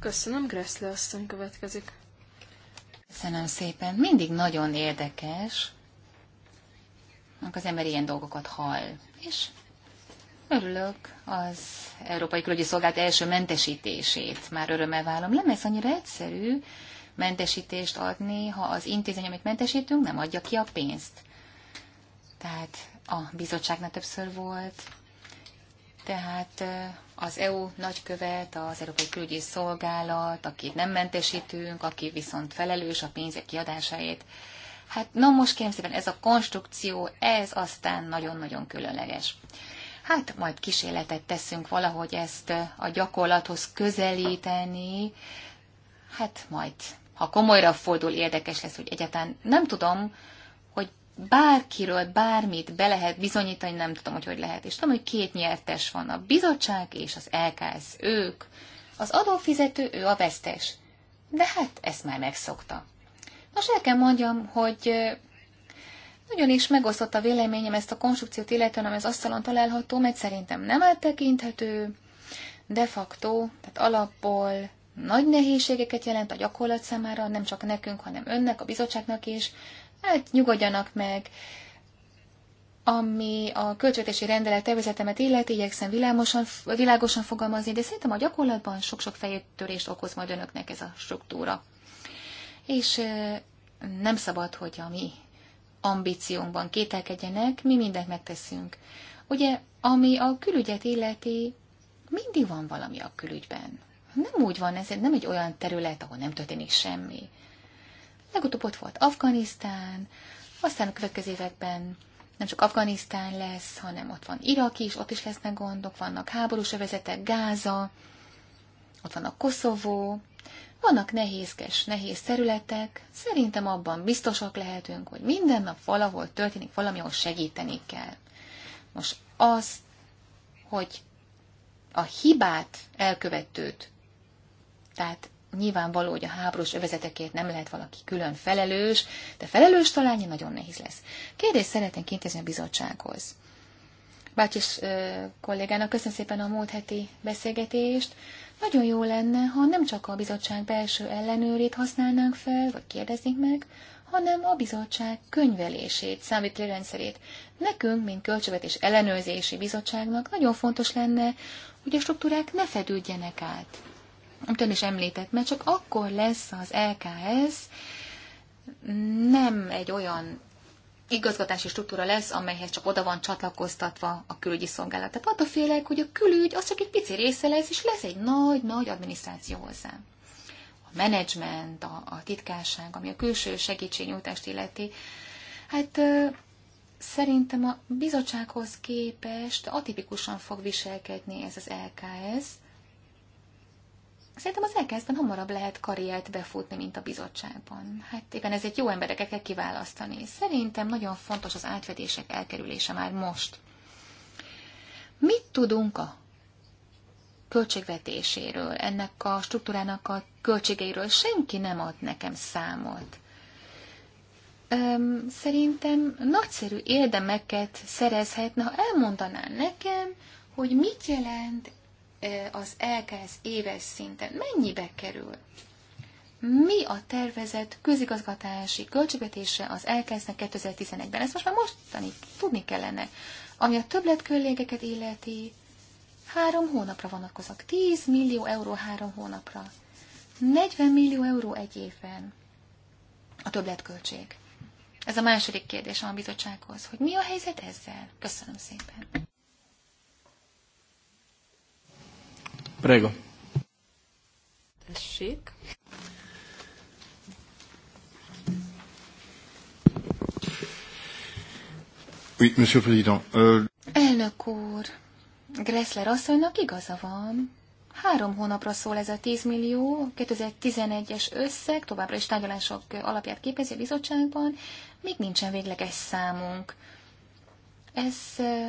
Köszönöm, Gressle asszony következik. Köszönöm szépen. Mindig nagyon érdekes, amikor az ember ilyen dolgokat hall. És örülök az Európai Külügyi Szolgált első mentesítését. Már örömmel válom. Nem ez annyira egyszerű, mentesítést adni, ha az intézmény, amit mentesítünk, nem adja ki a pénzt. Tehát a bizottságnál többször volt, tehát az EU nagykövet, az Európai Külügyi Szolgálat, akit nem mentesítünk, aki viszont felelős a pénzek kiadásáért. Hát na no, most kérem szépen, ez a konstrukció, ez aztán nagyon-nagyon különleges. Hát majd kísérletet teszünk valahogy ezt a gyakorlathoz közelíteni, hát majd ha komolyra fordul, érdekes lesz, hogy egyáltalán nem tudom, hogy bárkiről bármit be lehet bizonyítani, nem tudom, hogy hogy lehet. És tudom, hogy két nyertes van, a bizottság és az LKS, ők. Az adófizető, ő a vesztes. De hát ezt már megszokta. Most el kell mondjam, hogy nagyon is megosztott a véleményem ezt a konstrukciót illetően, ami az asztalon található, mert szerintem nem eltekinthető, de facto, tehát alapból nagy nehézségeket jelent a gyakorlat számára, nem csak nekünk, hanem önnek, a bizottságnak is. Hát nyugodjanak meg, ami a költségvetési rendelet tervezetemet illeti, igyekszem világosan, világosan fogalmazni, de szerintem a gyakorlatban sok-sok fejtörést okoz majd önöknek ez a struktúra. És nem szabad, hogy a mi ambíciónkban kételkedjenek, mi mindent megteszünk. Ugye, ami a külügyet illeti, mindig van valami a külügyben. Nem úgy van, ez nem egy olyan terület, ahol nem történik semmi. Legutóbb ott volt Afganisztán, aztán a következő években nem csak Afganisztán lesz, hanem ott van Irak is, ott is lesznek gondok, vannak háborús övezetek, Gáza, ott van a Koszovó, vannak nehézkes, nehéz területek, szerintem abban biztosak lehetünk, hogy minden nap valahol történik valami, ahol segíteni kell. Most az, hogy a hibát elkövetőt tehát nyilvánvaló, hogy a háborús övezetekért nem lehet valaki külön felelős, de felelős találni nagyon nehéz lesz. Kérdést szeretnénk kintézni a bizottsághoz. Bácsis ö, kollégának köszönöm szépen a múlt heti beszélgetést. Nagyon jó lenne, ha nem csak a bizottság belső ellenőrét használnánk fel, vagy kérdeznénk meg, hanem a bizottság könyvelését, számítő rendszerét. Nekünk, mint költségvetés ellenőrzési bizottságnak nagyon fontos lenne, hogy a struktúrák ne fedődjenek át amit ön is említett, mert csak akkor lesz az LKS nem egy olyan igazgatási struktúra lesz, amelyhez csak oda van csatlakoztatva a külügyi szolgálat. Tehát attól félek, hogy a külügy az csak egy pici része lesz, és lesz egy nagy-nagy adminisztráció hozzá. A menedzsment, a, a titkárság, ami a külső segítségnyújtást illeti, hát ö, szerintem a bizottsághoz képest atipikusan fog viselkedni ez az LKS, Szerintem az elkezdben hamarabb lehet karriert befutni, mint a bizottságban. Hát éppen ezért jó embereket kell kiválasztani. Szerintem nagyon fontos az átvedések elkerülése már most. Mit tudunk a költségvetéséről, ennek a struktúrának a költségeiről? Senki nem ad nekem számot. Öm, szerintem nagyszerű érdemeket szerezhetne, ha elmondaná nekem, hogy mit jelent Eh, az elkezd éves szinten mennyibe kerül? Mi a tervezett közigazgatási költségvetése az elkezdnek 2011-ben? Ezt most már mostani tudni kellene. Ami a többletkölégeket illeti, három hónapra vonatkozak. 10 millió euró három hónapra. 40 millió euró egy évben a többletköltség. Ez a második kérdés a bizottsághoz, hogy mi a helyzet ezzel? Köszönöm szépen. Prego. Tessék. Oui, monsieur le président. Euh... Elnök úr, Gressler asszonynak igaza van. Három hónapra szól ez a 10 millió, 2011-es összeg, továbbra is tárgyalások alapját képezi a bizottságban, még nincsen végleges számunk. Ez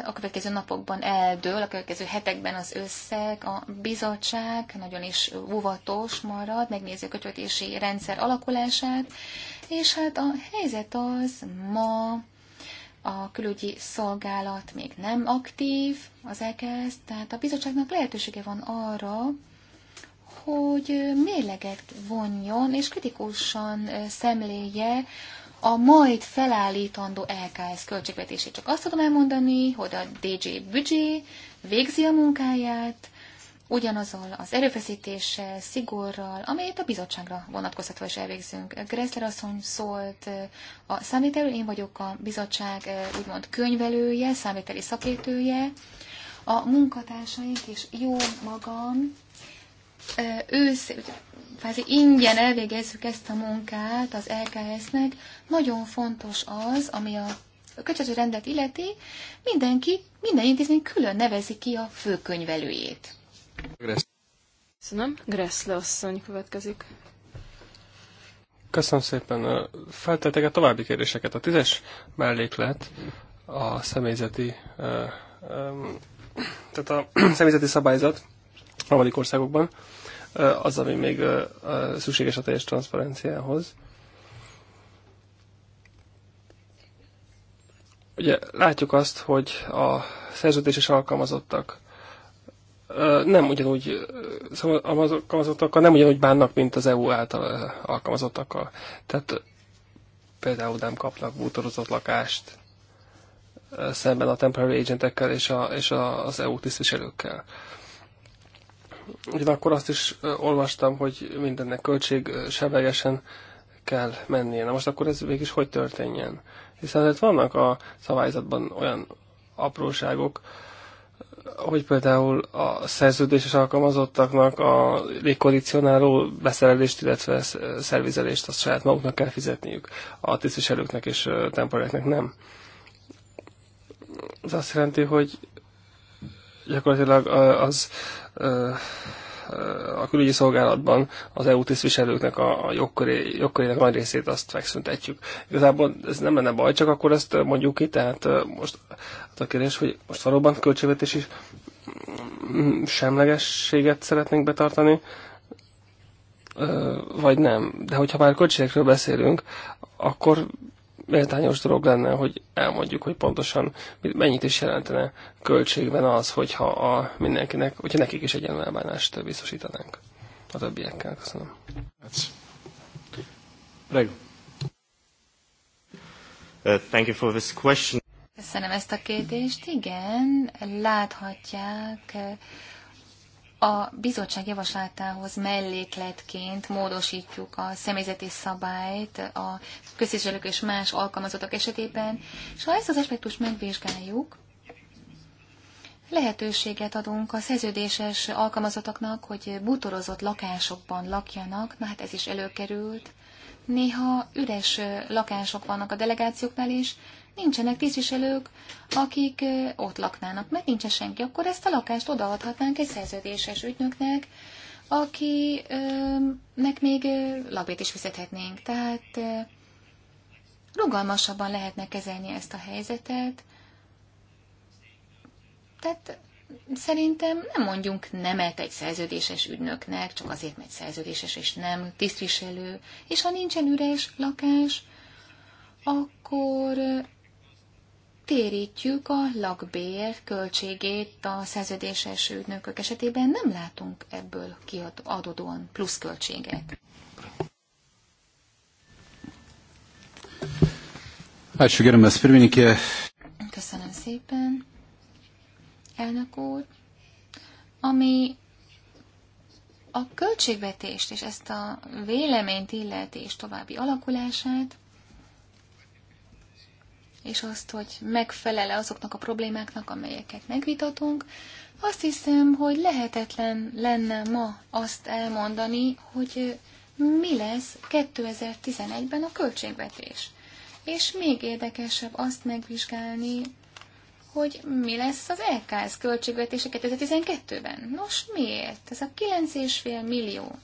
a következő napokban eldől, a következő hetekben az összeg, a bizottság nagyon is óvatos marad, megnézi a kötötési rendszer alakulását, és hát a helyzet az ma a külügyi szolgálat még nem aktív, az EKSZ, tehát a bizottságnak lehetősége van arra, hogy mérleget vonjon és kritikusan szemléje a majd felállítandó LKS költségvetését. Csak azt tudom elmondani, hogy a DJ Büdzsé végzi a munkáját, ugyanazzal az erőfeszítéssel, szigorral, amelyet a bizottságra vonatkoztatva is elvégzünk. Gressler asszony szólt a számvételő, én vagyok a bizottság úgymond könyvelője, számvételi szakértője, a munkatársaink és jó magam ősz, kvázi ingyen elvégezzük ezt a munkát az LKS-nek, nagyon fontos az, ami a kötyözi rendet illeti, mindenki, minden intézmény külön nevezi ki a főkönyvelőjét. Köszönöm. Gressle asszony következik. Köszönöm szépen. Feltettek a további kérdéseket. A tízes melléklet a személyzeti tehát a személyzeti szabályzat harmadik országokban, az, ami még szükséges a teljes transzparenciához. Ugye látjuk azt, hogy a szerződéses alkalmazottak nem ugyanúgy szóval alkalmazottakkal nem ugyanúgy bánnak, mint az EU által alkalmazottakkal. Tehát például nem kapnak bútorozott lakást szemben a temporary agentekkel és, a, és a, az EU tisztviselőkkel. Ugyanakkor azt is olvastam, hogy mindennek költség sebegesen kell mennie. Na most akkor ez mégis hogy történjen? Hiszen hát vannak a szabályzatban olyan apróságok, hogy például a szerződéses alkalmazottaknak a légkondicionáló beszerelést, illetve szervizelést azt saját maguknak kell fizetniük, a tisztviselőknek és temporáknak nem. Ez azt jelenti, hogy gyakorlatilag az a külügyi szolgálatban az EU tisztviselőknek a, jogköré, jogkörének nagy részét azt megszüntetjük. Igazából ez nem lenne baj, csak akkor ezt mondjuk ki, tehát most a kérdés, hogy most valóban költségvetési mm, semlegességet szeretnénk betartani, vagy nem. De hogyha már költségekről beszélünk, akkor méltányos dolog lenne, hogy elmondjuk, hogy pontosan mennyit is jelentene költségben az, hogyha a mindenkinek, hogyha nekik is egyenlő elbánást biztosítanánk a többiekkel. Köszönöm. Uh, thank you for this question. Köszönöm ezt a kérdést. Igen, láthatják uh, a bizottság javaslatához mellékletként módosítjuk a személyzeti szabályt a közszerzők és más alkalmazottak esetében, és ha ezt az aspektust megvizsgáljuk, lehetőséget adunk a szerződéses alkalmazottaknak, hogy bútorozott lakásokban lakjanak, na hát ez is előkerült. Néha üres lakások vannak a delegációknál is, nincsenek tisztviselők, akik ott laknának, mert nincsen senki, akkor ezt a lakást odaadhatnánk egy szerződéses ügynöknek, akinek még labét is fizethetnénk. Tehát rugalmasabban lehetne kezelni ezt a helyzetet. Tehát szerintem nem mondjunk nemet egy szerződéses ügynöknek, csak azért, mert szerződéses és nem tisztviselő, és ha nincsen üres lakás, akkor kitérítjük a lakbér költségét a szerződéses ügynökök esetében, nem látunk ebből kiadódóan plusz költséget. Köszönöm szépen. Elnök úr, ami a költségvetést és ezt a véleményt illeti és további alakulását, és azt, hogy megfelele azoknak a problémáknak, amelyeket megvitatunk, azt hiszem, hogy lehetetlen lenne ma azt elmondani, hogy mi lesz 2011-ben a költségvetés. És még érdekesebb azt megvizsgálni, hogy mi lesz az LKS költségvetése 2012-ben. Nos, miért? Ez a 9,5 millió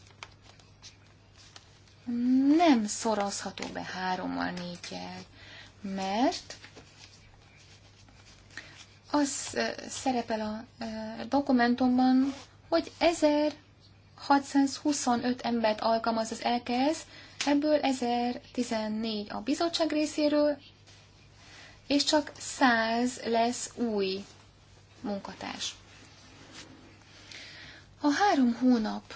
nem szorozható be hárommal, négyel mert az szerepel a dokumentumban, hogy 1625 embert alkalmaz az LKS, ebből 1014 a bizottság részéről, és csak 100 lesz új munkatárs. A három hónap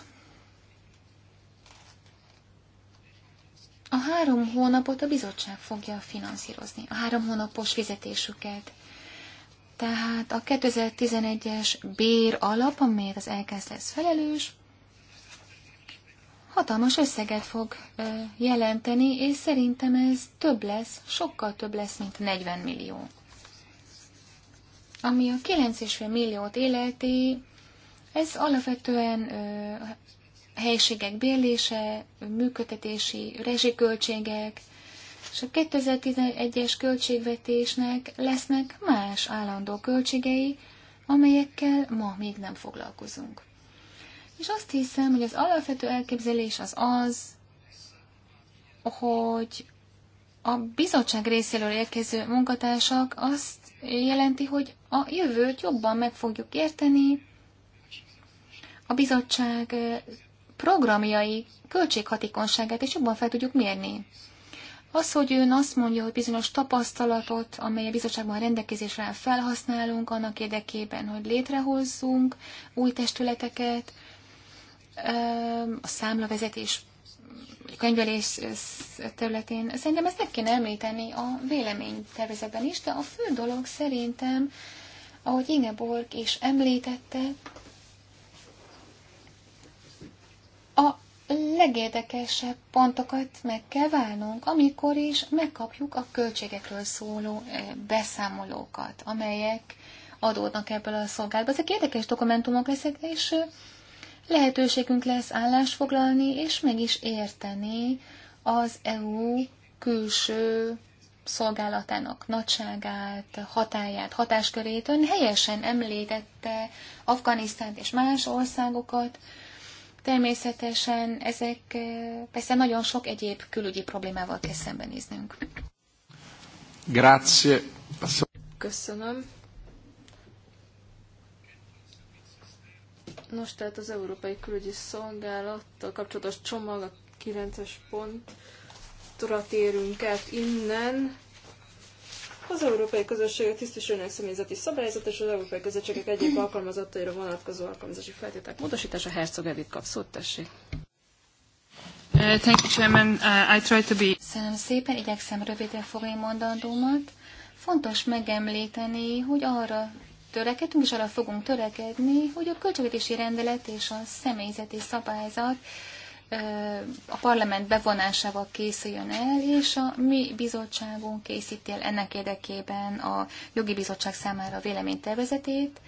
A három hónapot a bizottság fogja finanszírozni, a három hónapos fizetésüket. Tehát a 2011-es bér alap, amelyet az elkezd lesz felelős, hatalmas összeget fog jelenteni, és szerintem ez több lesz, sokkal több lesz, mint 40 millió. Ami a 9,5 milliót életi, ez alapvetően helyiségek bérlése, működtetési rezsiköltségek, és a 2011-es költségvetésnek lesznek más állandó költségei, amelyekkel ma még nem foglalkozunk. És azt hiszem, hogy az alapvető elképzelés az az, hogy a bizottság részéről érkező munkatársak azt jelenti, hogy a jövőt jobban meg fogjuk érteni, a bizottság programjai költséghatékonyságát is jobban fel tudjuk mérni. Az, hogy ön azt mondja, hogy bizonyos tapasztalatot, amely a bizottságban rendelkezésre felhasználunk, annak érdekében, hogy létrehozzunk új testületeket, a számlavezetés, a könyvelés területén. Szerintem ezt meg kéne említeni a véleménytervezetben is, de a fő dolog szerintem, ahogy Ingeborg is említette, legérdekesebb pontokat meg kell válnunk, amikor is megkapjuk a költségekről szóló beszámolókat, amelyek adódnak ebből a szolgálatból. Ezek érdekes dokumentumok lesznek, és lehetőségünk lesz állást foglalni, és meg is érteni az EU külső szolgálatának nagyságát, hatáját, hatáskörét. Ön helyesen említette Afganisztánt és más országokat, Természetesen ezek persze nagyon sok egyéb külügyi problémával kell szembenéznünk. Grazie. Köszönöm. Nos, tehát az Európai Külügyi Szolgálattal kapcsolatos csomag a 9-es pont. Tura térünk át innen. Az Európai Közösség a tisztviselőnek személyzeti szabályzat és az Európai Közösségek egyik alkalmazottaira vonatkozó alkalmazási feltételek módosítása. Herzog Edit kap szót, tessék. Uh, thank you, Chairman. Uh, I try to be... Köszönöm szépen, igyekszem röviden fogni mondandómat. Fontos megemlíteni, hogy arra törekedtünk, és arra fogunk törekedni, hogy a költségvetési rendelet és a személyzeti szabályzat a parlament bevonásával készüljön el, és a mi bizottságunk készíti el ennek érdekében a jogi bizottság számára a véleménytervezetét.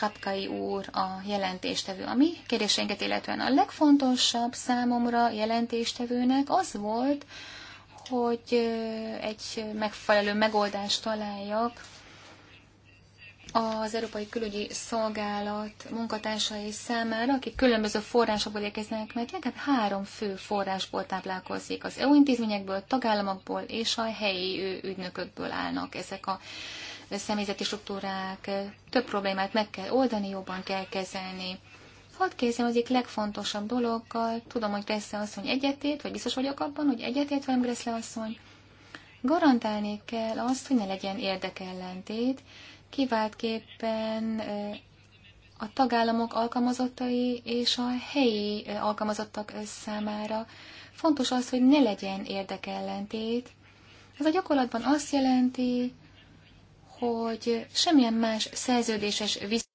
Rapkai úr a jelentéstevő. A mi kérdéseinket illetően a legfontosabb számomra jelentéstevőnek az volt, hogy egy megfelelő megoldást találjak az Európai Külügyi Szolgálat munkatársai számára, akik különböző forrásokból érkeznek meg, legalább három fő forrásból táplálkozik. Az EU intézményekből, tagállamokból és a helyi ügynökökből állnak ezek a személyzeti struktúrák. Több problémát meg kell oldani, jobban kell kezelni. Hadd kezdjem az egyik legfontosabb dologgal. Tudom, hogy Gressle asszony egyetét, vagy biztos vagyok abban, hogy egyetért velem Gressle asszony. Garantálni kell azt, hogy ne legyen érdekellentét, kiváltképpen a tagállamok alkalmazottai és a helyi alkalmazottak számára fontos az, hogy ne legyen érdekellentét. Ez a gyakorlatban azt jelenti, hogy semmilyen más szerződéses visz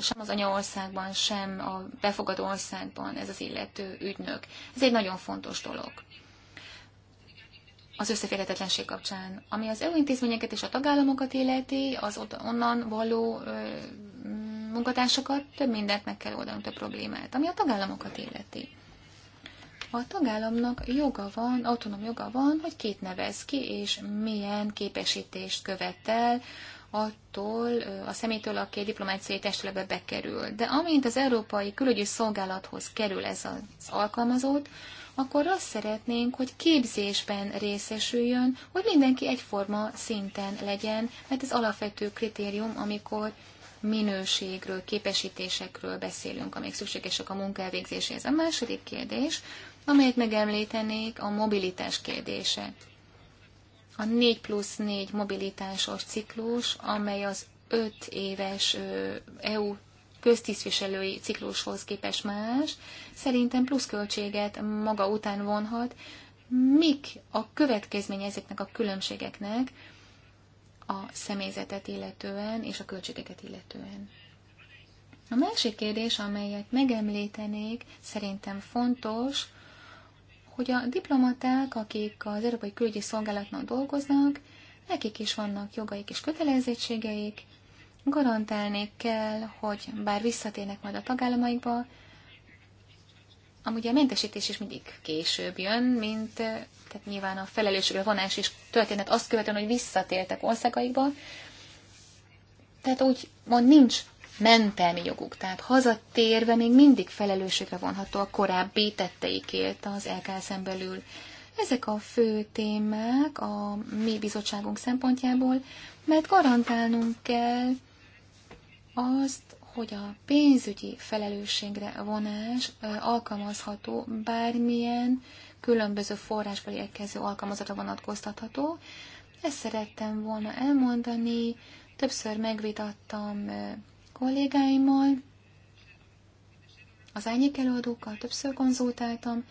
sem az anyaországban, sem a befogadó országban ez az illető ügynök. Ez egy nagyon fontos dolog az összeférhetetlenség kapcsán. Ami az EU intézményeket és a tagállamokat illeti, az ott onnan való ö, munkatársakat, több mindent meg kell oldanunk több problémát. Ami a tagállamokat illeti. A tagállamnak joga van, autonóm joga van, hogy két nevez ki, és milyen képesítést követel attól a szemétől, aki egy diplomáciai testületbe bekerül. De amint az Európai Külügyi Szolgálathoz kerül ez az alkalmazott, akkor azt szeretnénk, hogy képzésben részesüljön, hogy mindenki egyforma szinten legyen, mert hát ez alapvető kritérium, amikor minőségről, képesítésekről beszélünk, amik szükségesek a munka elvégzéséhez. A második kérdés, amelyet megemlítenék, a mobilitás kérdése. A 4 plusz 4 mobilitásos ciklus, amely az 5 éves EU köztisztviselői ciklushoz képes más, szerintem pluszköltséget maga után vonhat. Mik a következménye ezeknek a különbségeknek a személyzetet illetően és a költségeket illetően? A másik kérdés, amelyet megemlítenék, szerintem fontos, hogy a diplomaták, akik az Európai Külügyi Szolgálatnak dolgoznak, nekik is vannak jogaik és kötelezettségeik, garantálni kell, hogy bár visszatérnek majd a tagállamaikba, amúgy a mentesítés is mindig később jön, mint eh, tehát nyilván a felelősségre vonás is történet azt követően, hogy visszatértek országaikba, tehát úgy mond nincs mentelmi joguk, tehát hazatérve még mindig felelősségre vonható a korábbi tetteikért az lks belül. Ezek a fő témák a mi bizottságunk szempontjából, mert garantálnunk kell, azt, hogy a pénzügyi felelősségre vonás alkalmazható bármilyen különböző forrásból érkező alkalmazatra vonatkoztatható. Ezt szerettem volna elmondani, többször megvitattam kollégáimmal, az árnyék előadókkal többször konzultáltam,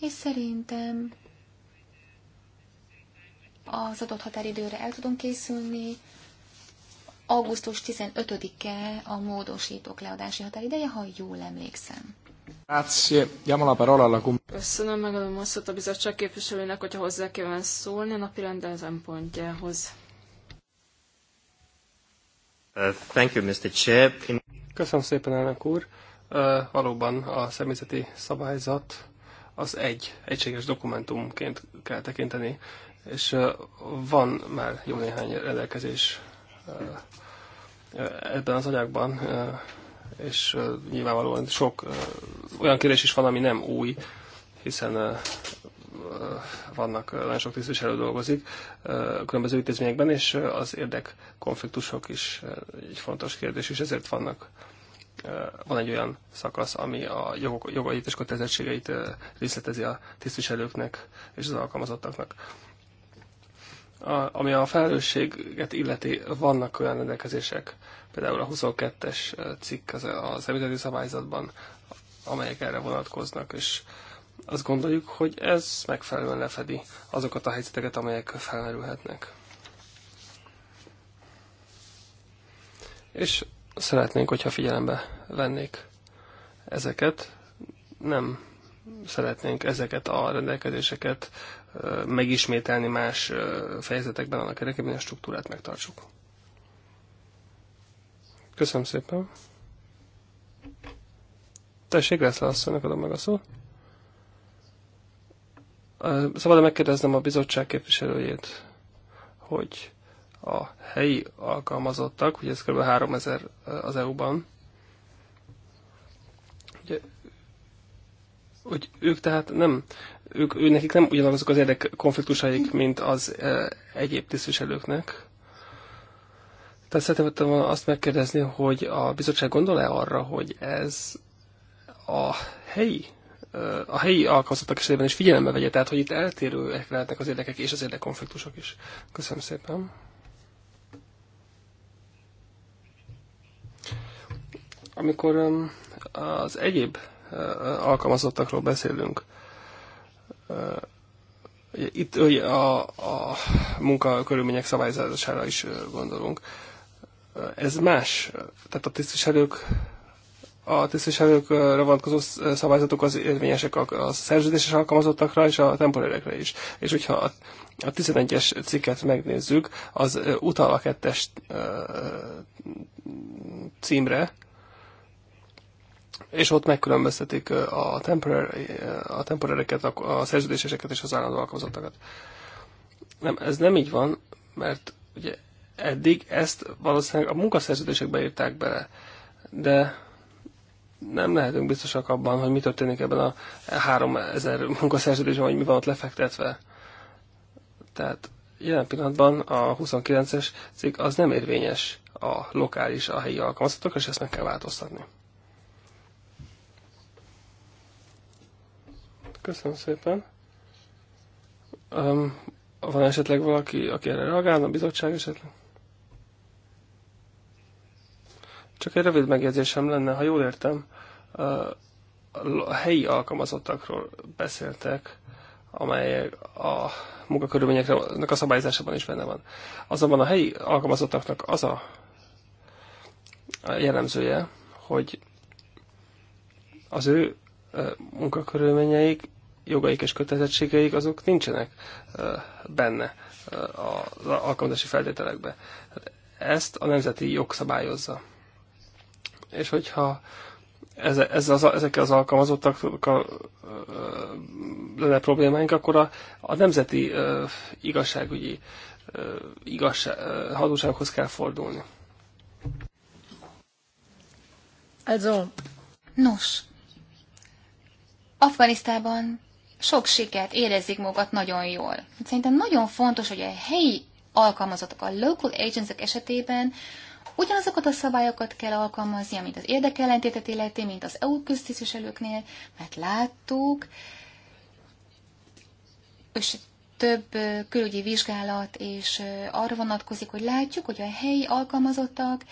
és szerintem az adott határidőre el tudunk készülni, augusztus 15-e a módosítók leadási határideje, ha jól emlékszem. Köszönöm, megadom a szót a bizottság képviselőnek, hogyha hozzá kíván szólni a napi rendelzen pontjához. Uh, Mr. Köszönöm szépen, elnök úr. Uh, valóban a személyzeti szabályzat az egy egységes dokumentumként kell tekinteni, és uh, van már jó néhány rendelkezés ebben az anyagban, és nyilvánvalóan sok olyan kérdés is van, ami nem új, hiszen vannak, nagyon sok tisztviselő dolgozik különböző intézményekben, és az érdek konfliktusok is egy fontos kérdés, és ezért vannak van egy olyan szakasz, ami a jogok, jogait és kötelezettségeit részletezi a tisztviselőknek és az alkalmazottaknak. A, ami a felelősséget illeti, vannak olyan rendelkezések, például a 22-es eh, cikk az, az említeti szabályzatban, amelyek erre vonatkoznak, és azt gondoljuk, hogy ez megfelelően lefedi azokat a helyzeteket, amelyek felmerülhetnek. És szeretnénk, hogyha figyelembe vennék ezeket. Nem szeretnénk ezeket a rendelkezéseket megismételni más fejezetekben, annak érdekében a struktúrát megtartsuk. Köszönöm szépen. Tessék, lesz asszonynak adom meg a szót. Szabad megkérdeznem a bizottság képviselőjét, hogy a helyi alkalmazottak, ugye ez kb. 3000 az EU-ban, hogy ők tehát nem, ők, ő, nekik nem ugyanazok az érdek konfliktusaik, mint az e, egyéb tisztviselőknek. Tehát szeretném azt megkérdezni, hogy a bizottság gondol-e arra, hogy ez a helyi e, a helyi alkalmazottak esetében is figyelembe vegye, tehát hogy itt eltérőek lehetnek az érdekek és az érdekkonfliktusok is. Köszönöm szépen. Amikor um, az egyéb Eh, alkalmazottakról beszélünk. Eh, itt a, a munkakörülmények szabályozására is eh, gondolunk. Ez más, tehát a tisztviselők a tisztviselőkre vonatkozó szabályzatok az érvényesek a szerződéses alkalmazottakra és a temporerekre is. És hogyha a, a 11-es cikket megnézzük, az utal a kettes címre, és ott megkülönböztetik a, temporary, a temporereket, a szerződéseseket és az állandó alkalmazottakat. Nem, ez nem így van, mert ugye eddig ezt valószínűleg a munkaszerződésekbe írták bele, de nem lehetünk biztosak abban, hogy mi történik ebben a 3000 munkaszerződésben, hogy mi van ott lefektetve. Tehát jelen pillanatban a 29-es cikk az nem érvényes a lokális, a helyi alkalmazottakra, és ezt meg kell változtatni. Köszönöm szépen. Um, van esetleg valaki, aki erre reagálna, a bizottság esetleg? Csak egy rövid megjegyzésem lenne, ha jól értem, a helyi alkalmazottakról beszéltek, amely a munkakörülményeknek a szabályzásában is benne van. Azonban a helyi alkalmazottaknak az a jellemzője, hogy az ő munkakörülményeik, jogaik és kötelezettségeik, azok nincsenek benne az alkalmazási feltételekbe. Ezt a nemzeti jog szabályozza. És hogyha ez, ez az, ezekkel az alkalmazottakkal lenne problémáink, akkor a, a nemzeti ö, igazságügyi ö, igazság, ö, hatósághoz kell fordulni. Also. Nos, Afganisztában sok sikert érezzék magukat nagyon jól. Szerintem nagyon fontos, hogy a helyi alkalmazottak, a local agents esetében ugyanazokat a szabályokat kell alkalmazni, amit az érdekellentétet illeti, mint az EU köztisztviselőknél, mert láttuk, és több külügyi vizsgálat, és arra vonatkozik, hogy látjuk, hogy a helyi alkalmazottak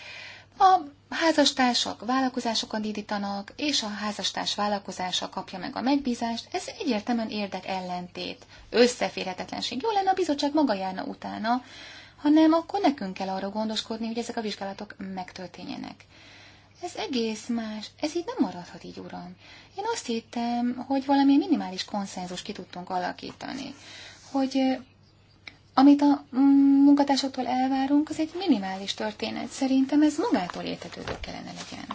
a házastársak vállalkozásokat indítanak, és a házastárs vállalkozása kapja meg a megbízást, ez egyértelműen érdek ellentét, összeférhetetlenség. Jó lenne a bizottság maga járna utána, hanem akkor nekünk kell arra gondoskodni, hogy ezek a vizsgálatok megtörténjenek. Ez egész más, ez így nem maradhat így, uram. Én azt hittem, hogy valami minimális konszenzus ki tudtunk alakítani, hogy amit a munkatársoktól elvárunk, az egy minimális történet. Szerintem ez magától értetődő kellene legyen.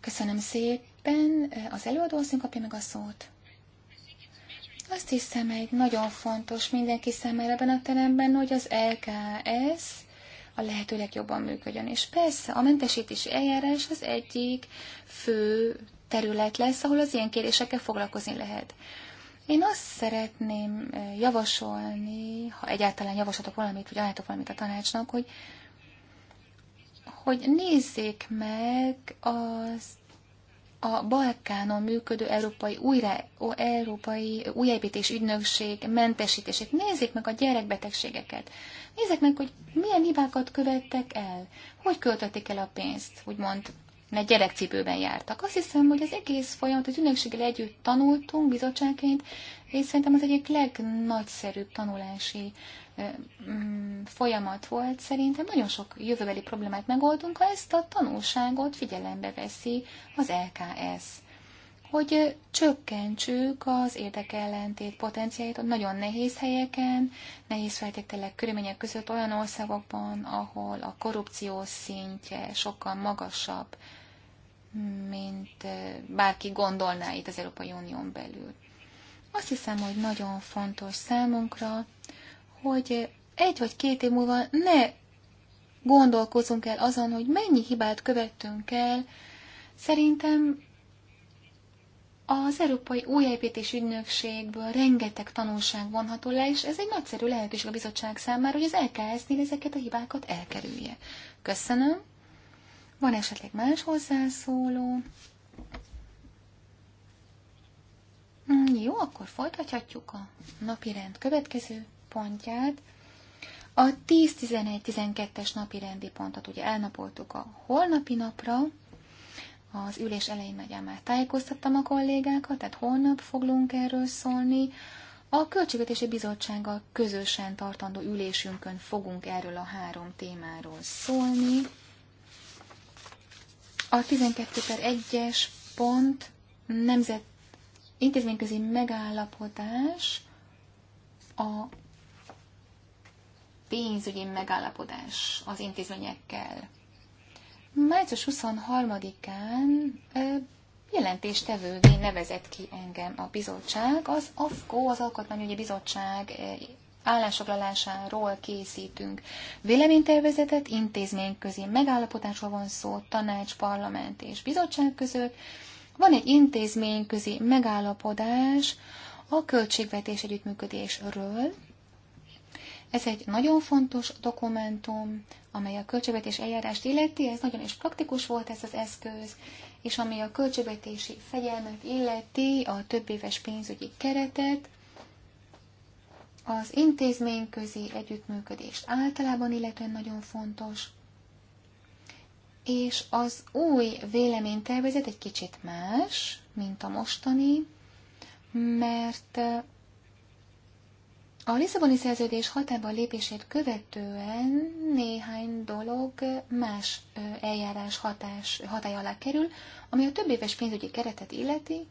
Köszönöm szépen. Az előadó asszony kapja meg a szót. Azt hiszem, egy nagyon fontos mindenki számára ebben a teremben, hogy az LKS a lehető legjobban működjön. És persze, a mentesítési eljárás az egyik fő terület lesz, ahol az ilyen kérésekkel foglalkozni lehet. Én azt szeretném eh, javasolni, ha egyáltalán javaslatok valamit, vagy ajánlatok valamit a tanácsnak, hogy, hogy nézzék meg az a Balkánon működő Európai, újra, ó, Európai Újépítés Ügynökség mentesítését. Nézzék meg a gyerekbetegségeket. Nézzék meg, hogy milyen hibákat követtek el, hogy költötték el a pénzt, úgymond mert gyerekcipőben jártak. Azt hiszem, hogy az egész folyamat, az ügynökséggel együtt tanultunk bizottságként, és szerintem az egyik legnagyszerűbb tanulási mm, folyamat volt. Szerintem nagyon sok jövőbeli problémát megoldunk, ha ezt a tanulságot figyelembe veszi az LKS hogy csökkentsük az érdekellentét potenciáit nagyon nehéz helyeken, nehéz feltételek, körülmények között olyan országokban, ahol a korrupció szintje sokkal magasabb, mint bárki gondolná itt az Európai Unión belül. Azt hiszem, hogy nagyon fontos számunkra, hogy egy vagy két év múlva ne gondolkozunk el azon, hogy mennyi hibát követtünk el. Szerintem az Európai Újépítés Ügynökségből rengeteg tanulság vonható le, és ez egy nagyszerű lehetőség a bizottság számára, hogy az LKS-nél ezeket a hibákat elkerülje. Köszönöm. Van esetleg más hozzászóló? Hmm, jó, akkor folytathatjuk a napi rend következő pontját. A 10-11-12-es napi rendi pontot ugye elnapoltuk a holnapi napra, az ülés elején megyen már tájékoztattam a kollégákat, tehát holnap foglunk erről szólni. A Költségvetési Bizottsággal közösen tartandó ülésünkön fogunk erről a három témáról szólni. A 12 per 1-es pont nemzet intézményközi megállapodás a pénzügyi megállapodás az intézményekkel Március 23-án jelentéstevővé nevezett ki engem a bizottság. Az AFKO, az Alkotmányügyi Bizottság állásfoglalásáról készítünk. Véleménytervezetet intézményközi megállapotásról van szó tanács, parlament és bizottság között. Van egy intézményközi megállapodás a költségvetés együttműködésről, ez egy nagyon fontos dokumentum, amely a költségvetés eljárást illeti, ez nagyon is praktikus volt ez az eszköz, és ami a költségvetési fegyelmet illeti, a több éves pénzügyi keretet, az intézményközi együttműködést általában illetően nagyon fontos, és az új véleménytervezet egy kicsit más, mint a mostani, mert a Lisszaboni szerződés hatában lépését követően néhány dolog más eljárás hatás, hatály alá kerül, ami a több éves pénzügyi keretet illeti.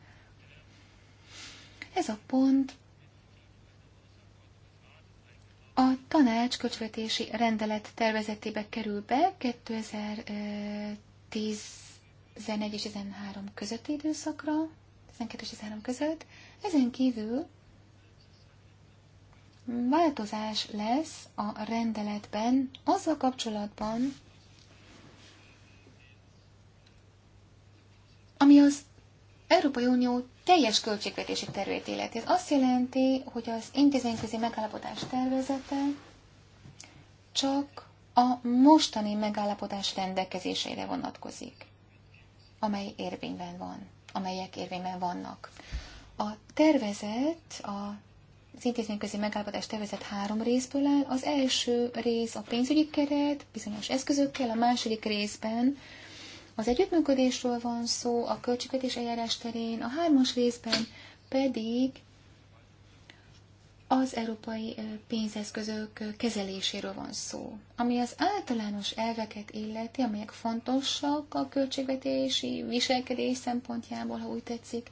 Ez a pont a tanács költségvetési rendelet tervezetébe kerül be 2011 és 13 közötti időszakra, 12 és 13 között. Ezen kívül változás lesz a rendeletben azzal kapcsolatban, ami az Európai Unió teljes költségvetési tervét illeti. Ez azt jelenti, hogy az intézményközi megállapodás tervezete csak a mostani megállapodás rendelkezéseire vonatkozik, amely érvényben van, amelyek érvényben vannak. A tervezet, a az intézményközi megállapodás tervezett három részből áll. Az első rész a pénzügyi keret, bizonyos eszközökkel, a második részben az együttműködésről van szó, a költségvetés eljárás terén, a hármas részben pedig az európai pénzeszközök kezeléséről van szó, ami az általános elveket illeti, amelyek fontosak a költségvetési viselkedés szempontjából, ha úgy tetszik.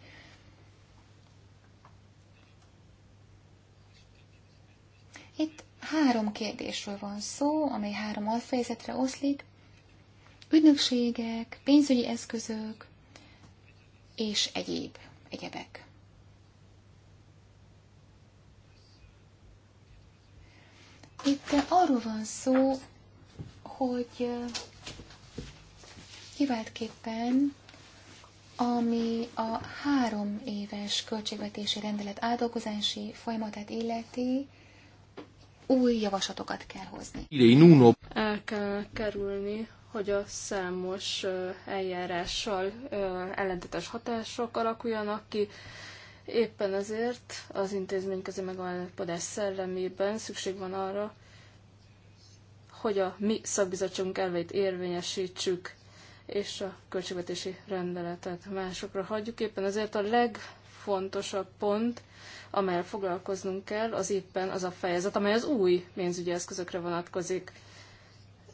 Itt három kérdésről van szó, amely három alfejezetre oszlik. Ügynökségek, pénzügyi eszközök és egyéb egyebek. Itt arról van szó, hogy kiváltképpen, ami a három éves költségvetési rendelet áldolgozási folyamatát illeti, új javaslatokat kell hozni. El kell kerülni, hogy a számos eljárással ellentétes hatások alakuljanak ki, Éppen ezért az intézményközi megállapodás szellemében szükség van arra, hogy a mi szakbizottságunk elveit érvényesítsük, és a költségvetési rendeletet másokra hagyjuk. Éppen ezért a leg legfontosabb pont, amelyel foglalkoznunk kell, az éppen az a fejezet, amely az új pénzügyi eszközökre vonatkozik.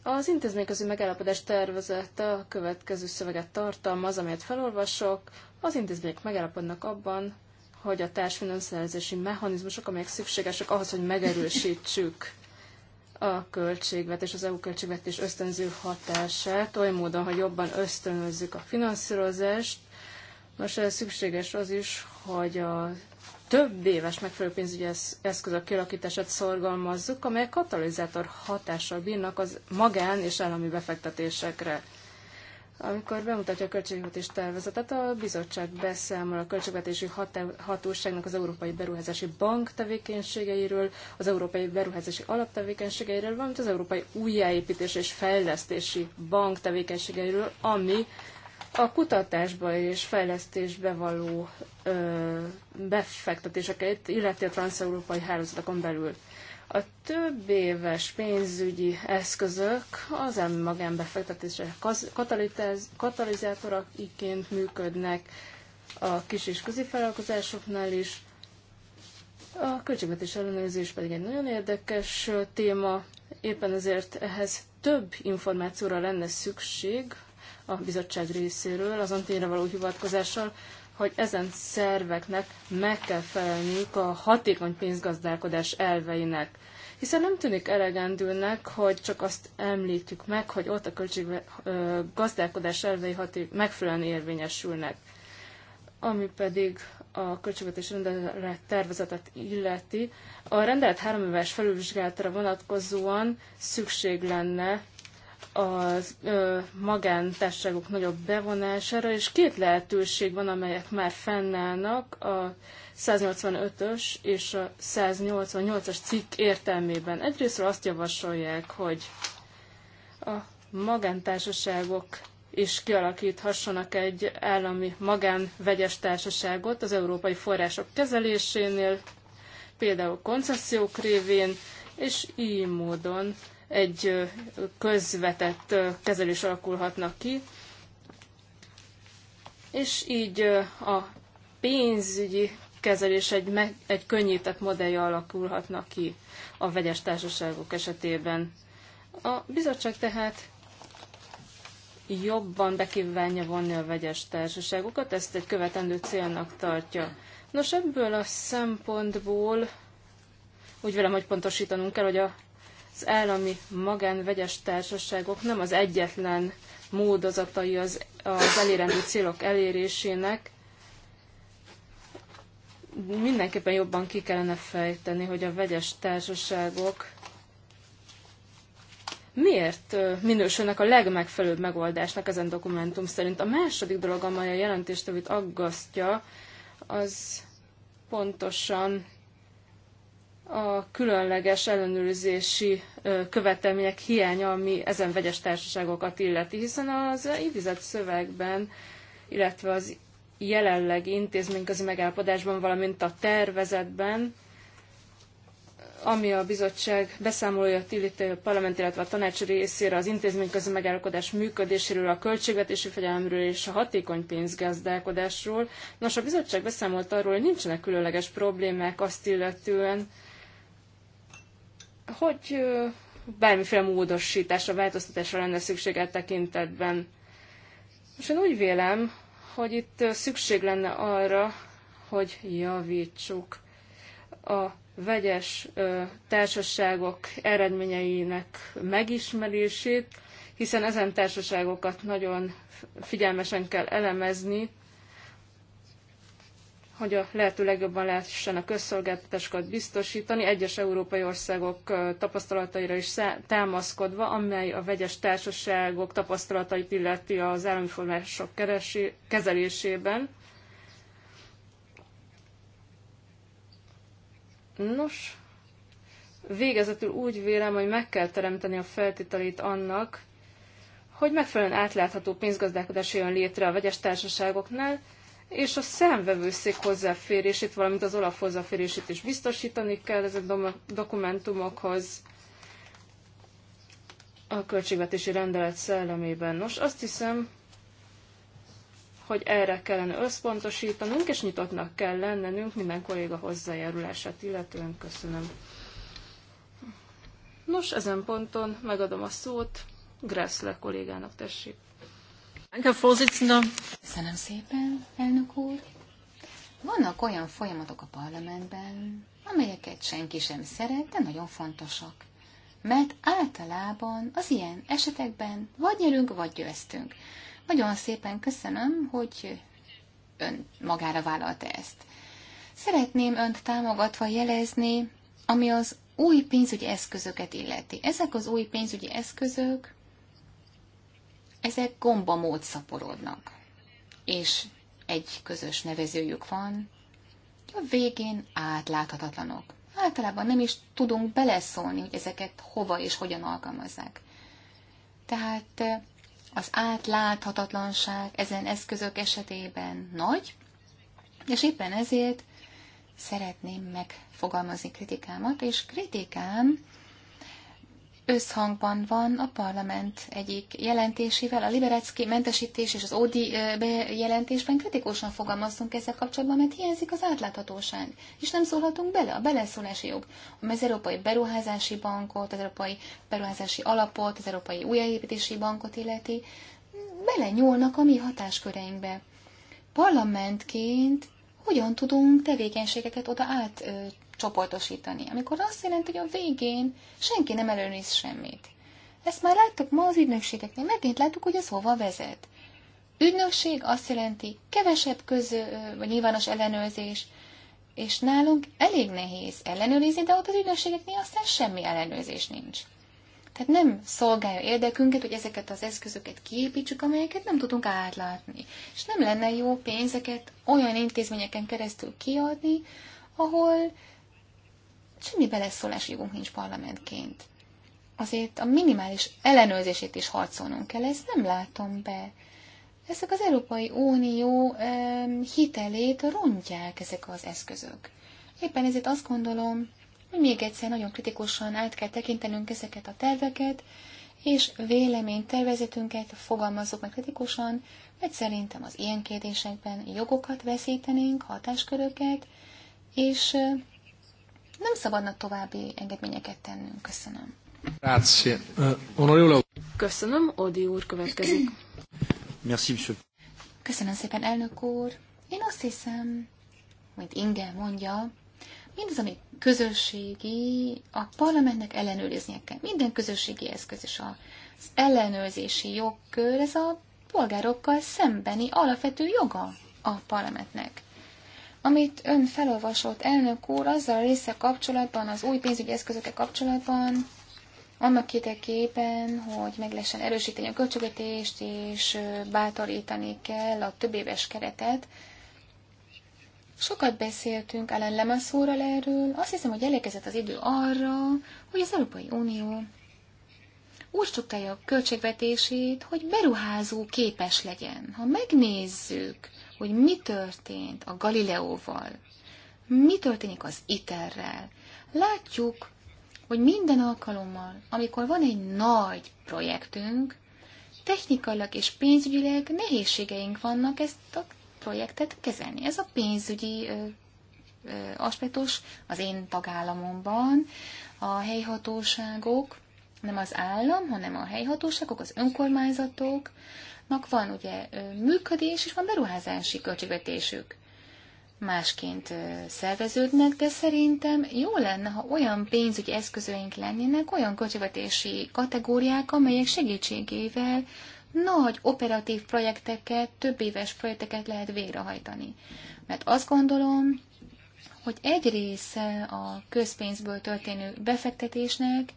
Az intézményközi megállapodás tervezete a következő szöveget tartalmaz, amelyet felolvasok. Az intézmények megállapodnak abban, hogy a társfinanszírozási mechanizmusok, amelyek szükségesek ahhoz, hogy megerősítsük a költségvetés, az EU költségvetés ösztönző hatását, oly módon, hogy jobban ösztönözzük a finanszírozást, most ez eh, szükséges az is, hogy a több éves megfelelő pénzügyi eszközök kialakítását szorgalmazzuk, amelyek katalizátor hatással bírnak az magán és állami befektetésekre. Amikor bemutatja a költségvetés tervezetet, a bizottság beszámol a költségvetési hatóságnak az Európai Beruházási Bank tevékenységeiről, az Európai Beruházási Alap tevékenységeiről, valamint az Európai Újjáépítés és Fejlesztési Bank tevékenységeiről, ami a kutatásba és fejlesztésbe való ö, befektetéseket, illeti a transzeurópai hálózatokon belül. A több éves pénzügyi eszközök az befektetése katalizátoraként működnek a kis és középvállalkozásoknál is. A költségvetés ellenőrzés pedig egy nagyon érdekes téma, éppen ezért ehhez több információra lenne szükség a bizottság részéről az anténre való hivatkozással, hogy ezen szerveknek meg kell felelniük a hatékony pénzgazdálkodás elveinek. Hiszen nem tűnik elegendőnek, hogy csak azt említjük meg, hogy ott a költséggazdálkodás elvei haték, megfelelően érvényesülnek. Ami pedig a költségvetés rendelet tervezetet illeti, a rendelet három éves felülvizsgálatra vonatkozóan szükség lenne az ö, magántárságok nagyobb bevonására, és két lehetőség van, amelyek már fennállnak a 185-ös és a 188-as cikk értelmében. Egyrésztről azt javasolják, hogy a magántársaságok is kialakíthassanak egy állami magánvegyes társaságot az európai források kezelésénél, például koncesziók révén, és így módon egy közvetett kezelés alakulhatnak ki, és így a pénzügyi kezelés egy, meg, egy könnyített modellje alakulhatnak ki a vegyes társaságok esetében. A bizottság tehát jobban bekívánja vonni a vegyes társaságokat, ezt egy követendő célnak tartja. Nos, ebből a szempontból úgy vélem, hogy pontosítanunk kell, hogy a az állami magánvegyes társaságok nem az egyetlen módozatai az, az elérendő célok elérésének. Mindenképpen jobban ki kellene fejteni, hogy a vegyes társaságok miért minősülnek a legmegfelelőbb megoldásnak ezen dokumentum szerint. A második dolog, amely a jelentéstevőt aggasztja, az pontosan a különleges ellenőrzési követelmények hiánya, ami ezen vegyes társaságokat illeti, hiszen az idézett szövegben, illetve az jelenlegi intézményközi megállapodásban, valamint a tervezetben, ami a bizottság beszámolója illeti a parlament, illetve a tanács részére az intézményközi megállapodás működéséről, a költségvetési fegyelemről és a hatékony pénzgazdálkodásról. Nos, a bizottság beszámolt arról, hogy nincsenek különleges problémák azt illetően, hogy bármiféle módosításra, változtatásra lenne szüksége tekintetben. És én úgy vélem, hogy itt szükség lenne arra, hogy javítsuk a vegyes társaságok eredményeinek megismerését, hiszen ezen társaságokat nagyon figyelmesen kell elemezni, hogy a lehető legjobban lehessen a közszolgáltatásokat biztosítani, egyes európai országok tapasztalataira is támaszkodva, amely a vegyes társaságok tapasztalatait illeti az állami források kezelésében. Nos, végezetül úgy vélem, hogy meg kell teremteni a feltételét annak, hogy megfelelően átlátható pénzgazdálkodás jön létre a vegyes társaságoknál, és a szemvevőszék hozzáférését, valamint az olaf hozzáférését is biztosítani kell ezek a dokumentumokhoz a költségvetési rendelet szellemében. Nos, azt hiszem, hogy erre kellene összpontosítanunk, és nyitottnak kell lennünk minden kolléga hozzájárulását illetően. Köszönöm. Nos, ezen ponton megadom a szót Gressle kollégának, tessék. Köszönöm szépen, elnök úr. Vannak olyan folyamatok a parlamentben, amelyeket senki sem szeret, de nagyon fontosak. Mert általában az ilyen esetekben vagy nyerünk, vagy győztünk. Nagyon szépen köszönöm, hogy ön magára vállalta ezt. Szeretném önt támogatva jelezni, ami az új pénzügyi eszközöket illeti. Ezek az új pénzügyi eszközök ezek mód szaporodnak, és egy közös nevezőjük van, a végén átláthatatlanok. Általában nem is tudunk beleszólni, hogy ezeket hova és hogyan alkalmazzák. Tehát az átláthatatlanság ezen eszközök esetében nagy, és éppen ezért szeretném megfogalmazni kritikámat, és kritikám összhangban van a parlament egyik jelentésével, a Liberecki mentesítés és az Ódi bejelentésben kritikusan fogalmaztunk ezzel kapcsolatban, mert hiányzik az átláthatóság, és nem szólhatunk bele a beleszólási jog. Az Európai Beruházási Bankot, az Európai Beruházási Alapot, az Európai Újjáépítési Bankot illeti, bele nyúlnak a mi hatásköreinkbe. Parlamentként hogyan tudunk tevékenységeket oda át csoportosítani. Amikor azt jelenti, hogy a végén senki nem előnéz semmit. Ezt már láttuk ma az ügynökségeknél, megint láttuk, hogy ez hova vezet. Ügynökség azt jelenti kevesebb közö, vagy nyilvános ellenőrzés, és nálunk elég nehéz ellenőrizni, de ott az ügynökségeknél aztán semmi ellenőrzés nincs. Tehát nem szolgálja érdekünket, hogy ezeket az eszközöket kiépítsük, amelyeket nem tudunk átlátni. És nem lenne jó pénzeket olyan intézményeken keresztül kiadni, ahol semmi beleszólási jogunk nincs parlamentként. Azért a minimális ellenőrzését is harcolnunk kell, ezt nem látom be. Ezek az Európai Unió hitelét rontják ezek az eszközök. Éppen ezért azt gondolom, hogy még egyszer nagyon kritikusan át kell tekintenünk ezeket a terveket, és véleménytervezetünket fogalmazzuk meg kritikusan, mert szerintem az ilyen kérdésekben jogokat veszítenénk, hatásköröket, és nem szabadna további engedményeket tennünk. Köszönöm. Grazie. Eh, Köszönöm, Odi úr következik. Köszönöm szépen, elnök úr. Én azt hiszem, mint Inge mondja, mindaz, ami közösségi, a parlamentnek ellenőriznie kell. Minden közösségi eszköz és az ellenőrzési jogkör, ez a polgárokkal szembeni alapvető joga a parlamentnek. Amit ön felolvasott, elnök úr, azzal a része kapcsolatban, az új pénzügyi eszközöke kapcsolatban, annak érdekében, hogy meg lehessen erősíteni a költségvetést, és bátorítani kell a több éves keretet. Sokat beszéltünk Ellen Lemaszóral erről, azt hiszem, hogy elékezett az idő arra, hogy az Európai Unió úgy struktúrálja a költségvetését, hogy beruházó képes legyen. Ha megnézzük hogy mi történt a Galileóval, mi történik az iterrel. Látjuk, hogy minden alkalommal, amikor van egy nagy projektünk, technikailag és pénzügyileg nehézségeink vannak ezt a projektet kezelni. Ez a pénzügyi ö, ö, aspektus az én tagállamomban a helyhatóságok, nem az állam, hanem a helyhatóságok, az önkormányzatok, Nak van ugye működés és van beruházási költségvetésük. Másként szerveződnek, de szerintem jó lenne, ha olyan pénzügyi eszközöink lennének, olyan költségvetési kategóriák, amelyek segítségével nagy operatív projekteket, több éves projekteket lehet végrehajtani. Mert azt gondolom, hogy egy része a közpénzből történő befektetésnek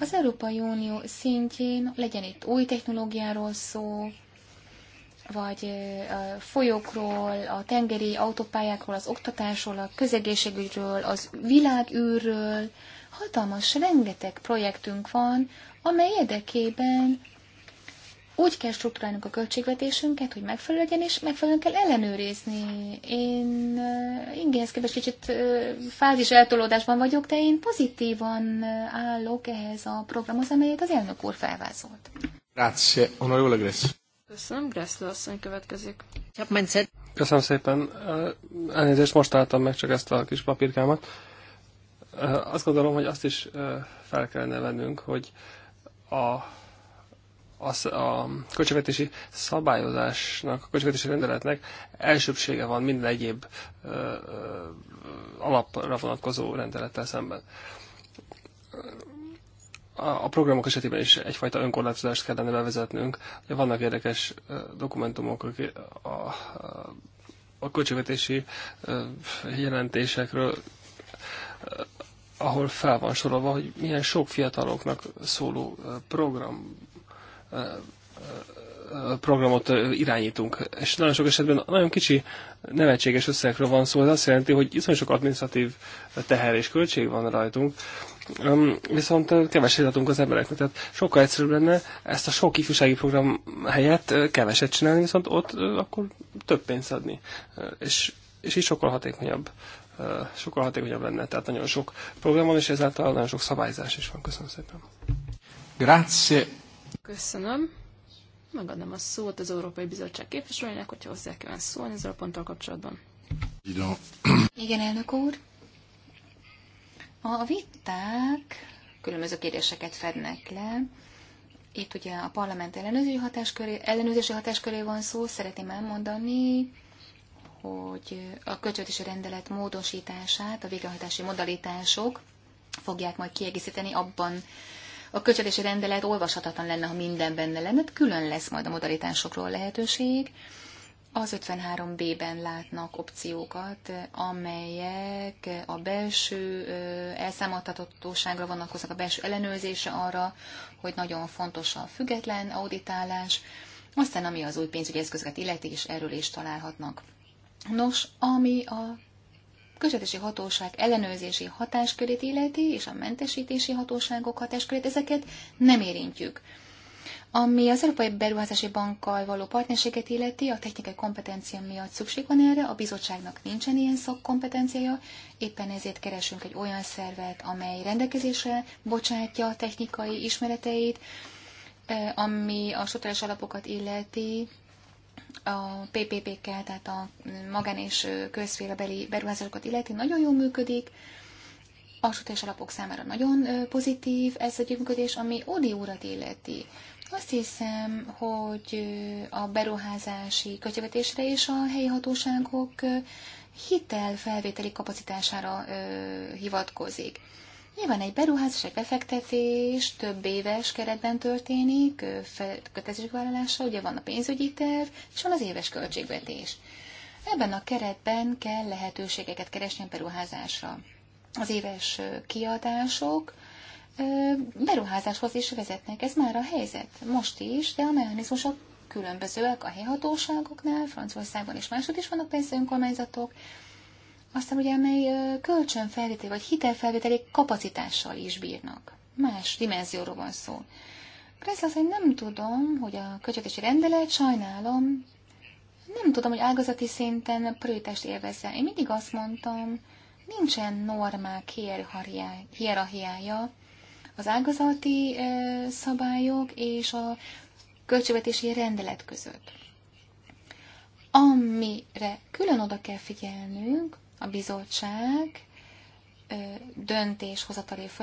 az Európai Unió szintjén legyen itt új technológiáról szó, vagy a folyókról, a tengeri autópályákról, az oktatásról, a közegészségügyről, az világűrről, hatalmas, rengeteg projektünk van, amely érdekében úgy kell struktúrálnunk a költségvetésünket, hogy megfelelő legyen, és megfelelően kell ellenőrizni. Én eh, ingénhez képest kicsit eh, fázis eltolódásban vagyok, de én pozitívan eh, állok ehhez a programhoz, amelyet az elnök úr felvázolt. Grazie, onorevole Gressz. Köszönöm, Gressle asszony következik. Köszönöm szépen. Elnézést, most álltam meg csak ezt a kis papírkámat. Azt gondolom, hogy azt is fel kellene vennünk, hogy a a, a költségvetési szabályozásnak, a költségvetési rendeletnek elsőbsége van minden egyéb ö, ö, alapra vonatkozó rendelettel szemben. A, a programok esetében is egyfajta önkorlátozást kellene bevezetnünk. Ugye vannak érdekes dokumentumok a, a, a költségvetési jelentésekről, ahol fel van sorolva, hogy milyen sok fiataloknak szóló program programot irányítunk. És nagyon sok esetben nagyon kicsi nevetséges összegekről van szó, ez azt jelenti, hogy iszonyú sok administratív teher és költség van rajtunk, viszont keveset adunk az embereknek. Tehát sokkal egyszerűbb lenne ezt a sok ifjúsági program helyett keveset csinálni, viszont ott akkor több pénzt adni. És, és így sokkal hatékonyabb sokkal hatékonyabb lenne. Tehát nagyon sok program van, és ezáltal nagyon sok szabályzás is van. Köszönöm szépen. Grazie Köszönöm. Megadom a szót az Európai Bizottság képviselőjének, hogyha hozzá kíván szólni ezzel a ponttal kapcsolatban. Igen, elnök úr. A viták különböző kérdéseket fednek le. Itt ugye a parlament ellenőrzési hatásköré, ellenőrzési hatásköré van szó, szeretném elmondani, hogy a költségvetési rendelet módosítását a végrehajtási modalitások fogják majd kiegészíteni abban a költségvetési rendelet olvashatatlan lenne, ha minden benne lenne, külön lesz majd a modalitásokról lehetőség. Az 53B-ben látnak opciókat, amelyek a belső elszámoltatóságra vonatkoznak, a belső ellenőrzése arra, hogy nagyon fontos a független auditálás, aztán ami az új pénzügyi eszközöket illeti, és erről is találhatnak. Nos, ami a közvetési hatóság ellenőrzési hatáskörét illeti, és a mentesítési hatóságok hatáskörét, ezeket nem érintjük. Ami az Európai Beruházási Bankkal való partnerséget illeti, a technikai kompetencia miatt szükség van erre, a bizottságnak nincsen ilyen szakkompetenciája, éppen ezért keresünk egy olyan szervet, amely rendelkezésre bocsátja a technikai ismereteit, eh, ami a soteles alapokat illeti, a PPP-kkel, tehát a magán és közfélebeli beruházásokat illeti, nagyon jól működik. A és alapok számára nagyon pozitív ez a működés, ami Odi úrat illeti. Azt hiszem, hogy a beruházási kötyövetésre és a helyi hatóságok hitelfelvételi kapacitására hivatkozik. Nyilván egy beruházás, egy befektetés több éves keretben történik, kötelezettségvállalása, ugye van a pénzügyi terv, és van az éves költségvetés. Ebben a keretben kell lehetőségeket keresni a beruházásra. Az éves kiadások beruházáshoz is vezetnek. Ez már a helyzet. Most is, de a mechanizmusok különbözőek a helyhatóságoknál, Franciaországban és máshogy is vannak persze önkormányzatok, aztán ugye amely kölcsönfelvételi vagy hitelfelvételi kapacitással is bírnak. Más dimenzióról van szó. ez azt, hogy nem tudom, hogy a költségvetési rendelet, sajnálom, nem tudom, hogy ágazati szinten prioritást élvezze. Én mindig azt mondtam, nincsen normák hierarchiája az ágazati szabályok és a költségvetési rendelet között. Amire külön oda kell figyelnünk, a bizottság döntéshozatali folyamat